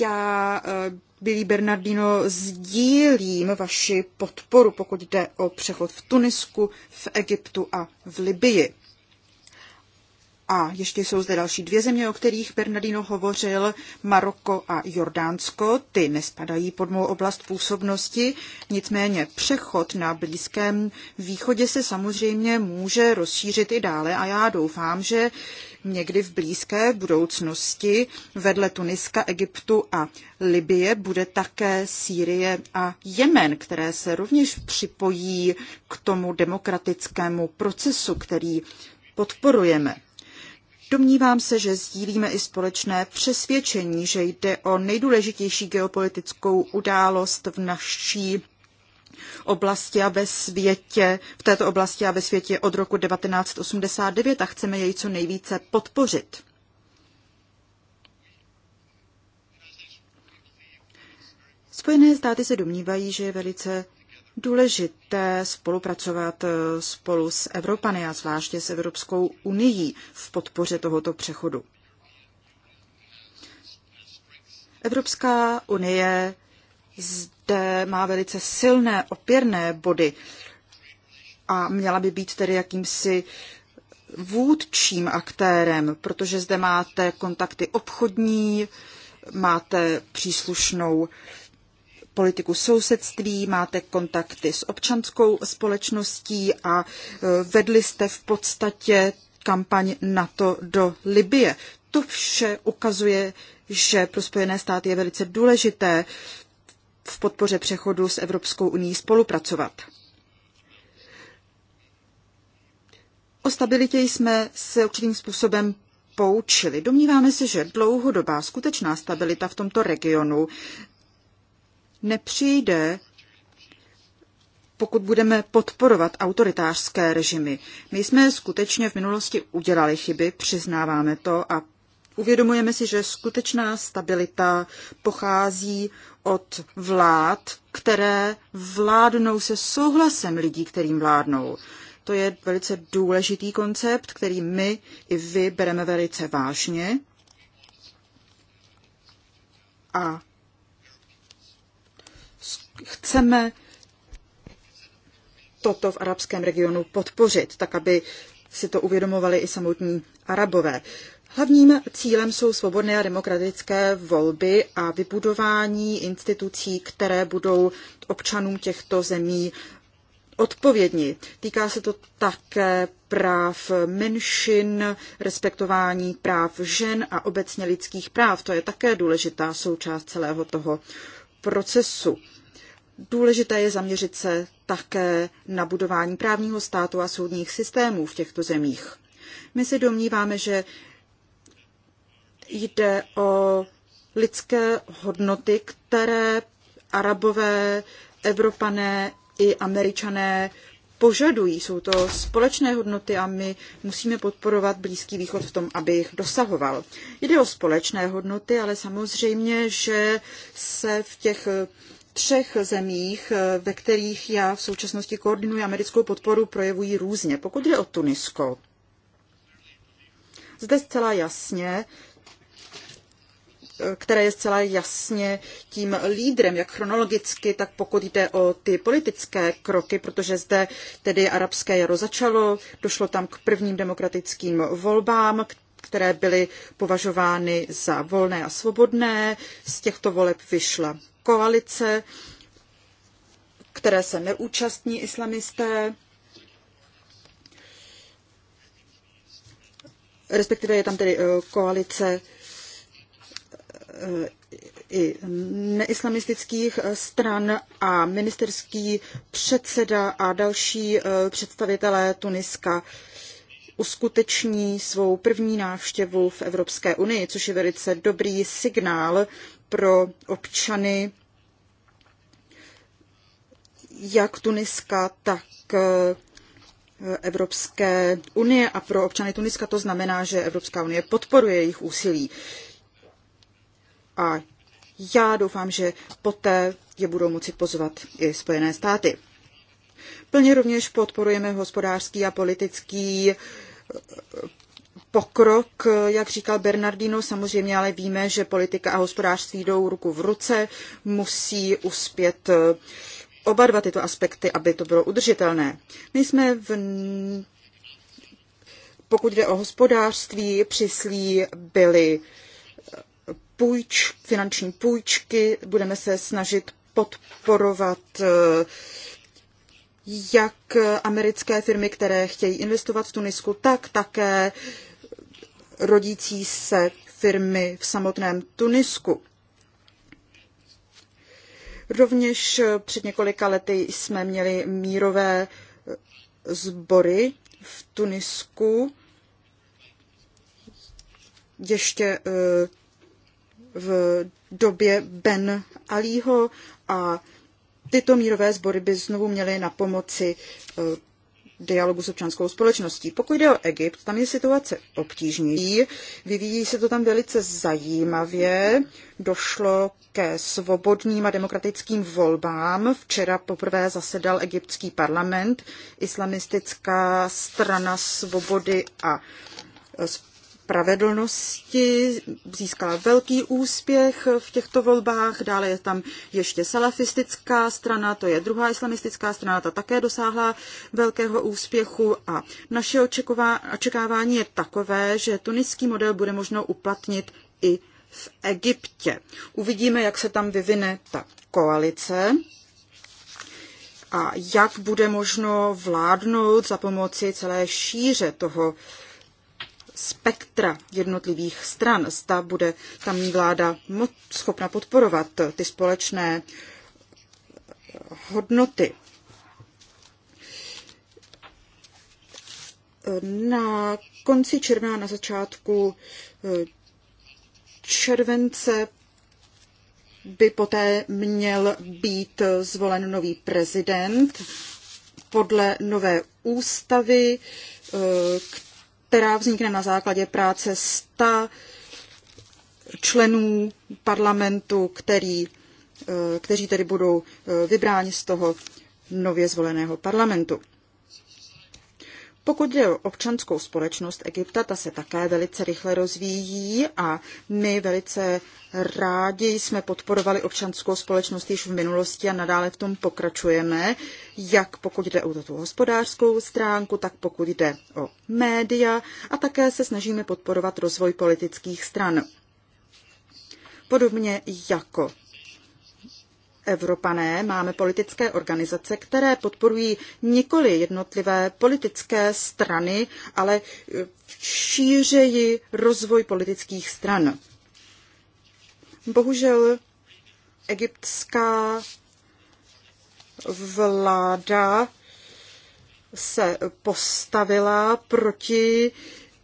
Já, eh, Billy Bernardino, sdílím vaši podporu, pokud jde o přechod v Tunisku, v Egyptu a v Libii. A ještě jsou zde další dvě země, o kterých Bernardino hovořil, Maroko a Jordánsko. Ty nespadají pod mou oblast působnosti, nicméně přechod na Blízkém východě se samozřejmě může rozšířit i dále a já doufám, že někdy v blízké budoucnosti vedle Tuniska, Egyptu a Libie bude také Sýrie a Jemen, které se rovněž připojí k tomu demokratickému procesu, který podporujeme. Domnívám se, že sdílíme i společné přesvědčení, že jde o nejdůležitější geopolitickou událost v naší oblasti a ve světě, v této oblasti a ve světě od roku 1989 a chceme jej co nejvíce podpořit. Spojené státy se domnívají, že je velice důležité spolupracovat eh, spolu s Evropany a zvláště s Evropskou unii v podpoře tohoto přechodu. Evropská unie zde má velice silné opěrné body a měla by být tedy jakýmsi vůdčím aktérem, protože zde máte kontakty obchodní, máte příslušnou politiku sousedství, máte kontakty s občanskou společností a e, vedli jste v podstatě kampaň NATO do Libie. To vše ukazuje, že pro Spojené státy je velice důležité v podpoře přechodu s Evropskou uní spolupracovat. O stabilitě jsme se určitým způsobem poučili. Domníváme se, že dlouhodobá skutečná stabilita v tomto regionu nepřijde, pokud budeme podporovat autoritářské režimy. My jsme skutečně v minulosti udělali chyby, přiznáváme to a uvědomujeme si, že skutečná stabilita pochází od vlád, které vládnou se souhlasem lidí, kterým vládnou. To je velice důležitý koncept, který my i vy bereme velice vážně. A chceme toto v arabském regionu podpořit, tak aby si to uvědomovali i samotní arabové. Hlavním cílem jsou svobodné a demokratické volby a vybudování institucí, které budou občanům těchto zemí odpovědní. Týká se to také práv menšin, respektování práv žen a obecně lidských práv. To je také důležitá součást celého toho procesu. Důležité je zaměřit se také na budování právního státu a soudních systémů v těchto zemích. My se domníváme, že jde o lidské hodnoty, které arabové, evropané i američané požadují. Jsou to společné hodnoty a my musíme podporovat Blízký východ v tom, aby jich dosahoval. Jde o společné hodnoty, ale samozřejmě, že se v těch třech zemích, eh, ve kterých já v současnosti koordinuji americkou podporu, projevují různě. Pokud jde o Tunisko, zde zcela jasně eh, které je zcela jasně tím lídrem, jak chronologicky, tak pokud jde o ty politické kroky, protože zde tedy arabské jaro začalo, došlo tam k prvním demokratickým volbám, které byly považovány za volné a svobodné. Z těchto voleb vyšla koalice, které se neúčastní islamisté, respektive je tam tedy eh, koalice eh, i neislamistických eh, stran a ministerský předseda a další představitelé Tuniska uskuteční svou první návštěvu v Evropské unii, což je velice dobrý signál pro občany jak Tuniska, tak eh, Evropské unie a pro občany Tuniska to znamená, že Evropská unie podporuje jejich úsilí. A já doufám, že poté je budou moci pozvat i Spojené státy. Plně rovněž podporujeme hospodářský a politický eh, pokrok, jak říkal Bernardino, samozřejmě ale víme, že politika a hospodářství jdou ruku v ruce, musí uspět eh, oba dva tyto aspekty, aby to bylo udržitelné. My jsme v pokud jde o hospodářství, přislí byly eh, půjč, finanční půjčky, budeme se snažit podporovat eh, jak americké firmy, které chtějí investovat v Tunisku, tak také rodící se firmy v samotném Tunisku. Rovněž před několika lety jsme měli mírové sbory v Tunisku, ještě eh, v době Ben Alího a tyto mírové sbory by znovu měly na pomoci eh, dialogu s občanskou společností. Pokud jde o Egypt, tam je situace obtížnější, vyvíjí se to tam velice zajímavě, došlo ke svobodným a demokratickým volbám. Včera poprvé zasedal egyptský parlament, islamistická strana svobody a spravedlnosti získala velký úspěch v těchto volbách. Dále je tam ještě salafistická strana, to je druhá islamistická strana, ta také dosáhla velkého úspěchu a naše očekávání je takové, že tuniský model bude možno uplatnit i v Egyptě. Uvidíme, jak se tam vyvine ta koalice a jak bude možno vládnout za pomoci celé šíře toho spektra jednotlivých stran. Zda bude tamní vláda moc schopna podporovat ty společné hodnoty. Na konci června, na začátku eh, července by poté měl být zvolen nový prezident podle nové ústavy, eh, která vznikne na základě práce 100 členů parlamentu, který, eh, kteří tedy budou eh, vybráni z toho nově zvoleného parlamentu. Pokud jde o občanskou společnost Egypta, ta se také velice rychle rozvíjí a my velice rádi jsme podporovali občanskou společnost již v minulosti a nadále v tom pokračujeme, jak pokud jde o tu hospodářskou stránku, tak pokud jde o média a také se snažíme podporovat rozvoj politických stran. Podobně jako Evropané máme politické organizace, které podporují nikoli jednotlivé politické strany, ale eh, šířeji rozvoj politických stran. Bohužel egyptská vláda se postavila proti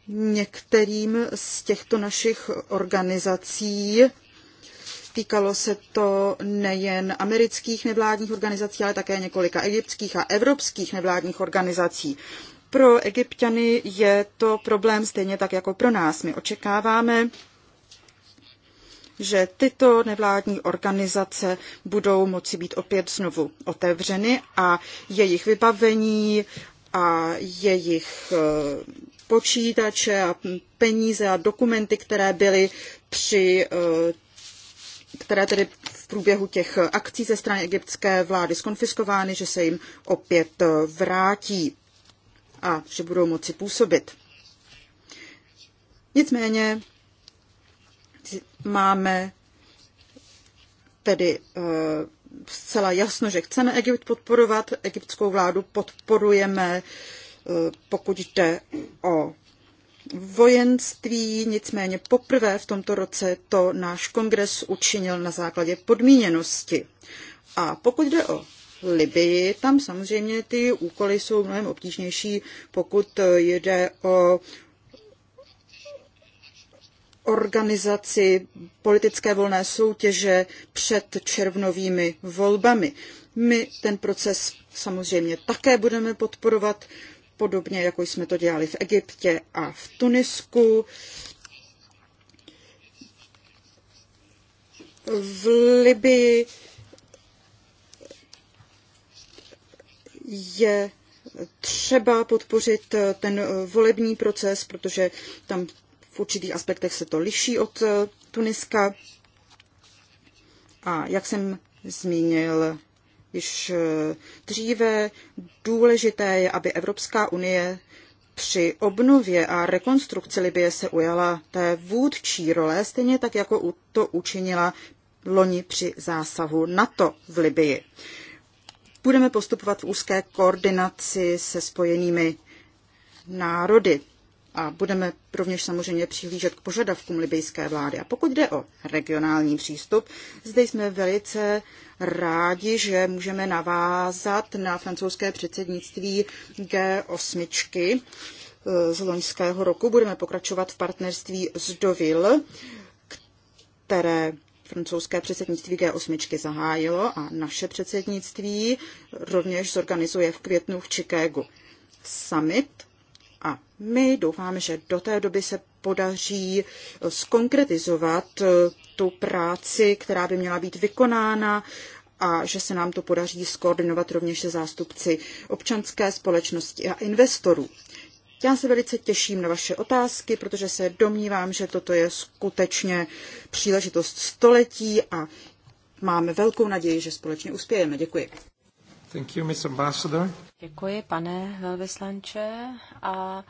některým z těchto našich organizací Týkalo se to nejen amerických nevládních organizací, ale také několika egyptských a evropských nevládních organizací. Pro egyptiany je to problém stejně tak jako pro nás. My očekáváme, že tyto nevládní organizace budou moci být opět znovu otevřeny a jejich vybavení a jejich eh, počítače a peníze a dokumenty, které byly při eh, které tedy v průběhu těch akcí ze strany egyptské vlády skonfiskovány, že se jim opět eh, vrátí a že budou moci působit. Nicméně máme tedy eh, zcela jasno, že chceme Egypt podporovat, egyptskou vládu podporujeme, eh, pokud jde o vojenství, nicméně poprvé v tomto roce to náš kongres učinil na základě podmíněnosti. A pokud jde o Libii, tam samozřejmě ty úkoly jsou mnohem obtížnější, pokud jde o organizaci politické volné soutěže před červnovými volbami. My ten proces samozřejmě také budeme podporovat, podobně jako jsme to dělali v Egyptě a v Tunisku. V Libii je třeba podpořit ten volební proces, protože tam v určitých aspektech se to liší od Tuniska. A jak jsem zmínil, již eh, dříve. Důležité je, aby Evropská unie při obnově a rekonstrukci Libie se ujala té vůdčí role, stejně tak, jako to učinila loni při zásahu NATO v Libii. Budeme postupovat v úzké koordinaci se spojenými národy a budeme rovněž samozřejmě přihlížet k požadavkům libijské vlády. A pokud jde o regionální přístup, zde jsme velice rádi, že můžeme navázat na francouzské předsednictví G8 z loňského roku. Budeme pokračovat v partnerství s Dovil, které francouzské předsednictví G8 zahájilo a naše předsednictví rovněž zorganizuje v květnu v Chicagu summit a my doufáme, že do té doby se podaří skonkretizovat eh, tu práci, která by měla být vykonána a že se nám to podaří skoordinovat rovněž se zástupci občanské společnosti a investorů. Já se velice těším na vaše otázky, protože se domnívám, že toto je skutečně příležitost století a máme velkou naději, že společně uspějeme. Děkuji. Thank you, Mr. Ambassador. Děkuji, pane velvyslanče. A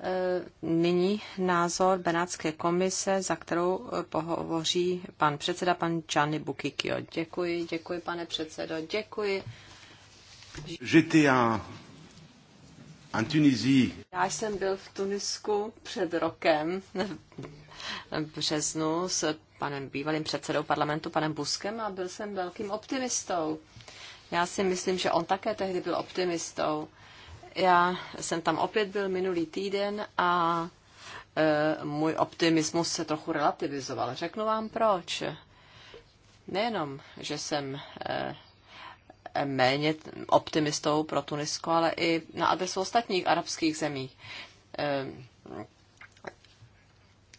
e, nyní názor Benátské komise, za kterou e, pohovoří pan předseda, pan čany Bukikio. Děkuji, děkuji, pane předsedo, děkuji. J'étais en Tunisie. Já jsem byl v Tunisku před rokem, v březnu, s panem bývalým předsedou parlamentu, panem Buskem, a byl jsem velkým optimistou já si myslím, že on také tehdy byl optimistou. Já jsem tam opět byl minulý týden a e, můj optimismus se trochu relativizoval. Řeknu vám proč. Nejenom, že jsem e, méně optimistou pro Tunisko, ale i na adresu ostatních arabských zemí. E,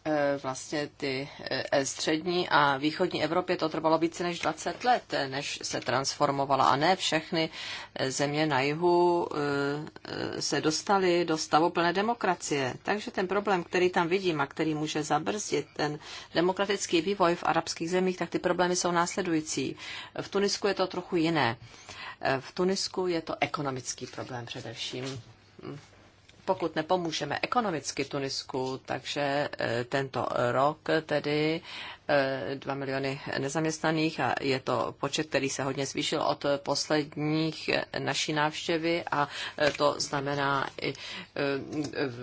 Eh, vlastně ty eh, eh, střední a východní Evropě to trvalo více než 20 let, než se transformovala. A ne všechny země na jihu se dostaly do stavu plné demokracie. Takže ten problém, který tam vidím a který může zabrzdit ten demokratický vývoj v arabských zemích, tak ty problémy jsou následující. V Tunisku je to trochu jiné. V Tunisku je to ekonomický problém především pokud nepomůžeme ekonomicky Tunisku, takže e, tento rok tedy 2 e, miliony nezaměstnaných a je to počet, který se hodně zvýšil od posledních naší návštěvy a e, to znamená,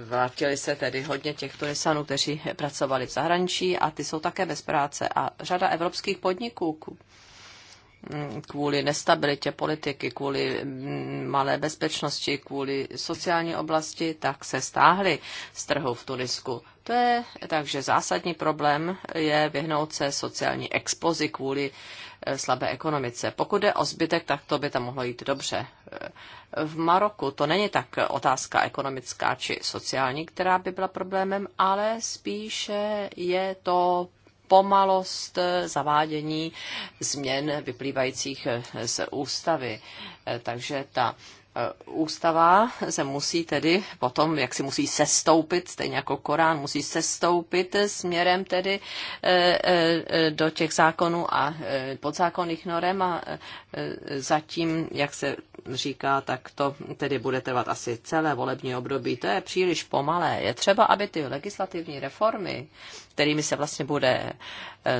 vrátili se tedy hodně těch Tunisanů, kteří pracovali v zahraničí a ty jsou také bez práce a řada evropských podniků kvůli nestabilitě politiky, kvůli mm, malé bezpečnosti, kvůli sociální oblasti, tak se stáhly z trhu v Tunisku. To je takže zásadní problém je vyhnout se sociální expozi kvůli e, slabé ekonomice. Pokud je o zbytek, tak to by tam mohlo jít dobře. E, v Maroku to není tak otázka ekonomická či sociální, která by byla problémem, ale spíše je to pomalost eh, zavádění změn vyplývajících eh, z ústavy. Eh, takže ta Eh, ústava se musí tedy potom, jak si musí sestoupit, stejně jako Korán, musí sestoupit směrem tedy eh, eh, do těch zákonů a podzákonných norem a zatím, jak se říká, tak to tedy bude trvat asi celé volební období. To je příliš pomalé. Je třeba, aby ty legislativní reformy, kterými se vlastně bude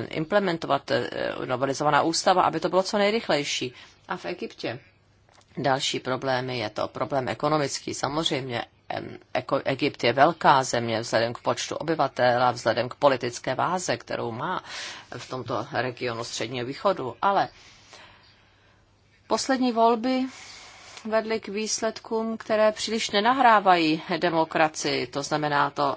implementovat novelizovaná ústava, aby to bylo co nejrychlejší. A v Egyptě Další problémy je to problém ekonomický. Samozřejmě Egypt je velká země vzhledem k počtu obyvatel a vzhledem k politické váze, kterou má v tomto regionu středního východu, ale poslední volby vedly k výsledkům, které příliš nenahrávají demokracii. To znamená to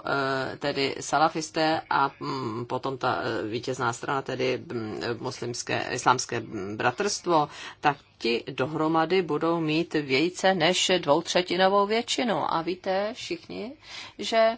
eh, tedy salafisté a mm, potom ta eh, vítězná strana, tedy mm, muslimské, islámské bratrstvo, tak ti dohromady budou mít více než dvoutřetinovou většinu. A víte všichni, že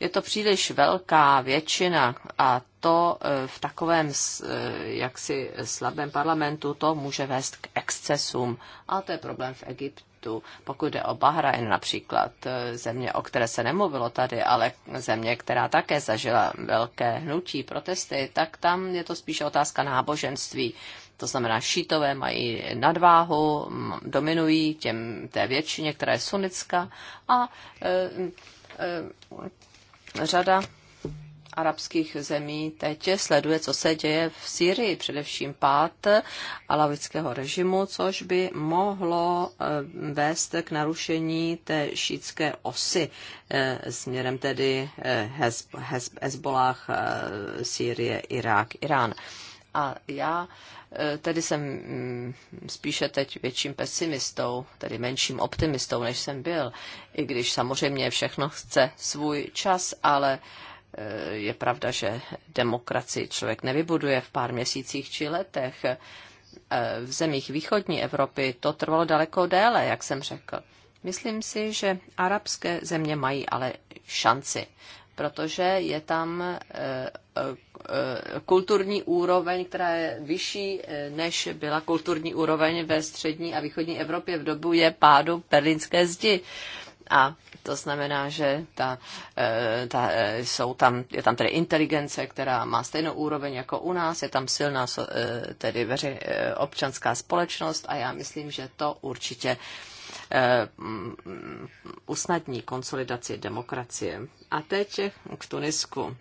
je to příliš velká většina a to eh, v takovém eh, jaksi slabém parlamentu to může vést k excesům. A to je problém v Egyptu. Pokud jde o Bahrajn například, eh, země, o které se nemluvilo tady, ale země, která také zažila velké hnutí, protesty, tak tam je to spíše otázka náboženství. To znamená, šítové mají nadváhu, dominují těm té většině, která je sunická a e, e, řada arabských zemí teď sleduje, co se děje v Syrii, především pád alavického režimu, což by mohlo eh, vést k narušení té šítské osy eh, směrem tedy eh, Hezbolách, Sýrie, Irák, Irán. A já tedy jsem mm, spíše teď větším pesimistou, tedy menším optimistou, než jsem byl, i když samozřejmě všechno chce svůj čas, ale uh, Eh, je pravda, že demokracii člověk nevybuduje v pár měsících či letech. Eh, v zemích východní Evropy to trvalo daleko déle, jak jsem řekl. Myslím si, že arabské země mají ale šanci, protože je tam eh, kulturní úroveň, která je vyšší, než byla kulturní úroveň ve střední a východní Evropě v dobu je pádu berlínské zdi. A to znamená, že ta, e, ta, e, jsou tam, je tam tedy inteligence, která má stejnou úroveň jako u nás, je tam silná e, tedy veři, občanská společnost a já myslím, že to určitě mm, usnadní konsolidaci demokracie. A teď k Tunisku.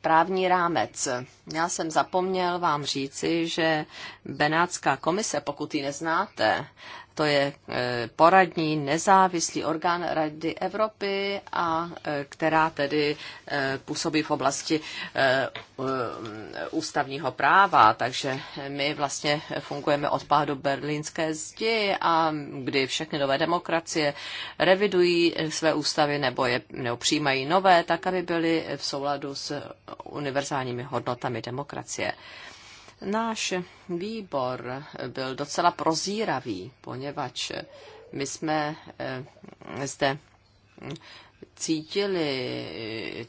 Právní rámec. Já jsem zapomněl vám říci, že Benátská komise, pokud ji neznáte, to je e, poradní nezávislý orgán Rady Evropy, a e, která tedy e, působí v oblasti ústavního práva. Takže my vlastně fungujeme od pádu berlínské zdi a kdy všechny nové demokracie revidují své ústavy nebo, je, nebo přijímají nové, tak aby byly v souladu s univerzálními hodnotami demokracie. Náš výbor byl docela prozíravý, poněvadž my jsme eh, zde cítili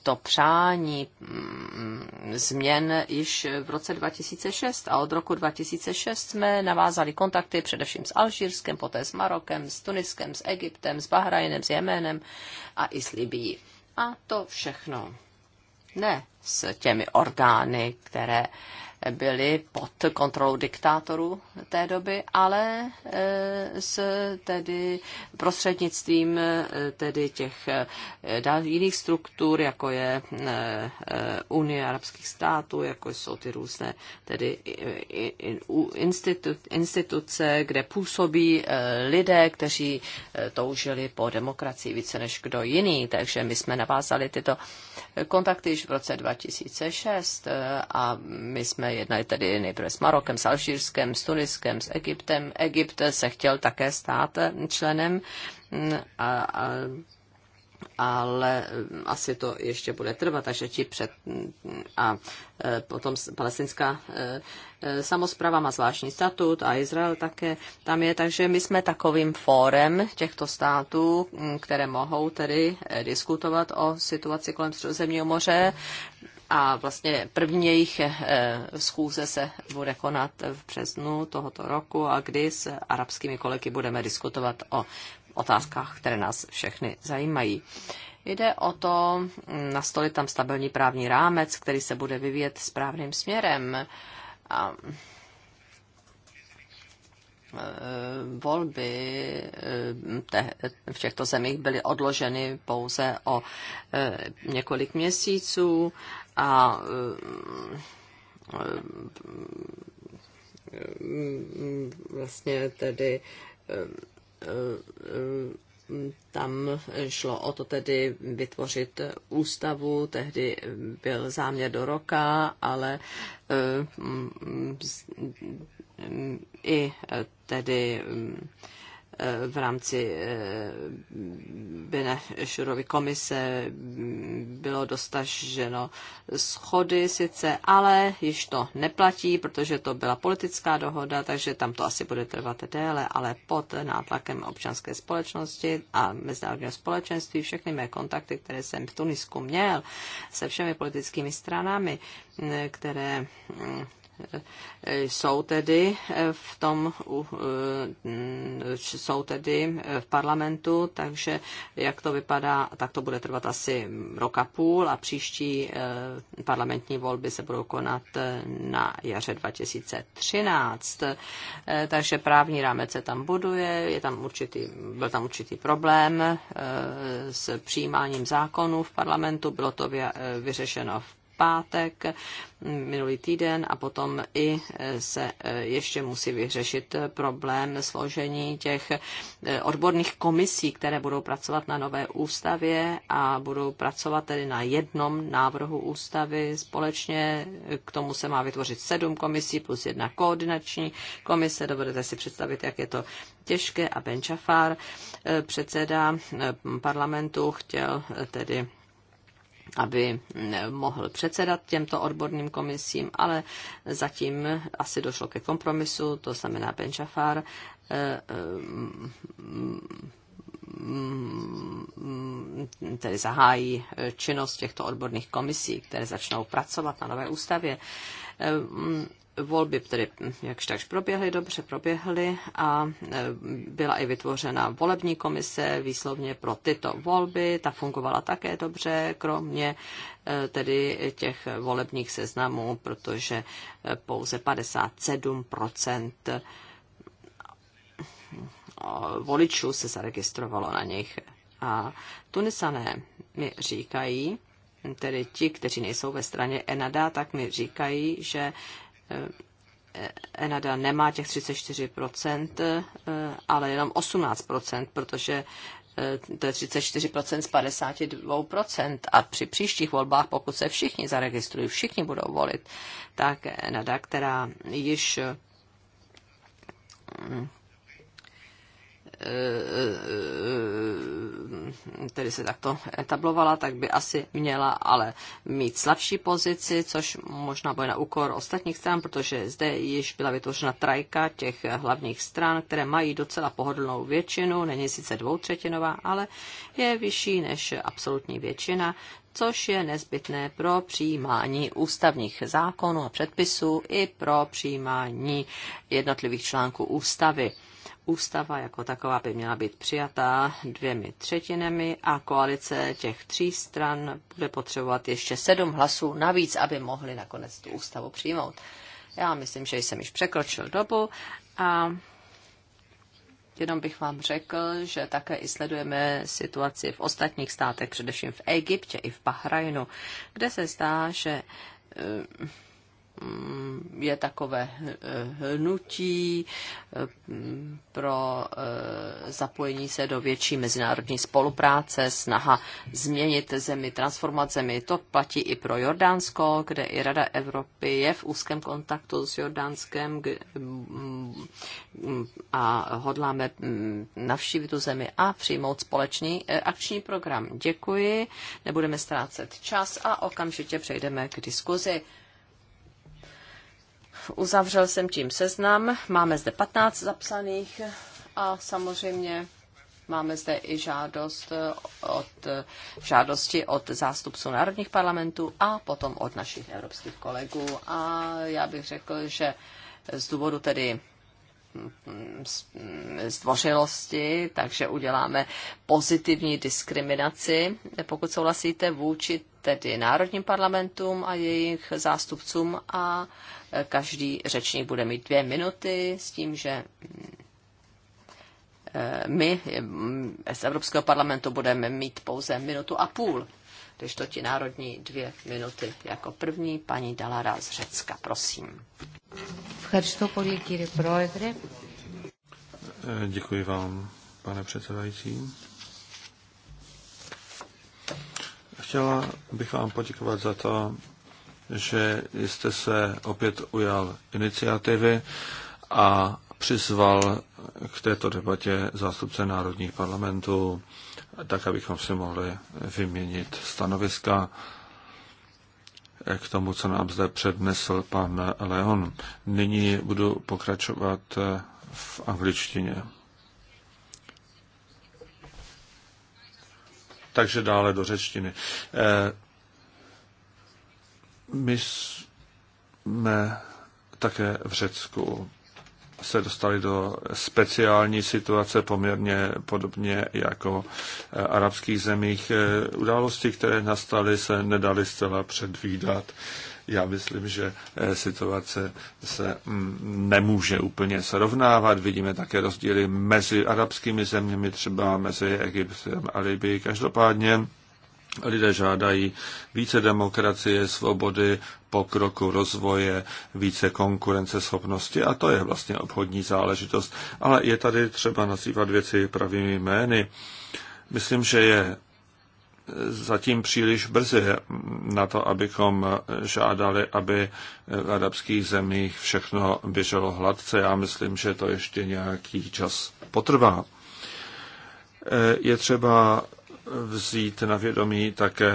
to přání mm, změn již v roce 2006 a od roku 2006 jsme navázali kontakty především s Alžírskem, poté s Marokem, s Tuniskem, s Egyptem, s Bahrajnem, s Jeménem a i s Libií. A to všechno. Ne s těmi orgány, které eh, byli pod kontrolou diktátorů té doby, ale e, s tedy prostřednictvím e, tedy těch e, jiných struktur, jako je Unie arabských států, jako jsou ty různé tedy instituce, kde působí lidé, kteří toužili po demokracii více než kdo jiný. Takže my jsme navázali tyto kontakty již v roce 2006 a my jsme jsme jednali tedy nejprve s Marokem, s Alžírskem, s Tuniskem, s Egyptem. Egypt se chtěl také stát mm, členem, mm, a, a, ale mm, asi to ještě bude trvat, takže ti před... A e, potom palestinská e, e, samozpráva má zvláštní statut a Izrael také tam je, takže my jsme takovým fórem těchto států, které mohou tedy diskutovat o situaci kolem Středozemního moře a vlastně první jejich eh, schůze se bude konat v březnu tohoto roku a kdy s arabskými kolegy budeme diskutovat o otázkách, které nás všechny zajímají. Jde o to mm, nastolit tam stabilní právní rámec, který se bude vyvíjet správným směrem. A eh, volby eh, v těchto zemích byly odloženy pouze o několik měsíců a eh, vlastně tedy eh, eh, tam šlo o to tedy vytvořit ústavu, tehdy byl záměr do roka, ale mm, i tedy mm, v rámci eh, Benešurovy komise bylo dostaženo schody sice, ale již to neplatí, protože to byla politická dohoda, takže tam to asi bude trvat déle, ale pod nátlakem občanské společnosti a mezinárodního společenství všechny mé kontakty, které jsem v Tunisku měl se všemi politickými stranami, které mm, jsou tedy v tom, eh, jsou tedy v parlamentu, takže jak to vypadá, tak to bude trvat asi roka půl a příští eh, parlamentní volby se budou konat eh, na jaře 2013. Takže právní rámec se tam buduje, je tam určitý, byl tam určitý problém s přijímáním zákonů v parlamentu, bylo to vyřešeno v pátek minulý týden a potom i eh, se eh, ještě musí vyřešit eh, problém složení těch odborných komisí, které budou pracovat na nové ústavě a budou pracovat tedy na jednom návrhu ústavy společně. K tomu se má vytvořit sedm komisí plus jedna koordinační komise. Dovedete si představit, jak je to těžké a Ben Chafar, předseda parlamentu, chtěl tedy aby mohl předsedat těmto odborným komisím, ale zatím asi došlo ke kompromisu, to znamená Ben Jafar eh, eh, mm, mm, tedy zahájí činnost těchto odborných komisí, které začnou pracovat na nové ústavě. Eh, mm, volby tedy jakž takž proběhly, dobře proběhly a e, byla i vytvořena volební komise výslovně pro tyto volby, ta fungovala také dobře, kromě e, tedy těch volebních seznamů, protože e, pouze 57% voličů se zaregistrovalo na nich. A Tunisané mi říkají, tedy ti, kteří nejsou ve straně Enada, tak mi říkají, že Eh, Enada nemá těch 34%, eh, ale jenom 18%, protože eh, to je 34% z 52%. A při příštích volbách, pokud se všichni zaregistrují, všichni budou volit, tak Enada, která již mm, tedy se takto etablovala, tak by asi měla ale mít slabší pozici, což možná bude na úkor ostatních stran, protože zde již byla vytvořena trajka těch hlavních stran, které mají docela pohodlnou většinu, není sice dvoutřetinová, ale je vyšší než absolutní většina, což je nezbytné pro přijímání ústavních zákonů a předpisů i pro přijímání jednotlivých článků ústavy ústava jako taková by měla být přijatá dvěmi třetinami a koalice těch tří stran bude potřebovat ještě sedm hlasů navíc, aby mohli nakonec tu ústavu přijmout. Já myslím, že jsem již překročil dobu a jenom bych vám řekl, že také i sledujeme situaci v ostatních státech, především v Egyptě i v Bahrajnu, kde se zdá, že eh, Mm, je takové eh, hnutí eh, pro eh, zapojení se do větší mezinárodní spolupráce, snaha změnit zemi, transformovat zemi. To platí i pro Jordánsko, kde i Rada Evropy je v úzkém kontaktu s Jordánskem mm, mm, a hodláme navštívit tu zemi a přijmout společný akční program. Děkuji, nebudeme ztrácet čas a okamžitě přejdeme k diskuzi uzavřel jsem tím seznam. Máme zde 15 zapsaných a samozřejmě máme zde i žádost od, žádosti od zástupců národních parlamentů a potom od našich evropských kolegů. A já bych řekl, že z důvodu tedy mm, mm, zdvořilosti, takže uděláme pozitivní diskriminaci, pokud souhlasíte, vůči tedy národním parlamentům a jejich zástupcům a e, každý řečník bude mít dvě minuty s tím, že mm, e, my mm, z Evropského parlamentu budeme mít pouze minutu a půl, když to ti národní dvě minuty. Jako první paní Dalara z Řecka, prosím. Děkuji vám, pane předsedající. Chtěla bych vám poděkovat za to, že jste se opět ujal iniciativy a přizval k této debatě zástupce národních parlamentů, tak abychom si mohli vyměnit stanoviska k tomu, co nám zde přednesl pan Leon. Nyní budu pokračovat v angličtině. takže dále do řečtiny. Eh, my jsme také v Řecku se dostali do speciální situace poměrně podobně jako eh, arabských zemích. Eh, události, které nastaly, se nedaly zcela předvídat. Já myslím, že eh, situace se mm, nemůže úplně srovnávat. Vidíme také rozdíly mezi arabskými zeměmi, třeba mezi Egyptem a Libii. Každopádně lidé žádají více demokracie, svobody, pokroku, rozvoje, více konkurence schopnosti, a to je vlastně obchodní záležitost. Ale je tady třeba nazývat věci pravými jmény. Myslím, že je zatím příliš brzy na to, abychom žádali, aby v arabských zemích všechno běželo hladce. Já myslím, že to ještě nějaký čas potrvá. Je třeba vzít na vědomí také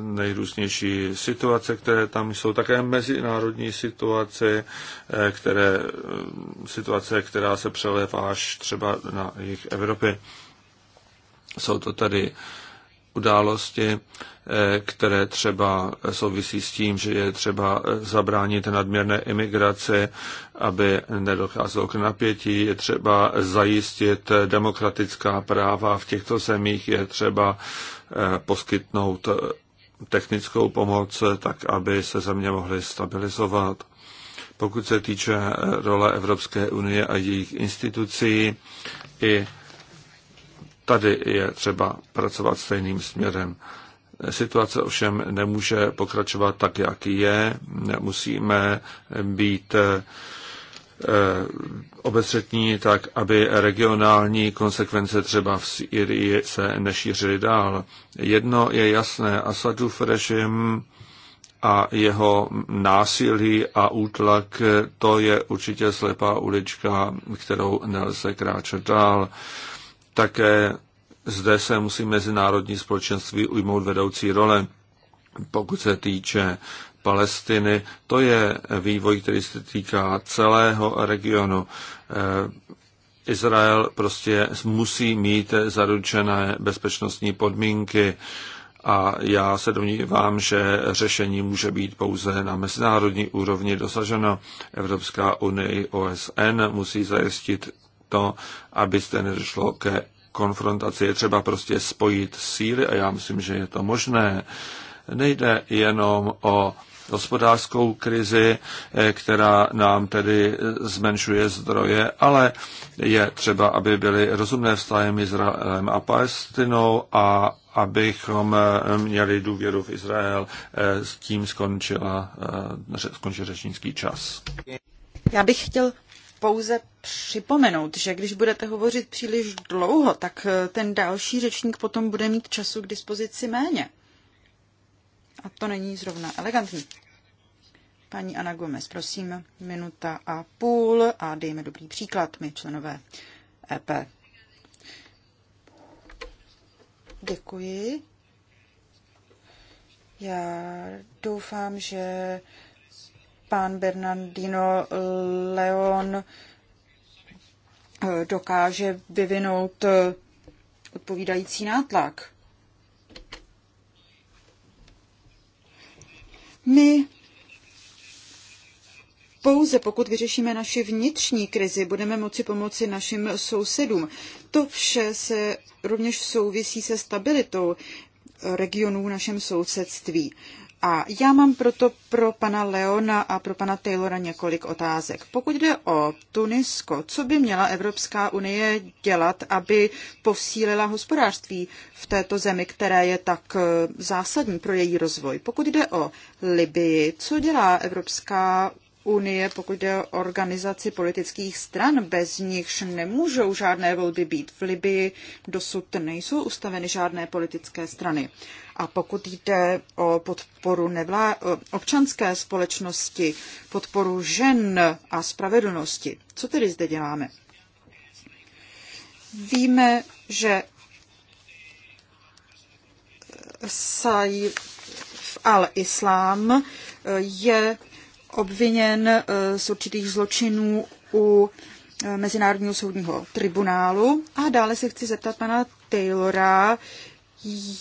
nejrůznější situace, které tam jsou, také mezinárodní situace, které, situace, která se přelévá až třeba na jejich Evropy. Jsou to tady události, eh, které třeba souvisí s tím, že je třeba zabránit nadměrné imigraci, aby nedocházelo k napětí, je třeba zajistit demokratická práva v těchto zemích, je třeba eh, poskytnout technickou pomoc, tak aby se země mohly stabilizovat. Pokud se týče eh, role Evropské unie a jejich institucí, i Tady je třeba pracovat stejným směrem. Situace ovšem nemůže pokračovat tak, jak je. Musíme být eh, obecřetní tak, aby regionální konsekvence třeba v Syrii se nešířily dál. Jedno je jasné, Asadův režim a jeho násilí a útlak, to je určitě slepá ulička, kterou nelze kráčet dál. Také zde se musí mezinárodní společenství ujmout vedoucí role. Pokud se týče Palestiny, to je vývoj, který se týká celého regionu. Eh, Izrael prostě musí mít zaručené bezpečnostní podmínky a já se domnívám, že řešení může být pouze na mezinárodní úrovni dosaženo. Evropská unie OSN musí zajistit to, aby zde nedošlo ke konfrontaci. Je třeba prostě spojit síly a já myslím, že je to možné. Nejde jenom o hospodářskou krizi, eh, která nám tedy zmenšuje zdroje, ale je třeba, aby byly rozumné vztahy mezi Izraelem a Palestinou a abychom eh, měli důvěru v Izrael. Eh, s tím skončila, skončil řečnický čas. Já bych chtěl pouze připomenout, že když budete hovořit příliš dlouho, tak eh, ten další řečník potom bude mít času k dispozici méně. A to není zrovna elegantní. Paní Ana Gomez, prosím, minuta a půl a dejme dobrý příklad, my členové EP. Děkuji. Já doufám, že Pán Bernardino Leon eh, dokáže vyvinout eh, odpovídající nátlak. My pouze pokud vyřešíme naši vnitřní krizi, budeme moci pomoci našim sousedům. To vše se rovněž souvisí se stabilitou regionů v našem sousedství. A já mám proto pro pana Leona a pro pana Taylora několik otázek. Pokud jde o Tunisko, co by měla Evropská unie dělat, aby posílila hospodářství v této zemi, které je tak eh, zásadní pro její rozvoj? Pokud jde o Libii, co dělá Evropská unie, pokud jde o organizaci politických stran, bez nichž nemůžou žádné volby být. V Libii dosud nejsou ustaveny žádné politické strany. A pokud jde o podporu nevlá- občanské společnosti, podporu žen a spravedlnosti, co tedy zde děláme? Víme, že Saif al-Islám je obviněn eh, z určitých zločinů u eh, Mezinárodního soudního tribunálu. A dále se chci zeptat pana Taylora,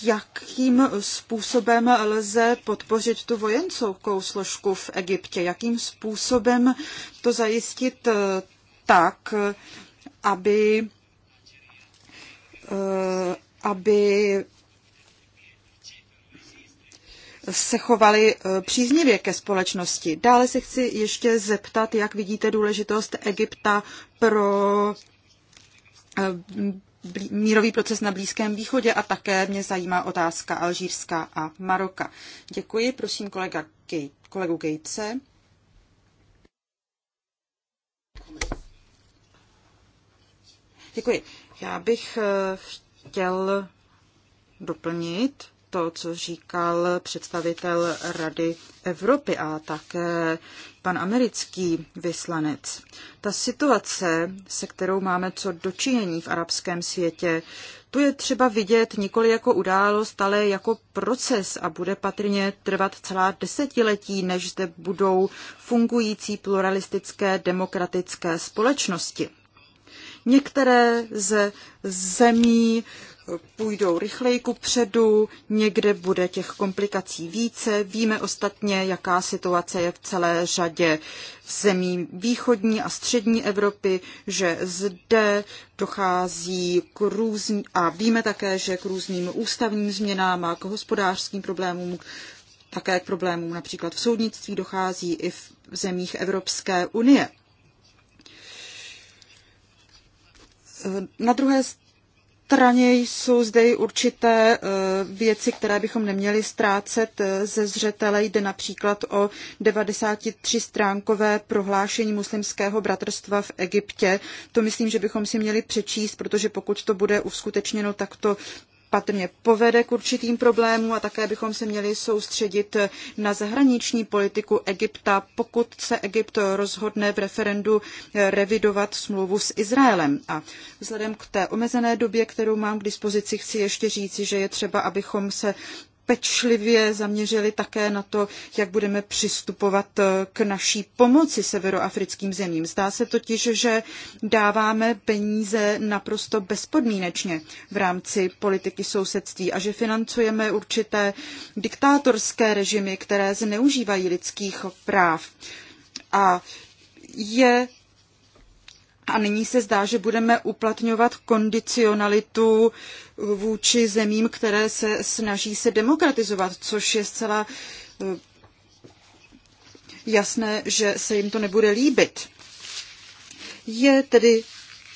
jakým způsobem lze podpořit tu vojenskou složku v Egyptě, jakým způsobem to zajistit eh, tak, aby, eh, aby se chovali eh, příznivě ke společnosti. Dále se chci ještě zeptat, jak vidíte důležitost Egypta pro mírový proces na Blízkém východě a také mě zajímá otázka Alžírska a Maroka. Děkuji, prosím kolega Gej, kolegu Gejce. Děkuji. Já bych eh, chtěl doplnit to, co říkal představitel Rady Evropy a také pan americký vyslanec. Ta situace, se kterou máme co dočinění v arabském světě, tu je třeba vidět nikoli jako událost, ale jako proces a bude patrně trvat celá desetiletí, než zde budou fungující pluralistické demokratické společnosti. Některé ze zemí půjdou rychleji ku předu, někde bude těch komplikací více. Víme ostatně, jaká situace je v celé řadě zemí východní a střední Evropy, že zde dochází k různým, a víme také, že k různým ústavním změnám a k hospodářským problémům, také k problémům například v soudnictví dochází i v zemích Evropské unie. Na druhé straně jsou zde i určité e, věci, které bychom neměli ztrácet e, ze zřetele. Jde například o 93-stránkové prohlášení muslimského bratrstva v Egyptě. To myslím, že bychom si měli přečíst, protože pokud to bude uskutečněno, tak to patrně povede k určitým problémům a také bychom se měli soustředit na zahraniční politiku Egypta, pokud se Egypt rozhodne v referendu revidovat smlouvu s Izraelem. A vzhledem k té omezené době, kterou mám k dispozici, chci ještě říci, že je třeba, abychom se pečlivě zaměřili také na to, jak budeme přistupovat eh, k naší pomoci severoafrickým zemím. Zdá se totiž, že dáváme peníze naprosto bezpodmínečně v rámci politiky sousedství a že financujeme určité diktátorské režimy, které zneužívají lidských práv. A je a nyní se zdá, že budeme uplatňovat kondicionalitu vůči zemím, které se snaží se demokratizovat, což je zcela eh, jasné, že se jim to nebude líbit. Je tedy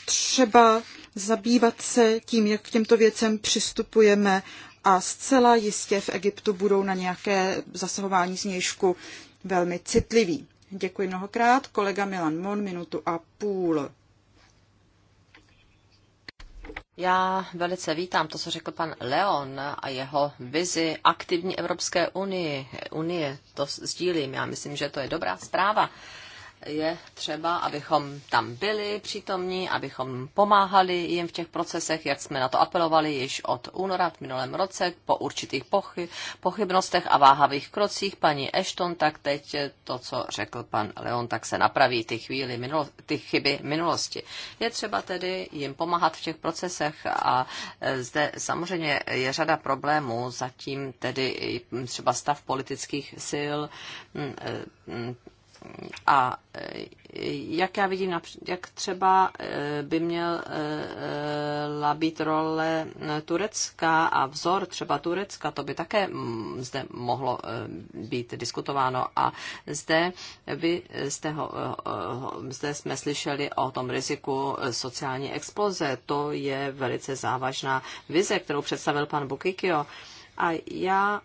třeba zabývat se tím, jak k těmto věcem přistupujeme a zcela jistě v Egyptu budou na nějaké zasahování znějšku velmi citliví. Děkuji mnohokrát. Kolega Milan Mon, minutu a půl. Já velice vítám to, co řekl pan Leon a jeho vizi aktivní Evropské unie. unie. To sdílím. Já myslím, že to je dobrá zpráva je třeba, abychom tam byli přítomní, abychom pomáhali jim v těch procesech, jak jsme na to apelovali již od února v minulém roce, po určitých pochy, pochybnostech a váhavých krocích paní Ashton, tak teď to, co řekl pan Leon, tak se napraví ty, chvíli minulo, ty chyby minulosti. Je třeba tedy jim pomáhat v těch procesech a e, zde samozřejmě je řada problémů, zatím tedy třeba stav politických sil, e, a eh, jak já vidím, jak třeba eh, by měla eh, být role Turecka a vzor třeba Turecka, to by také mm, zde mohlo být diskutováno. A zde, by, zde, ho, zde jsme slyšeli o tom riziku sociální exploze. To je velice závažná vize, kterou představil pan Bukikio. A já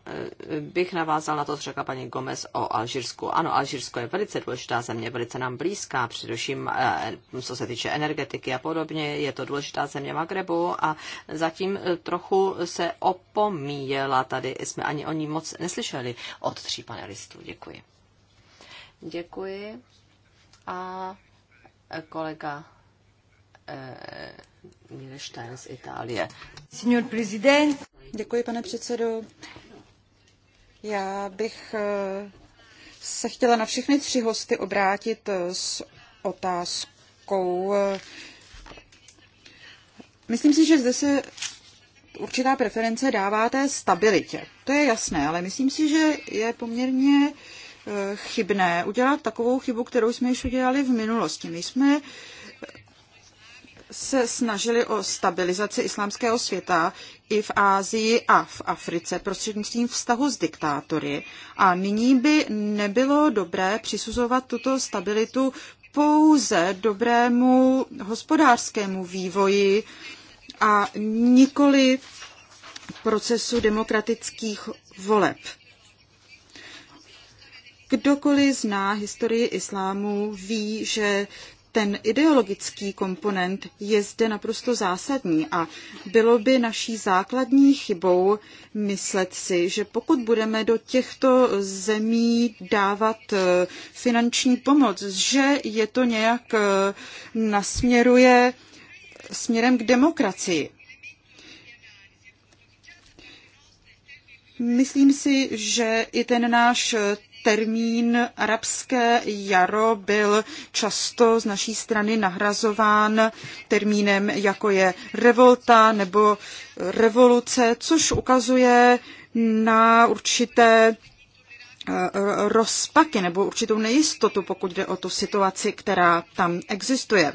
e, bych navázal na to, co řekla paní Gomez o Alžírsku. Ano, Alžírsko je velice důležitá země, velice nám blízká, především e, co se týče energetiky a podobně. Je to důležitá země Magrebu a zatím e, trochu se opomíjela tady. Jsme ani o ní moc neslyšeli od tří panelistů. Děkuji. Děkuji. A kolega Mileštajn z Itálie. Signor prezident. Děkuji, pane předsedo. Já bych eh, se chtěla na všechny tři hosty obrátit eh, s otázkou. Eh, myslím si, že zde se určitá preference dává té stabilitě. To je jasné, ale myslím si, že je poměrně chybné udělat takovou chybu, kterou jsme již udělali v minulosti. My jsme se snažili o stabilizaci islámského světa i v Ázii a v Africe prostřednictvím vztahu s diktátory a nyní by nebylo dobré přisuzovat tuto stabilitu pouze dobrému hospodářskému vývoji a nikoli procesu demokratických voleb. Kdokoliv zná historii islámu, ví, že ten ideologický komponent je zde naprosto zásadní a bylo by naší základní chybou myslet si, že pokud budeme do těchto zemí dávat eh, finanční pomoc, že je to nějak eh, nasměruje směrem k demokracii. Myslím si, že i ten náš eh, termín arabské jaro byl často z naší strany nahrazován termínem jako je revolta nebo revoluce, což ukazuje na určité eh, rozpaky nebo určitou nejistotu, pokud jde o tu situaci, která tam existuje.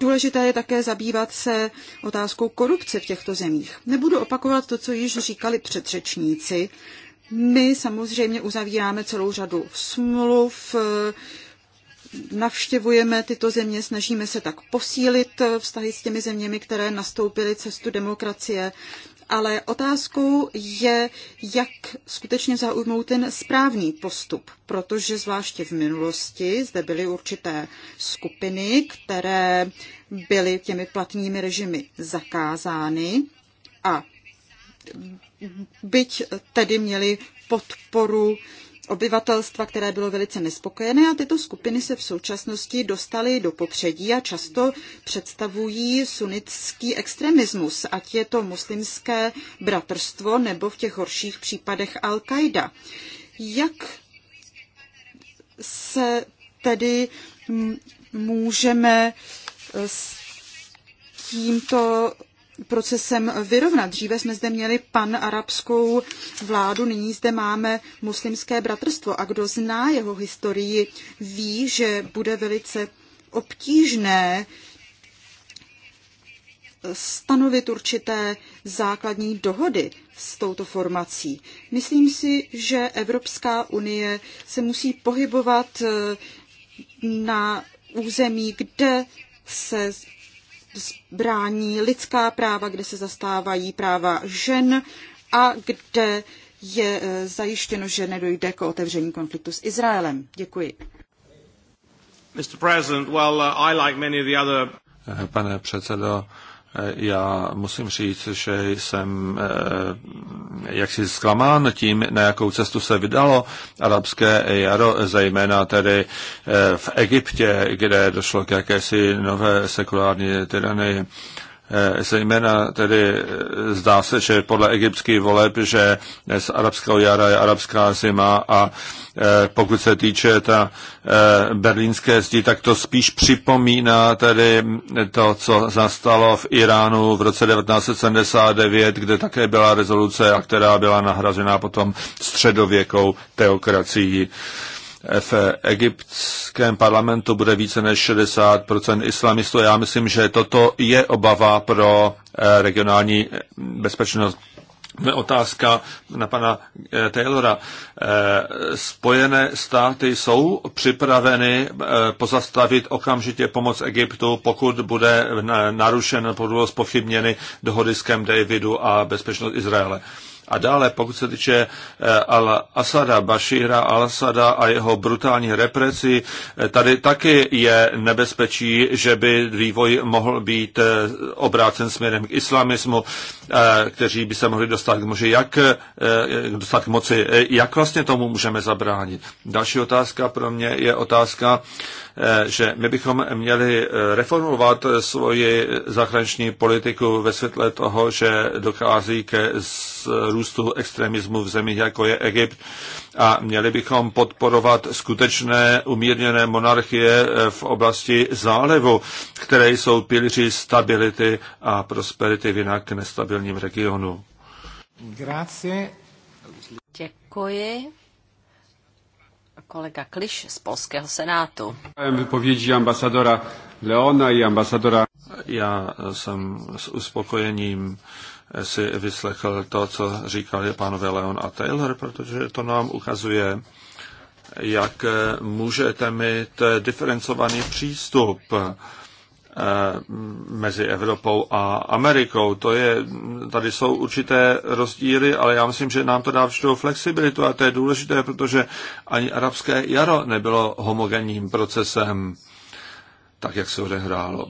Důležité je také zabývat se otázkou korupce v těchto zemích. Nebudu opakovat to, co již říkali předřečníci. My samozřejmě uzavíráme celou řadu smluv, navštěvujeme tyto země, snažíme se tak posílit vztahy s těmi zeměmi, které nastoupily cestu demokracie ale otázkou je, jak skutečně zaujmout ten správný postup, protože zvláště v minulosti zde byly určité skupiny, které byly těmi platnými režimy zakázány a byť tedy měli podporu obyvatelstva, které bylo velice nespokojené a tyto skupiny se v současnosti dostaly do popředí a často představují sunnitský extremismus, ať je to muslimské bratrstvo nebo v těch horších případech Al-Qaida. Jak se tedy můžeme s tímto procesem vyrovnat. Dříve jsme zde měli pan arabskou vládu, nyní zde máme muslimské bratrstvo a kdo zná jeho historii, ví, že bude velice obtížné stanovit určité základní dohody s touto formací. Myslím si, že Evropská unie se musí pohybovat eh, na území, kde se brání lidská práva, kde se zastávají práva žen a kde je eh, zajištěno, že nedojde k otevření konfliktu s Izraelem. Děkuji. Mr. President, well, uh, I like many of the other... Eh, pane předsedo, já musím říct, že jsem eh, jaksi zklamán tím, na jakou cestu se vydalo arabské jaro, zejména tedy eh, v Egyptě, kde došlo k jakési nové sekulární tyranii. Eh, zejména tedy eh, zdá se, že podle egyptských voleb, že z arabského jara je arabská zima a eh, pokud se týče ta berlínské zdi, tak to spíš připomíná tedy to, co zastalo v Iránu v roce 1979, kde také byla rezoluce, a která byla nahrazená potom středověkou teokracií v egyptském parlamentu bude více než 60% islamistů. Já myslím, že toto je obava pro eh, regionální eh, bezpečnost. Otázka na pana eh, Taylora. Spojené státy jsou připraveny pozastavit okamžitě pomoc Egyptu, pokud bude narušen, pokud budou spochybněny dohody s Camp Davidu a bezpečnost Izraele. A dále, pokud se týče eh, Al-Asada, Bashira Al-Asada a jeho brutální represi, eh, tady taky je nebezpečí, že by vývoj mohl být eh, obrácen směrem k islamismu, kteří by se mohli dostat k, moži, jak, dostat k moci. Jak vlastně tomu můžeme zabránit? Další otázka pro mě je otázka Eh, že my bychom měli eh, reformovat svoji zahraniční politiku ve světle toho, že dochází ke růstu extremismu v zemích, jako je Egypt, a měli bychom podporovat skutečné umírněné monarchie eh, v oblasti zálevu, které jsou pilíři stability a prosperity v jinak nestabilním regionu. Grazie. Děkuji kolega Kliš z polského senátu. Vypovědí ambasadora Leona i ambasadora... Já jsem s uspokojením si vyslechl to, co říkali pánové Leon a Taylor, protože to nám ukazuje, jak můžete mít diferencovaný přístup Eh, mezi Evropou a Amerikou. To je, tady jsou určité rozdíly, ale já myslím, že nám to dá určitou flexibilitu a to je důležité, protože ani arabské jaro nebylo homogenním procesem, tak jak se odehrálo.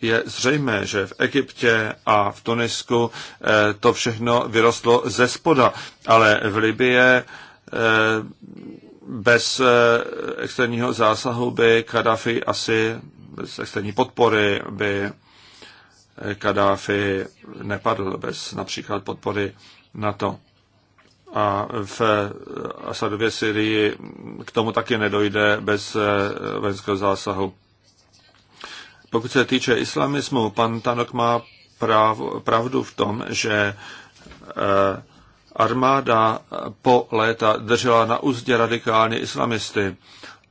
Je zřejmé, že v Egyptě a v Tunisku eh, to všechno vyrostlo ze spoda, ale v Libii eh, bez externího zásahu by Kadafi asi bez externí podpory by Kadáfi nepadl bez například podpory NATO. A v Asadově Syrii k tomu taky nedojde bez eh, vojenského zásahu. Pokud se týče islamismu, pan Tanok má pravdu v tom, že eh, armáda po léta držela na úzdě radikální islamisty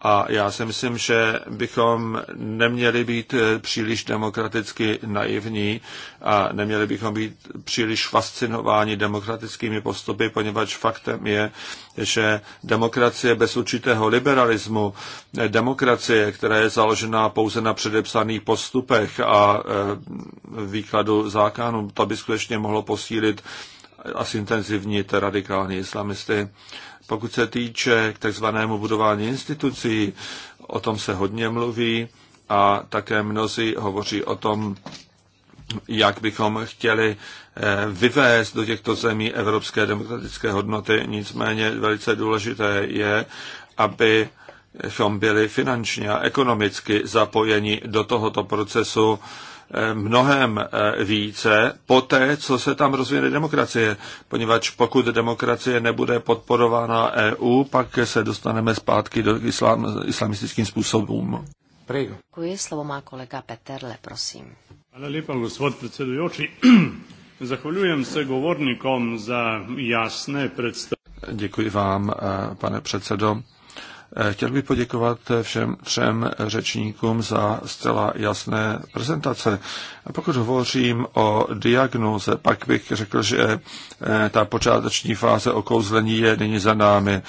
a já si myslím, že bychom neměli být eh, příliš demokraticky naivní a neměli bychom být příliš fascinováni demokratickými postupy, poněvadž faktem je, že demokracie bez určitého liberalismu, eh, demokracie, která je založená pouze na předepsaných postupech a eh, výkladu zákonů, to by skutečně mohlo posílit a zintenzivnit radikální islamisty. Pokud se týče k takzvanému budování institucí, o tom se hodně mluví a také mnozí hovoří o tom, jak bychom chtěli eh, vyvést do těchto zemí evropské demokratické hodnoty. Nicméně velice důležité je, aby byli finančně a ekonomicky zapojeni do tohoto procesu Eh, mnohem eh, více po té, co se tam rozvíjí demokracie. Poněvadž pokud demokracie nebude podporována EU, pak se dostaneme zpátky do islám, islamistickým způsobům. Děkuji, slovo má kolega Peterle, prosím. Hvala lepa, gospod predsedujoči. <clears throat> Zahvaljujem se govornikom za jasné představy. Děkuji vám, eh, pane předsedo. Eh, chtěl bych poděkovat eh, všem třem řečníkům za zcela jasné prezentace. Pokud hovořím o diagnoze, pak bych řekl, že eh, ta počáteční fáze okouzlení je nyní za námi.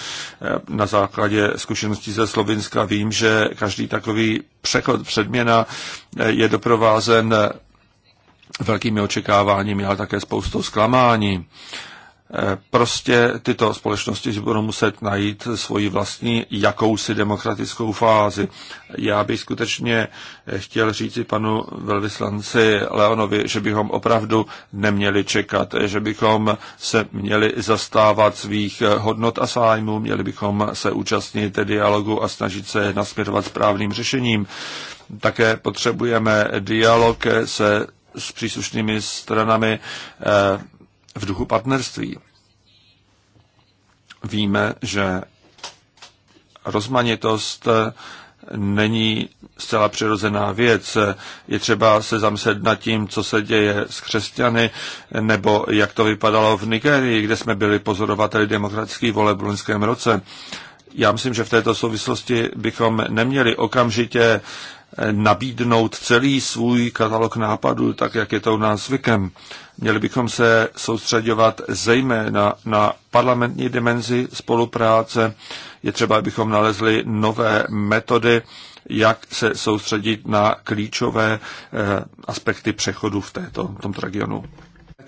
Na základě zkušeností ze Slovinska vím, že každý takový přechod předměna je doprovázen velkými očekáváními, ale také spoustou zklamání. Prostě tyto společnosti si budou muset najít svoji vlastní jakousi demokratickou fázi. Já bych skutečně chtěl říci panu velvyslanci Leonovi, že bychom opravdu neměli čekat, že bychom se měli zastávat svých hodnot a zájmů, měli bychom se účastnit dialogu a snažit se nasměrovat správným řešením. Také potřebujeme dialog se s příslušnými stranami eh, v duchu partnerství. Víme, že rozmanitost není zcela přirozená věc. Je třeba se zamyslet nad tím, co se děje s křesťany, nebo jak to vypadalo v Nigerii, kde jsme byli pozorovateli demokratických voleb v loňském roce. Já myslím, že v této souvislosti bychom neměli okamžitě nabídnout celý svůj katalog nápadů, tak jak je to u nás zvykem. Měli bychom se soustředovat zejména na parlamentní dimenzi spolupráce. Je třeba, abychom nalezli nové metody, jak se soustředit na klíčové eh, aspekty přechodu v, této, v tomto regionu.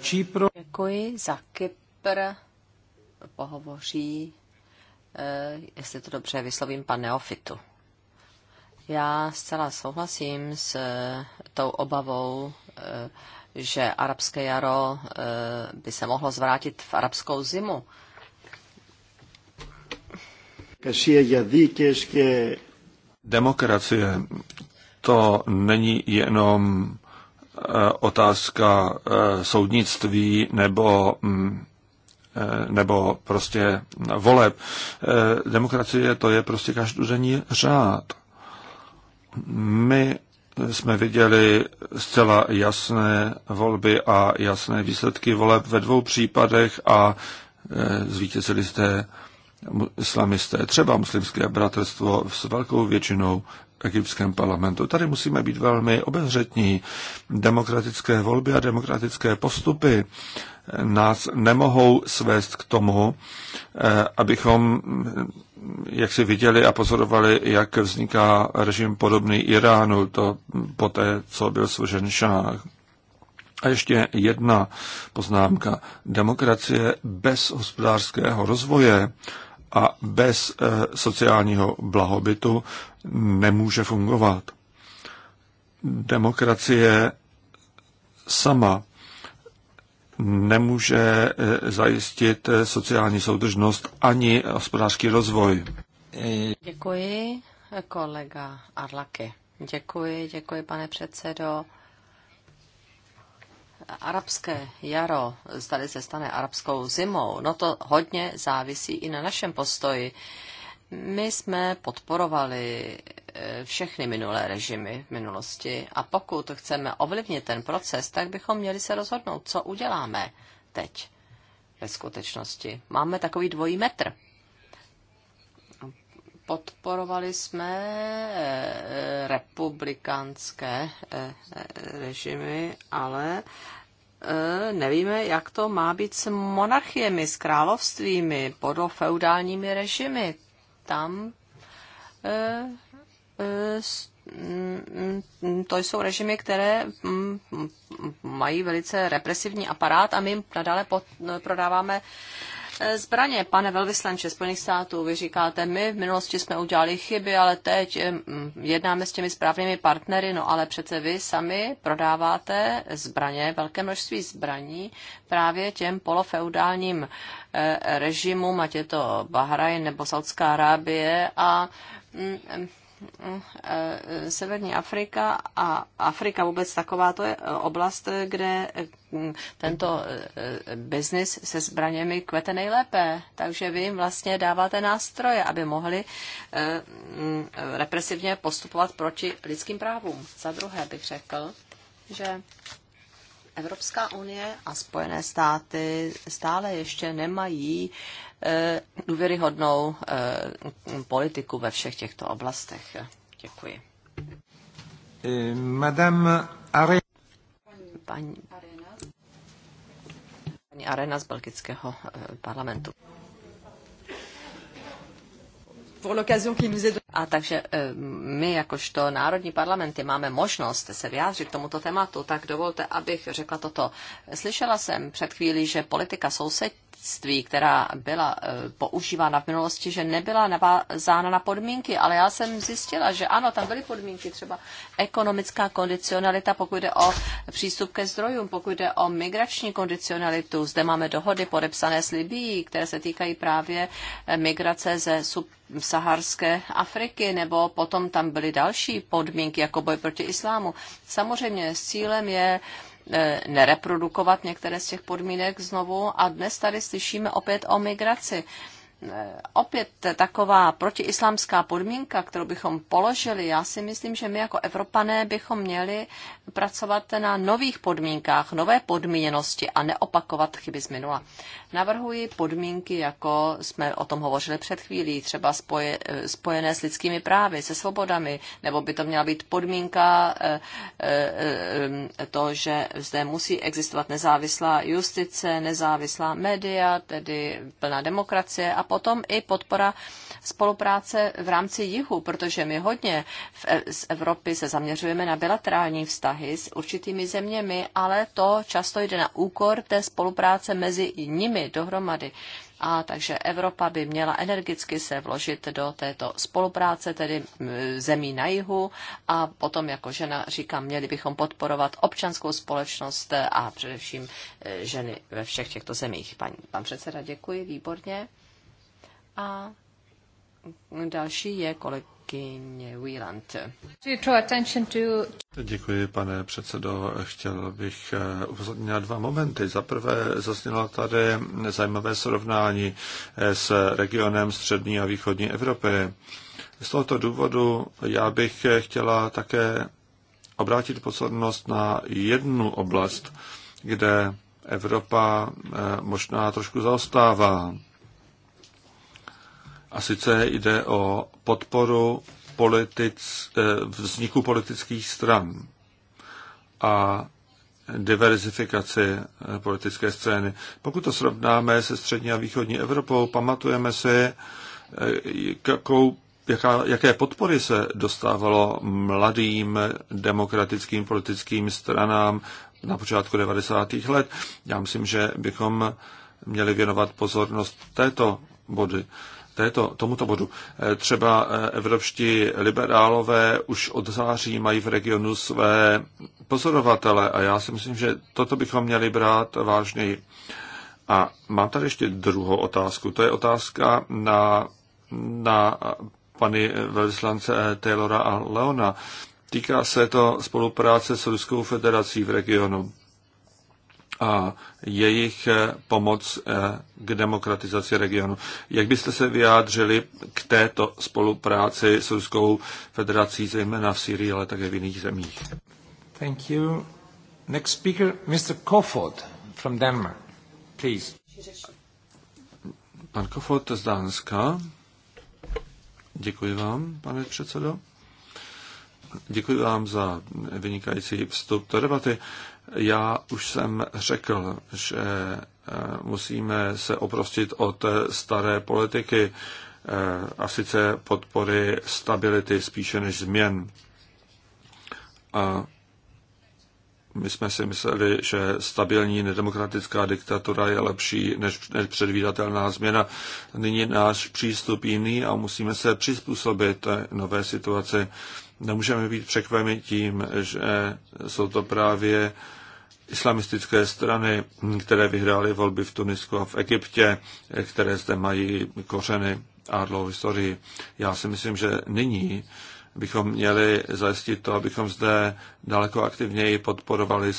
Čípro. Děkuji za Kypr. Pohovoří, eh, jestli to dobře vyslovím, pan Neofitu. Já zcela souhlasím s eh, tou obavou, že arabské jaro eh, by se mohlo zvrátit v arabskou zimu. Demokracie to není jenom eh, otázka eh, soudnictví nebo mm, nebo prostě voleb. Demokracie to je prostě každodenní řád. My jsme viděli zcela jasné volby a jasné výsledky voleb ve dvou případech a e, zvítězili jste islamisté, třeba muslimské bratrstvo s velkou většinou egyptském parlamentu. Tady musíme být velmi obezřetní. Demokratické volby a demokratické postupy e, nás nemohou svést k tomu, e, abychom jak si viděli a pozorovali, jak vzniká režim podobný Iránu, to poté, co byl svržen šách. A ještě jedna poznámka. Demokracie bez hospodářského rozvoje a bez eh, sociálního blahobytu nemůže fungovat. Demokracie sama nemůže eh, zajistit eh, sociální soudržnost ani hospodářský rozvoj. Děkuji, kolega Arlaky. Děkuji, děkuji, pane předsedo. Arabské jaro, tady se stane arabskou zimou, no to hodně závisí i na našem postoji. My jsme podporovali všechny minulé režimy v minulosti. A pokud chceme ovlivnit ten proces, tak bychom měli se rozhodnout, co uděláme teď ve skutečnosti. Máme takový dvojí metr. Podporovali jsme eh, republikánské eh, režimy, ale eh, nevíme, jak to má být s monarchiemi, s královstvími, podofeudálními režimy. Tam Eh, mm, to jsou režimy, které mm, mají velice represivní aparát a my jim nadále prodáváme eh, zbraně. Pane velvyslanče Spojených států, vy říkáte, my v minulosti jsme udělali chyby, ale teď eh, mm, jednáme s těmi správnými partnery, no ale přece vy sami prodáváte zbraně, velké množství zbraní právě těm polofeudálním režimům, ať je to Bahrajn nebo Saudská Arábie a Eh, Severní Afrika a Afrika vůbec taková to je eh, oblast, kde eh, tento biznis se zbraněmi kvete nejlépe. Takže vy jim vlastně dáváte nástroje, aby mohli mm, represivně postupovat proti lidským právům. Za druhé bych řekl, že Evropská unie a Spojené státy stále ještě nemají Eh, důvěryhodnou eh, politiku ve všech těchto oblastech. Děkuji. Eh, madame Paní, paní Arena z belgického parlamentu. A takže eh, my, jakožto národní parlamenty, máme možnost se vyjádřit k tomuto tématu, tak dovolte, abych řekla toto. Slyšela jsem před chvílí, že politika sousedství, která byla eh, používána v minulosti, že nebyla navázána na podmínky, ale já jsem zjistila, že ano, tam byly podmínky, třeba ekonomická kondicionalita, pokud jde o přístup ke zdrojům, pokud jde o migrační kondicionalitu. Zde máme dohody podepsané s Libií, které se týkají právě eh, migrace ze sub saharské Afriky, nebo potom tam byly další podmínky, jako boj proti islámu. Samozřejmě s cílem je e, nereprodukovat některé z těch podmínek znovu a dnes tady slyšíme opět o migraci. Eh, opět taková protiislámská podmínka, kterou bychom položili, já si myslím, že my jako Evropané bychom měli pracovat na nových podmínkách, nové podmíněnosti a neopakovat chyby z minula. Navrhuji podmínky, jako jsme o tom hovořili před chvílí, třeba spoje, eh, spojené s lidskými právy, se svobodami, nebo by to měla být podmínka eh, to, že zde musí existovat nezávislá justice, nezávislá média, tedy plná demokracie a potom i podpora spolupráce v rámci jihu, protože my hodně v, z Evropy se zaměřujeme na bilaterální vztahy s určitými zeměmi, ale to často jde na úkor té spolupráce mezi nimi dohromady. A takže Evropa by měla energicky se vložit do této spolupráce, tedy zemí na jihu. A potom, jako žena říkám, měli bychom podporovat občanskou společnost a především e, ženy ve všech těchto zemích. Pan, pan předseda, děkuji, výborně. A další je kolegyně Wieland. Děkuji, pane předsedo. Chtěl bych eh, upozornit na dva momenty. Za prvé zaznělo tady zajímavé srovnání eh, s regionem střední a východní Evropy. Z tohoto důvodu já bych eh, chtěla také obrátit pozornost na jednu oblast, kde Evropa možná trošku zaostává a sice jde o podporu politic, eh, vzniku politických stran a diverzifikaci eh, politické scény. Pokud to srovnáme se střední a východní Evropou, pamatujeme si, eh, jakou, jaká, jaké podpory se dostávalo mladým demokratickým politickým stranám na počátku 90. let. Já myslím, že bychom měli věnovat pozornost této body této, tomuto bodu. Eh, třeba eh, evropští liberálové už od září mají v regionu své pozorovatele a já si myslím, že toto bychom měli brát vážněji. A mám tady ještě druhou otázku. To je otázka na, na pany velvyslance Taylora a Leona. Týká se to spolupráce s Ruskou federací v regionu a jejich eh, pomoc eh, k demokratizaci regionu. Jak byste se vyjádřili k této spolupráci s Ruskou federací, zejména v Syrii, ale také v jiných zemích? Thank you. Next speaker, Mr. Kofod from Denmark, please. Pan Kofod z Dánska. Děkuji vám, pane předsedo. Děkuji vám za vynikající vstup do debaty. Já už jsem řekl, že eh, musíme se oprostit od eh, staré politiky eh, a sice podpory stability spíše než změn. A my jsme si mysleli, že stabilní nedemokratická diktatura je lepší než předvídatelná změna. Nyní je náš přístup jiný a musíme se přizpůsobit nové situaci. Nemůžeme být překvapeni tím, že jsou to právě islamistické strany, které vyhrály volby v Tunisku a v Egyptě, které zde mají kořeny a dlouhou historii. Já si myslím, že nyní bychom měli zajistit to, abychom zde daleko aktivněji podporovali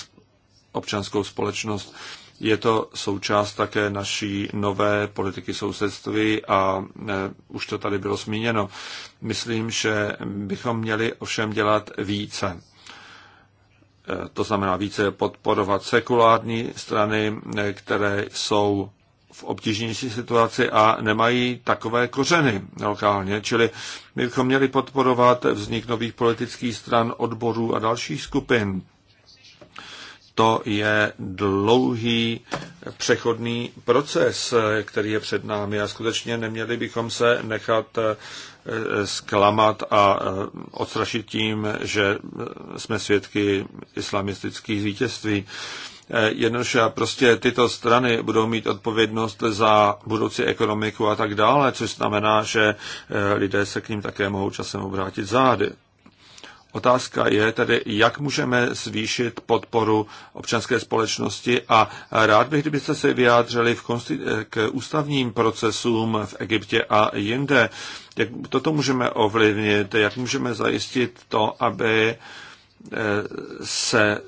občanskou společnost. Je to součást také naší nové politiky sousedství a ne, už to tady bylo zmíněno. Myslím, že bychom měli ovšem dělat více to znamená více podporovat sekulární strany, které jsou v obtížnější situaci a nemají takové kořeny lokálně. Čili my bychom měli podporovat vznik nových politických stran, odborů a dalších skupin. To je dlouhý přechodný proces, který je před námi a skutečně neměli bychom se nechat zklamat a e, odstrašit tím, že e, jsme svědky islamistických vítězství. E, Jednoduše prostě tyto strany budou mít odpovědnost za budoucí ekonomiku a tak dále, což znamená, že lidé se k ním také mohou časem obrátit zády. Otázka je tedy, jak můžeme zvýšit podporu občanské společnosti a rád bych, kdybyste se vyjádřili k ústavním procesům v Egyptě a jinde. Jak toto můžeme ovlivnit, jak můžeme zajistit to, aby eh, se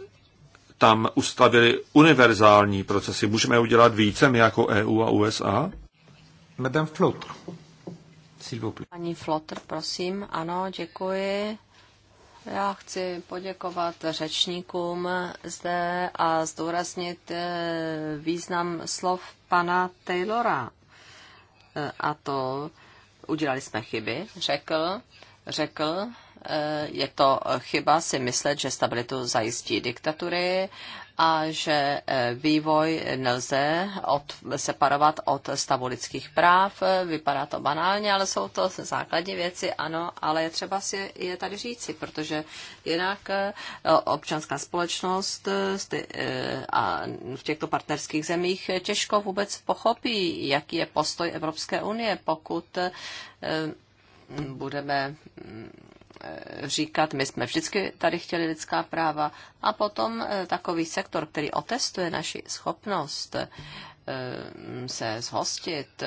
tam ustavili univerzální procesy. Můžeme udělat více my jako EU a USA? Madame Flotr. Ani Flotr, prosím. Ano, děkuji. Já chci poděkovat řečníkům zde a zdůraznit eh, význam slov pana Taylora. Eh, a to udělali jsme chyby, řekl, řekl, eh, je to chyba si myslet, že stabilitu zajistí diktatury a že e, vývoj nelze od, separovat od stavu lidských práv. E, vypadá to banálně, ale jsou to základní věci, ano, ale je třeba si je tady říci, protože jinak e, občanská společnost a v těchto partnerských zemích těžko vůbec pochopí, jaký je postoj Evropské unie, pokud budeme Eh, říkat, my jsme vždycky tady chtěli lidská práva a potom eh, takový sektor, který otestuje naši schopnost eh, se zhostit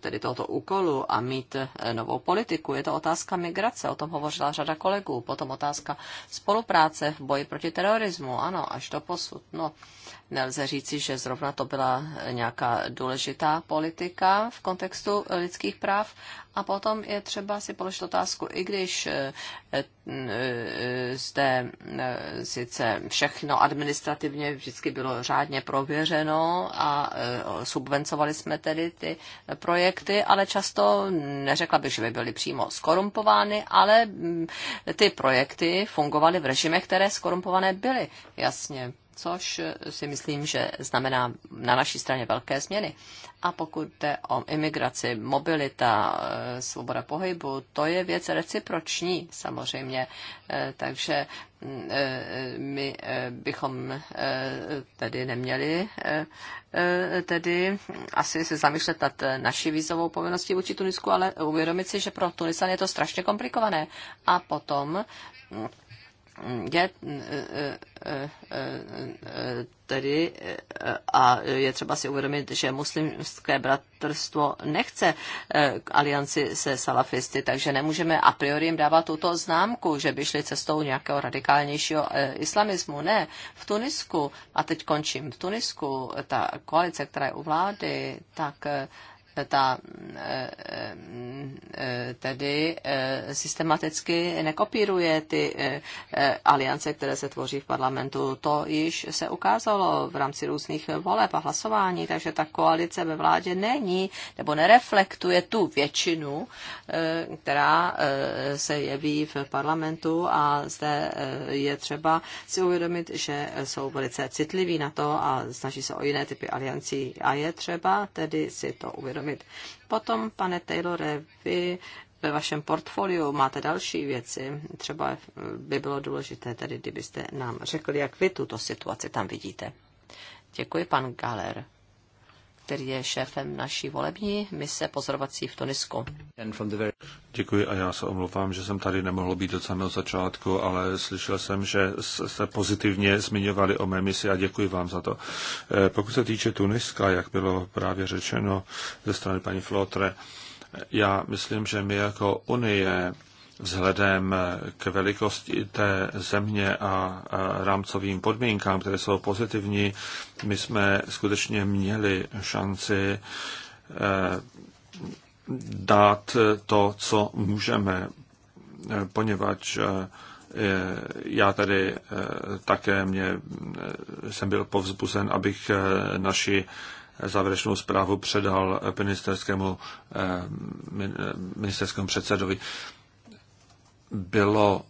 tedy tohoto úkolu a mít novou politiku. Je to otázka migrace, o tom hovořila řada kolegů, potom otázka spolupráce v boji proti terorismu, ano, až to posud. No, Nelze říci, že zrovna to byla nějaká důležitá politika v kontextu lidských práv. A potom je třeba si položit otázku, i když eh, eh, eh, zde sice všechno administrativně vždycky bylo řádně prověřeno a subvencovali jsme tedy ty projekty, ale často neřekla bych, že by byly přímo skorumpovány, ale mm, ty projekty fungovaly v režimech, které skorumpované byly. Jasně což si myslím, že znamená na naší straně velké změny. A pokud jde o imigraci, mobilita, eh, svoboda pohybu, to je věc reciproční samozřejmě, eh, takže mm, eh, my bychom tedy neměli tedy asi se zamýšlet nad naší vízovou povinností vůči Tunisku, ale uvědomit si, že pro Tunisan je to strašně komplikované. A potom je eh, eh, eh, tedy a je třeba si uvědomit, že muslimské bratrstvo nechce alianci se salafisty, takže nemůžeme a priori jim dávat tuto známku, že by šli cestou nějakého radikálnějšího islamismu. Ne, v Tunisku, a teď končím, v Tunisku ta koalice, která je u vlády, tak ta eh, eh, tedy eh, systematicky nekopíruje ty aliance, které se tvoří v parlamentu. To již se ukázalo v rámci různých voleb a hlasování, takže ta koalice ve vládě není nebo nereflektuje tu většinu, která se jeví v parlamentu a zde je třeba si uvědomit, že jsou velice citliví na to a snaží se o jiné typy aliancí a je třeba tedy si to uvědomit uvědomit. Potom, pane Taylore, vy ve vašem portfoliu máte další věci. Třeba by bylo důležité tedy, kdybyste nám řekli, jak vy tuto situaci tam vidíte. Děkuji, pan Galer který je šéfem naší volební mise pozorovací v Tunisku. Děkuji a já se omlouvám, že jsem tady nemohl být od samého začátku, ale slyšel jsem, že se pozitivně zmiňovali o mé misi a děkuji vám za to. Eh, pokud se týče Tuniska, jak bylo právě řečeno ze strany paní Flotre, já myslím, že my jako Unie vzhledem k velikosti té země a rámcovým podmínkám, které jsou pozitivní, my jsme skutečně měli šanci eh, dát to, co můžeme, eh, poněvadž eh, já tady také mě, jsem byl povzbuzen, abych naši závěrečnou zprávu předal ministerskému, ministerskému předsedovi bylo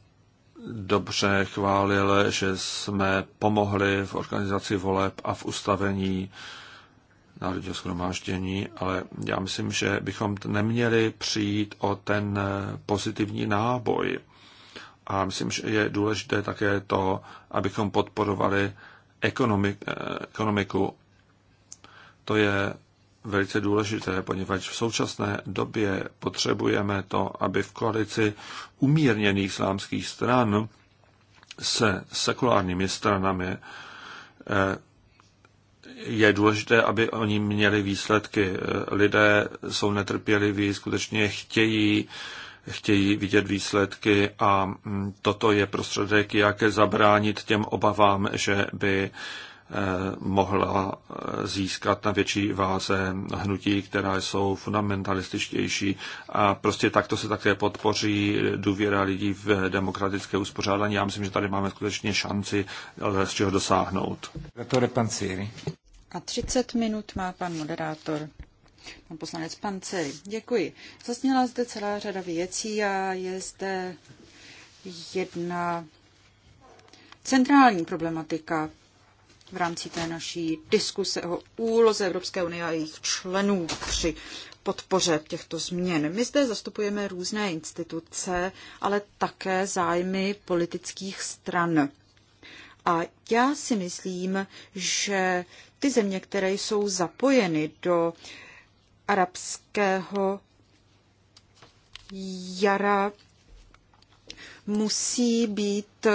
dobře chválil, že jsme pomohli v organizaci voleb a v ustavení národního schromáždění, ale já myslím, že bychom neměli přijít o ten pozitivní náboj. A myslím, že je důležité také to, abychom podporovali ekonomik, ekonomiku. To je velice důležité, poněvadž v současné době potřebujeme to, aby v koalici umírněných islámských stran se sekulárními stranami eh, je důležité, aby oni měli výsledky. Lidé jsou netrpěliví, skutečně chtějí, chtějí vidět výsledky a mm, toto je prostředek, jak zabránit těm obavám, že by Eh, mohla eh, získat na větší váze hnutí, která jsou fundamentalističtější a prostě takto se také podpoří důvěra lidí v demokratické uspořádání. Já myslím, že tady máme skutečně šanci z čeho dosáhnout. A 30 minut má pan moderátor. Pan poslanec Panceri, děkuji. Zasněla zde celá řada věcí a je zde jedna centrální problematika v rámci té naší diskuse o úloze Evropské unie a jejich členů při podpoře těchto změn. My zde zastupujeme různé instituce, ale také zájmy politických stran. A já si myslím, že ty země, které jsou zapojeny do arabského jara, musí být eh,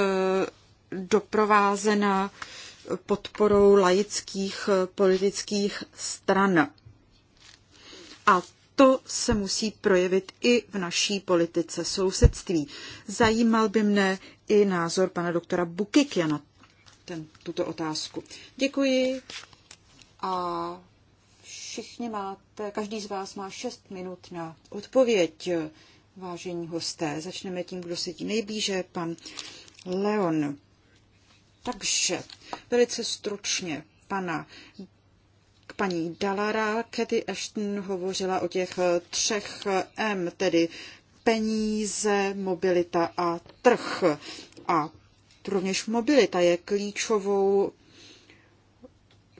doprovázena uh, podporou laických eh, politických stran. A to se musí projevit i v naší politice sousedství. Zajímal by mne i názor pana doktora Bukikia na ten, tuto otázku. Děkuji a všichni máte, každý z vás má šest minut na odpověď, vážení hosté. Začneme tím, kdo sedí nejblíže, pan Leon. Takže velice stručně pana k paní Dalara. Kathy Ashton hovořila o těch eh, třech eh, M, tedy peníze, mobilita a trh. A rovněž mobilita je klíčovou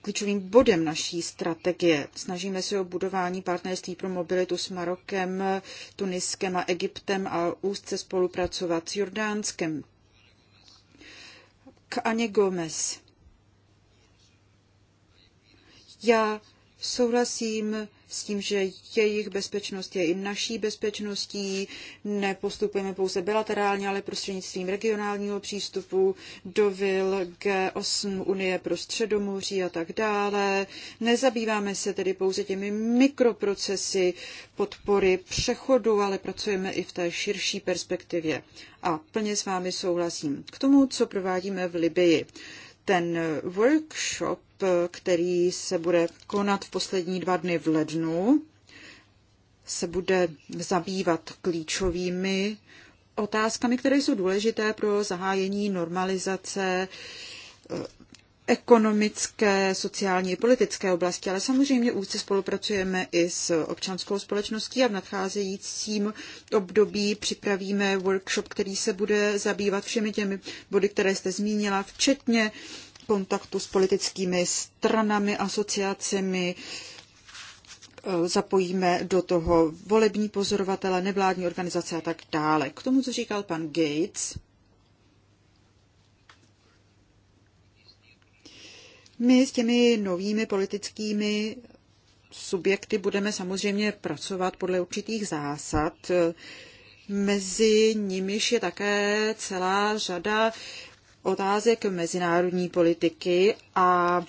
klíčovým bodem naší strategie. Snažíme se o budování partnerství pro mobilitu s Marokem, Tuniskem a Egyptem a úzce spolupracovat s Jordánskem k Aně Gomez. Já souhlasím s tím, že jejich bezpečnost je i naší bezpečností, nepostupujeme pouze bilaterálně, ale prostřednictvím regionálního přístupu do VIL, G8, Unie pro středomoří a tak dále. Nezabýváme se tedy pouze těmi mikroprocesy podpory přechodu, ale pracujeme i v té širší perspektivě. A plně s vámi souhlasím k tomu, co provádíme v Libii ten workshop, který se bude konat v poslední dva dny v lednu, se bude zabývat klíčovými otázkami, které jsou důležité pro zahájení normalizace ekonomické, sociální i politické oblasti, ale samozřejmě úzce spolupracujeme i s občanskou společností a v nadcházejícím období připravíme workshop, který se bude zabývat všemi těmi body, které jste zmínila, včetně kontaktu s politickými stranami, asociacemi, eh, zapojíme do toho volební pozorovatele, nevládní organizace a tak dále. K tomu, co říkal pan Gates, My s těmi novými politickými subjekty budeme samozřejmě pracovat podle určitých zásad. Mezi nimiž je také celá řada otázek mezinárodní politiky a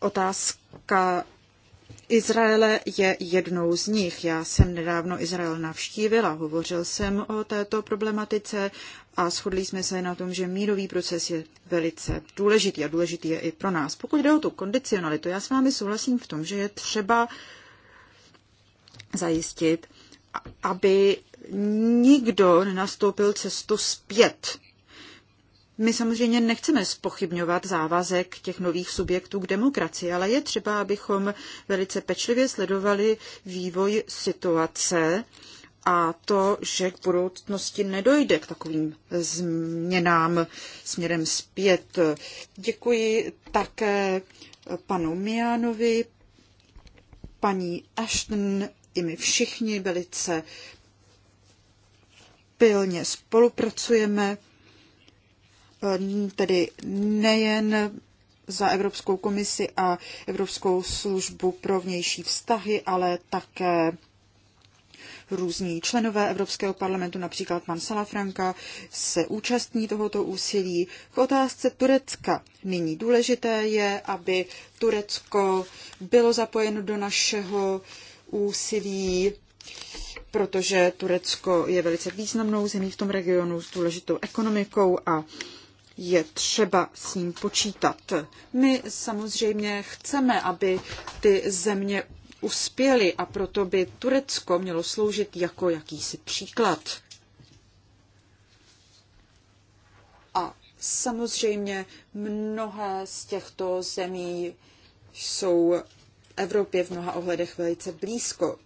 otázka Izraele je jednou z nich. Já jsem nedávno Izrael navštívila, hovořil jsem o této problematice a shodli jsme se na tom, že mírový proces je velice důležitý a důležitý je i pro nás. Pokud jde o tu kondicionalitu, já s vámi souhlasím v tom, že je třeba zajistit, aby nikdo nenastoupil cestu zpět my samozřejmě nechceme spochybňovat závazek těch nových subjektů k demokracii, ale je třeba, abychom velice pečlivě sledovali vývoj situace a to, že k budoucnosti nedojde k takovým změnám směrem zpět. Děkuji také panu Mianovi, paní Ashton i my všichni velice pilně spolupracujeme tedy nejen za Evropskou komisi a Evropskou službu pro vnější vztahy, ale také různí členové Evropského parlamentu, například pan Salafranka, se účastní tohoto úsilí. V otázce Turecka nyní důležité je, aby Turecko bylo zapojeno do našeho úsilí, protože Turecko je velice významnou zemí v tom regionu s důležitou ekonomikou a je třeba s ním počítat. My samozřejmě chceme, aby ty země uspěly a proto by Turecko mělo sloužit jako jakýsi příklad. A samozřejmě mnohé z těchto zemí jsou Evropě v mnoha ohledech velice blízko.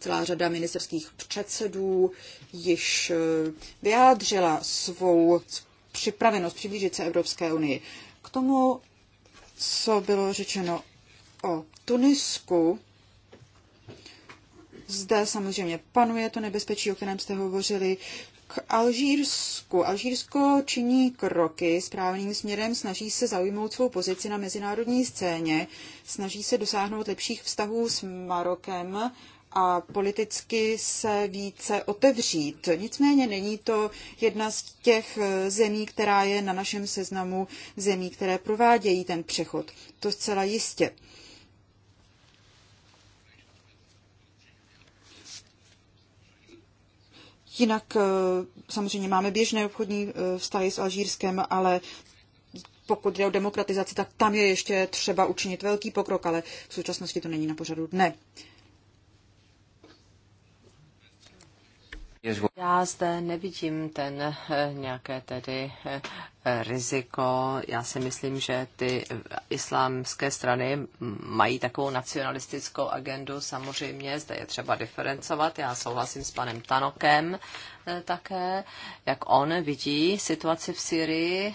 Celá řada ministerských předsedů již eh, vyjádřila svou připravenost přiblížit se Evropské unii. K tomu, co bylo řečeno o Tunisku, zde samozřejmě panuje to nebezpečí, o kterém jste hovořili. K Alžírsku. Alžírsko činí kroky správným směrem, snaží se zaujmout svou pozici na mezinárodní scéně, snaží se dosáhnout lepších vztahů s Marokem a politicky se více otevřít. Nicméně není to jedna z těch eh, zemí, která je na našem seznamu zemí, které provádějí ten přechod. To zcela jistě. Jinak eh, samozřejmě máme běžné obchodní eh, vztahy s Alžírskem, ale pokud jde o demokratizaci, tak tam je ještě třeba učinit velký pokrok, ale v současnosti to není na pořadu dne. Já zde nevidím ten eh, nějaké tedy eh, riziko. Já si myslím, že ty eh, islámské strany mají takovou nacionalistickou agendu. Samozřejmě zde je třeba diferencovat. Já souhlasím s panem Tanokem také, jak on vidí situaci v Syrii,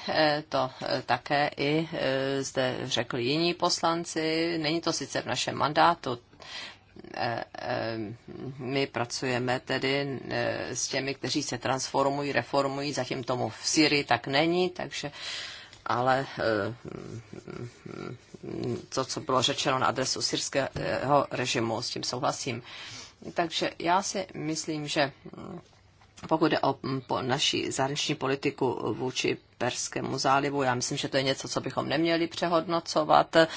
to také i zde řekli jiní poslanci. Není to sice v našem mandátu, Eh, eh, my pracujeme tedy eh, s těmi, kteří se transformují, reformují, zatím tomu v Syrii tak není, takže ale to, co bylo řečeno na adresu syrského režimu, s tím souhlasím. Takže já si myslím, že pokud jde o naší zahraniční politiku vůči Perskému zálivu, já myslím, že to je něco, co bychom neměli přehodnocovat. E,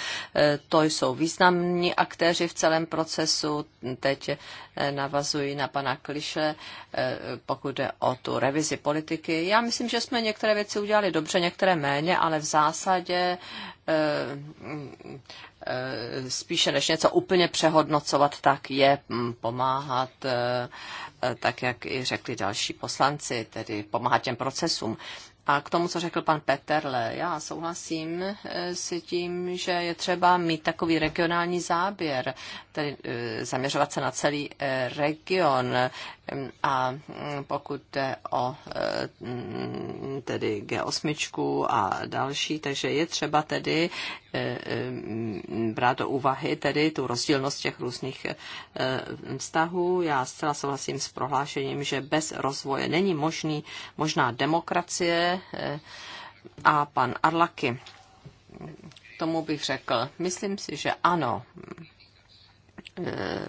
to jsou významní aktéři v celém procesu. Teď e, navazuji na pana Kliše, e, pokud jde o tu revizi politiky. Já myslím, že jsme některé věci udělali dobře, některé méně, ale v zásadě Eh, spíše než něco úplně přehodnocovat, tak je mm, pomáhat, eh, eh, tak jak i řekli další poslanci, tedy pomáhat těm procesům. A k tomu, co řekl pan Peterle, já souhlasím eh, s tím, že je třeba mít takový regionální záběr, tedy eh, zaměřovat se na celý eh, region a mm, pokud jde o mm, tedy G8 a další, takže je třeba tedy brát do úvahy tedy tu rozdílnost těch různých vztahů. Já zcela souhlasím s prohlášením, že bez rozvoje není možný, možná demokracie, Eh, a pan Arlaky. Tomu bych řekl, myslím si, že ano, eh,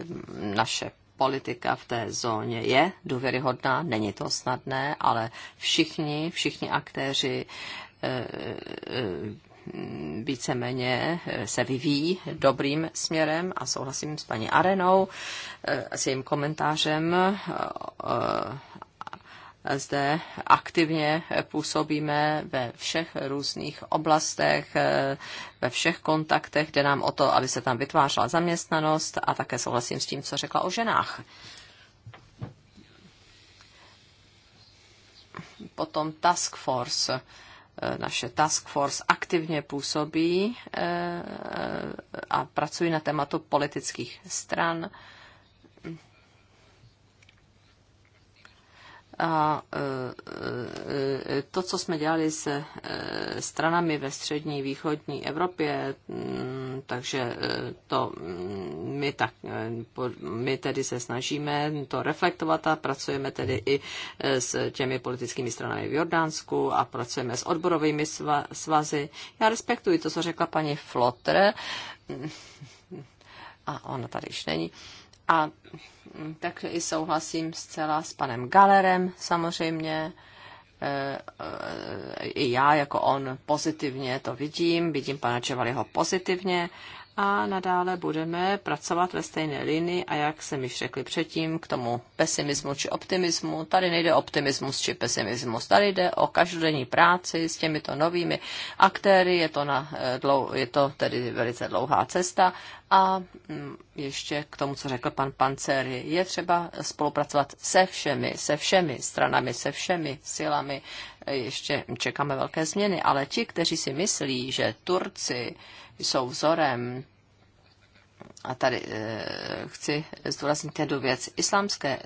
naše politika v té zóně je důvěryhodná, není to snadné, ale všichni, všichni aktéři eh, víceméně se vyvíjí dobrým směrem a souhlasím s paní Arenou, s jejím komentářem zde aktivně působíme ve všech různých oblastech, eh, ve všech kontaktech, kde nám o to, aby se tam vytvářela zaměstnanost a také souhlasím s tím, co řekla o ženách. Potom task force eh, naše task force aktivně působí eh, a pracují na tématu politických stran A e, e, to, co jsme dělali se e, stranami ve střední východní Evropě, mm, takže to mm, my, tak, my tedy se snažíme to reflektovat a pracujeme tedy i s těmi politickými stranami v Jordánsku a pracujeme s odborovými svazy. Já respektuji to, co řekla paní Flotter, a ona tady již není. Uh, a tak i souhlasím zcela s panem Galerem samozřejmě. E, e, I já jako on pozitivně to vidím, vidím pana Čevaliho pozitivně a nadále budeme pracovat ve stejné linii a jak jsem již řekli předtím, k tomu pesimismu či optimismu. Tady nejde o optimismus či pesimismus, tady jde o každodenní práci s těmito novými aktéry, je to, na, eh, dlou, je to tedy velice dlouhá cesta a mm, ještě k tomu, co řekl pan Panceri, je třeba spolupracovat se všemi, se všemi stranami, se všemi silami, ještě čekáme velké změny, ale ti, kteří si myslí, že Turci jsou vzorem, a tady e, chci zdůraznit jednu věc, islámské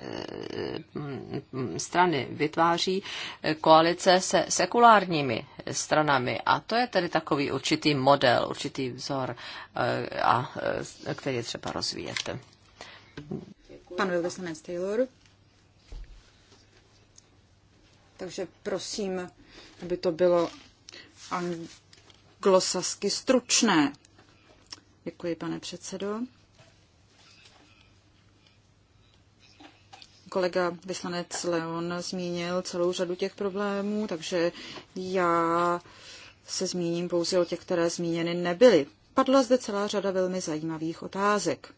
e, strany vytváří eh, koalice se sekulárními stranami a to je tedy takový určitý model, určitý vzor, e, a, e, který je třeba rozvíjet. Pan velvyslanec Taylor. Takže prosím, aby to bylo anglosasky stručné. Děkuji, pane předsedo. kolega vyslanec Leon zmínil celou řadu těch problémů, takže já se zmíním pouze o těch, které zmíněny nebyly. Padla zde celá řada velmi zajímavých otázek.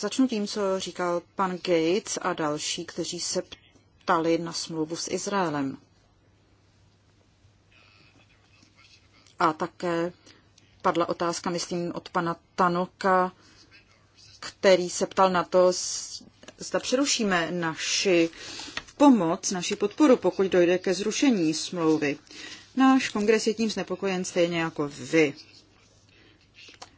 Začnu tím, co říkal pan Gates a další, kteří se ptali na smlouvu s Izraelem. A také padla otázka, myslím, od pana Tanoka, který se ptal na to, zda přerušíme naši pomoc, naši podporu, pokud dojde ke zrušení smlouvy. Náš kongres je tím znepokojen stejně jako vy.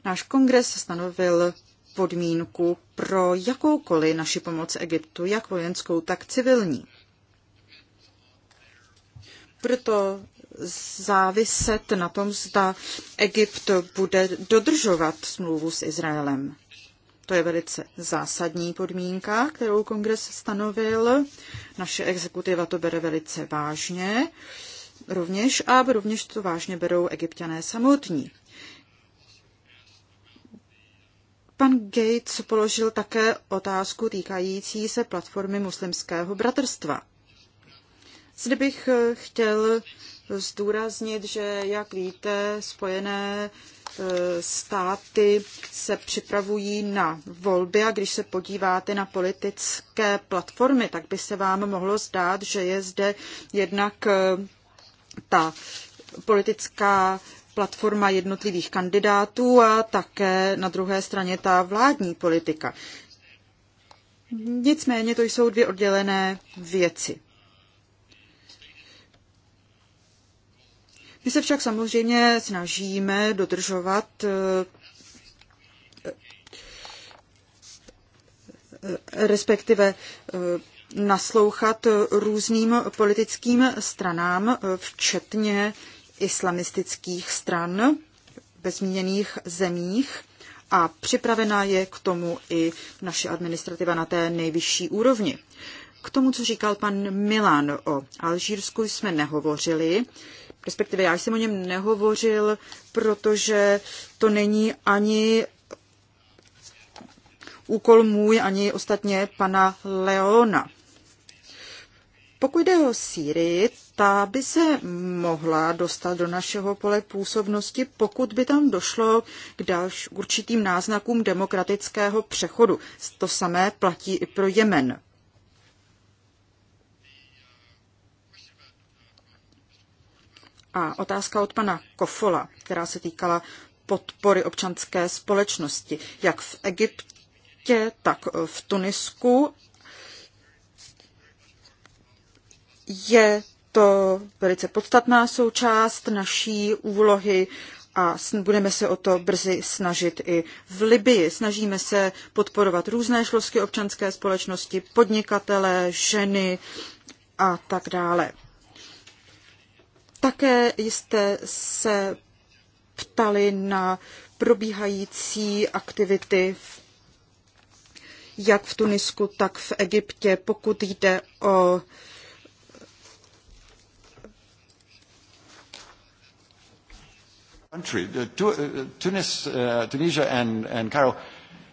Náš kongres stanovil podmínku pro jakoukoliv naši pomoc Egyptu, jak vojenskou, tak civilní. Proto záviset na tom, zda Egypt bude dodržovat smlouvu s Izraelem. To je velice zásadní podmínka, kterou kongres stanovil. Naše exekutiva to bere velice vážně rovněž a rovněž to vážně berou egyptiané samotní. Pan Gates položil také otázku týkající se platformy muslimského bratrstva. Zde bych eh, chtěl zdůraznit, že, jak víte, Spojené eh, státy se připravují na volby a když se podíváte na politické platformy, tak by se vám mohlo zdát, že je zde jednak eh, ta politická platforma jednotlivých kandidátů a také na druhé straně ta vládní politika. Nicméně to jsou dvě oddělené věci. My se však samozřejmě snažíme dodržovat eh, respektive eh, naslouchat různým politickým stranám, eh, včetně islamistických stran ve zmíněných zemích a připravená je k tomu i naše administrativa na té nejvyšší úrovni. K tomu, co říkal pan Milan o Alžírsku, jsme nehovořili, respektive já jsem o něm nehovořil, protože to není ani úkol můj, ani ostatně pana Leona. Pokud jde o Sýrii, ta by se mohla dostat do našeho pole působnosti, pokud by tam došlo k, dalš, určitým náznakům demokratického přechodu. To samé platí i pro Jemen. A otázka od pana Kofola, která se týkala podpory občanské společnosti, jak v Egyptě, tak v Tunisku je to velice podstatná součást naší úlohy a budeme se o to brzy snažit i v Libii. Snažíme se podporovat různé šlosky občanské společnosti, podnikatele, ženy a tak dále. Také jste se ptali na probíhající aktivity v jak v Tunisku, tak v Egyptě, pokud jde o country, uh, Tunis, uh, Tunisia and, and Cairo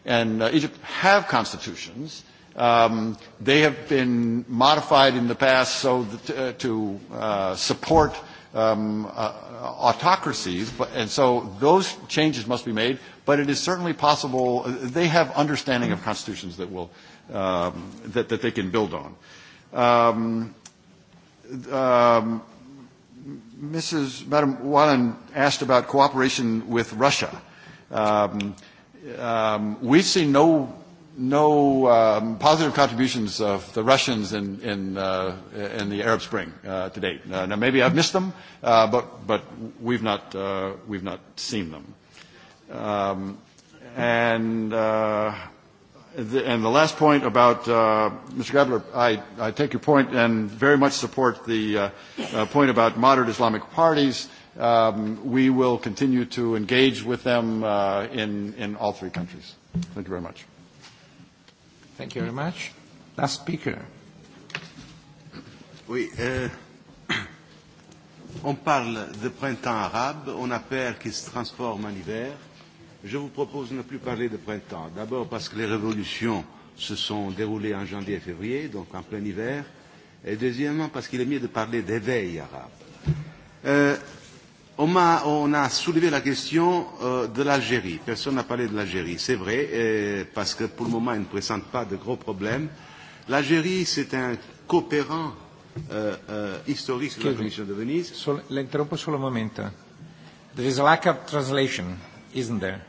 and uh, Egypt have constitutions. Um, they have been modified in the past so that, uh, to uh, support um, uh, autocracies, but, and so those changes must be made. But it is certainly possible uh, they have understanding of constitutions that will um, that, that they can build on. Um, um, Mrs. Madam Wallen asked about cooperation with Russia. Um, um, we've seen no no um, positive contributions of the Russians in in, uh, in the Arab Spring uh, to date. Uh, now maybe I've missed them, uh, but but we've not uh, we've not seen them. Um, and uh, and the last point about uh, Mr. Gabler, I, I take your point and very much support the uh, uh, point about moderate Islamic parties. Um, we will continue to engage with them uh, in, in all three countries. Thank you very much. Thank you very much. Last speaker. Oui, euh, <coughs> on parle de printemps arabe, on a peur qu'il se transforme en hiver je vous propose de ne plus parler de printemps. D'abord parce que les révolutions se sont déroulées en janvier et février, donc en plein hiver. Et deuxièmement parce qu'il est mieux de parler d'éveil arabe. Euh, on, a, on a soulevé la question euh, de l'Algérie. Personne n'a parlé de l'Algérie. C'est vrai, euh, parce que pour le moment, elle ne présente pas de gros problèmes. L'Algérie, c'est un coopérant euh, euh, historique de la Commission de Venise. So, le interrompo solo un momento. There is a lack of translation, isn't there?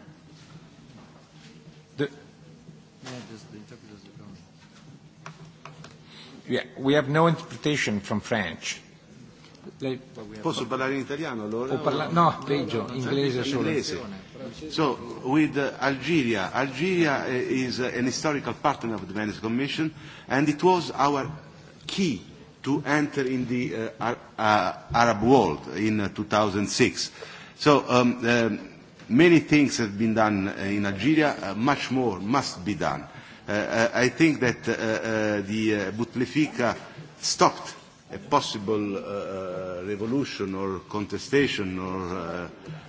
Yeah, we have no interpretation from French. Lei... Posso parlare in italiano allora? parla... No, peggio, no, no, inglese solo. Inglese. So, with uh, Algeria, Algeria uh, is uh, an historical partner of the Venice Commission and it was our key to enter in the uh, Ar uh, Arab world in uh, 2006. So, um, uh, many things have been done uh, in Algeria, uh, much more must be done. Uh, uh, I think that uh, uh, the uh, Bouteflika stopped a possible uh, uh revolution or contestation or uh,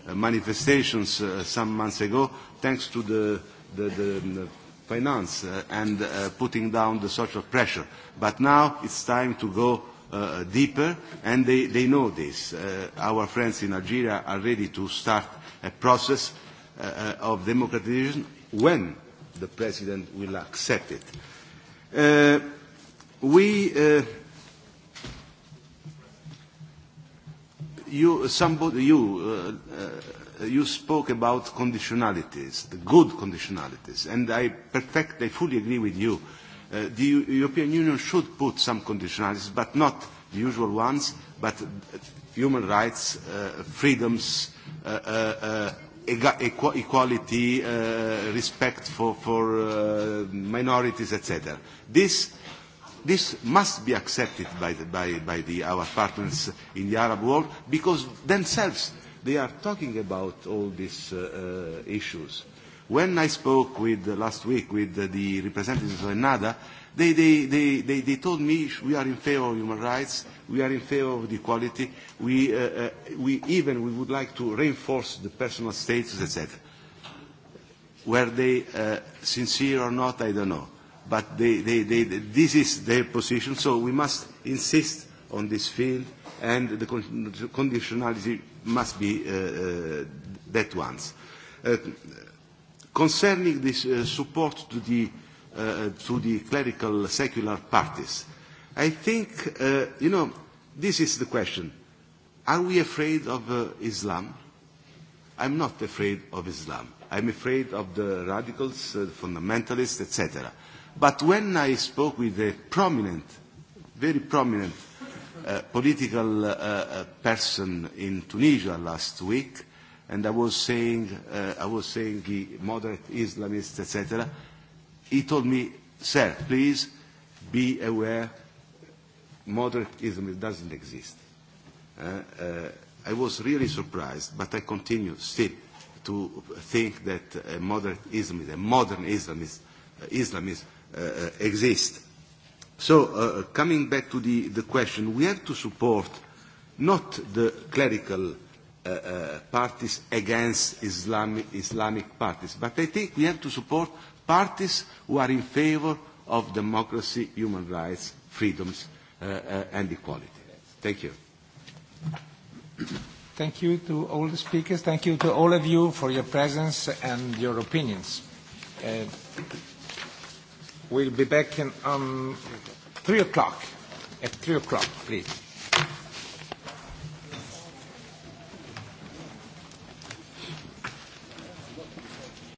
uh, manifestations uh, some months ago thanks to the, the, the finance uh, and uh, putting down the social pressure. But now it's time to go uh, deeper and they, they know this. Uh, our friends in Algeria are ready to start a process uh, of democratization when the President will accept it. Uh, we, uh, you, somebody, you, uh, uh, you spoke about conditionalities, the good conditionalities, and I perfectly, fully agree with you. Uh, the U European Union should put some conditionalities, but not the usual ones, but human rights, uh, freedoms, uh, uh, uh, equality, e e uh, eh, respect for, for uh, minorities, etc. This, this must be accepted by, the, by, by the, our partners in the Arab world because themselves they are talking about all these uh, uh, issues. When I spoke with, uh, last week with uh, the representatives of NADA, They, they, they, they, they told me we are in favor of human rights, we are in favor of equality, we, uh, uh, we even we would like to reinforce the personal status, etc. Were they uh, sincere or not, I don't know. But they, they, they, this is their position, so we must insist on this field and the conditionality must be uh, uh, that ones. Uh, concerning this uh, support to the uh, uh, to the clerical secular parties. I think, uh, you know, this is the question. Are we afraid of uh, Islam? I'm not afraid of Islam. I'm afraid of the radicals, uh, the fundamentalists, etc. But when I spoke with a prominent, very prominent uh, political uh, uh, person in Tunisia last week, and I was saying, uh, I was saying the moderate Islamists, etc., he told me, sir, please be aware moderatism doesn't exist. Uh, uh, I was really surprised, but I continue still to think that a uh, moderate Islam, a modern Islam uh, Islam uh, uh exists. So uh, uh, coming back to the, the question, we have to support not the clerical uh, uh, parties against Islamic, Islamic parties, but I think we have to support parties who are in favor of democracy, human rights, freedoms uh, uh, and equality. Thank you. Thank you to all the speakers. Thank you to all of you for your presence and your opinions. Uh, we'll be back in, um, 3 o'clock. At 3 o'clock, please.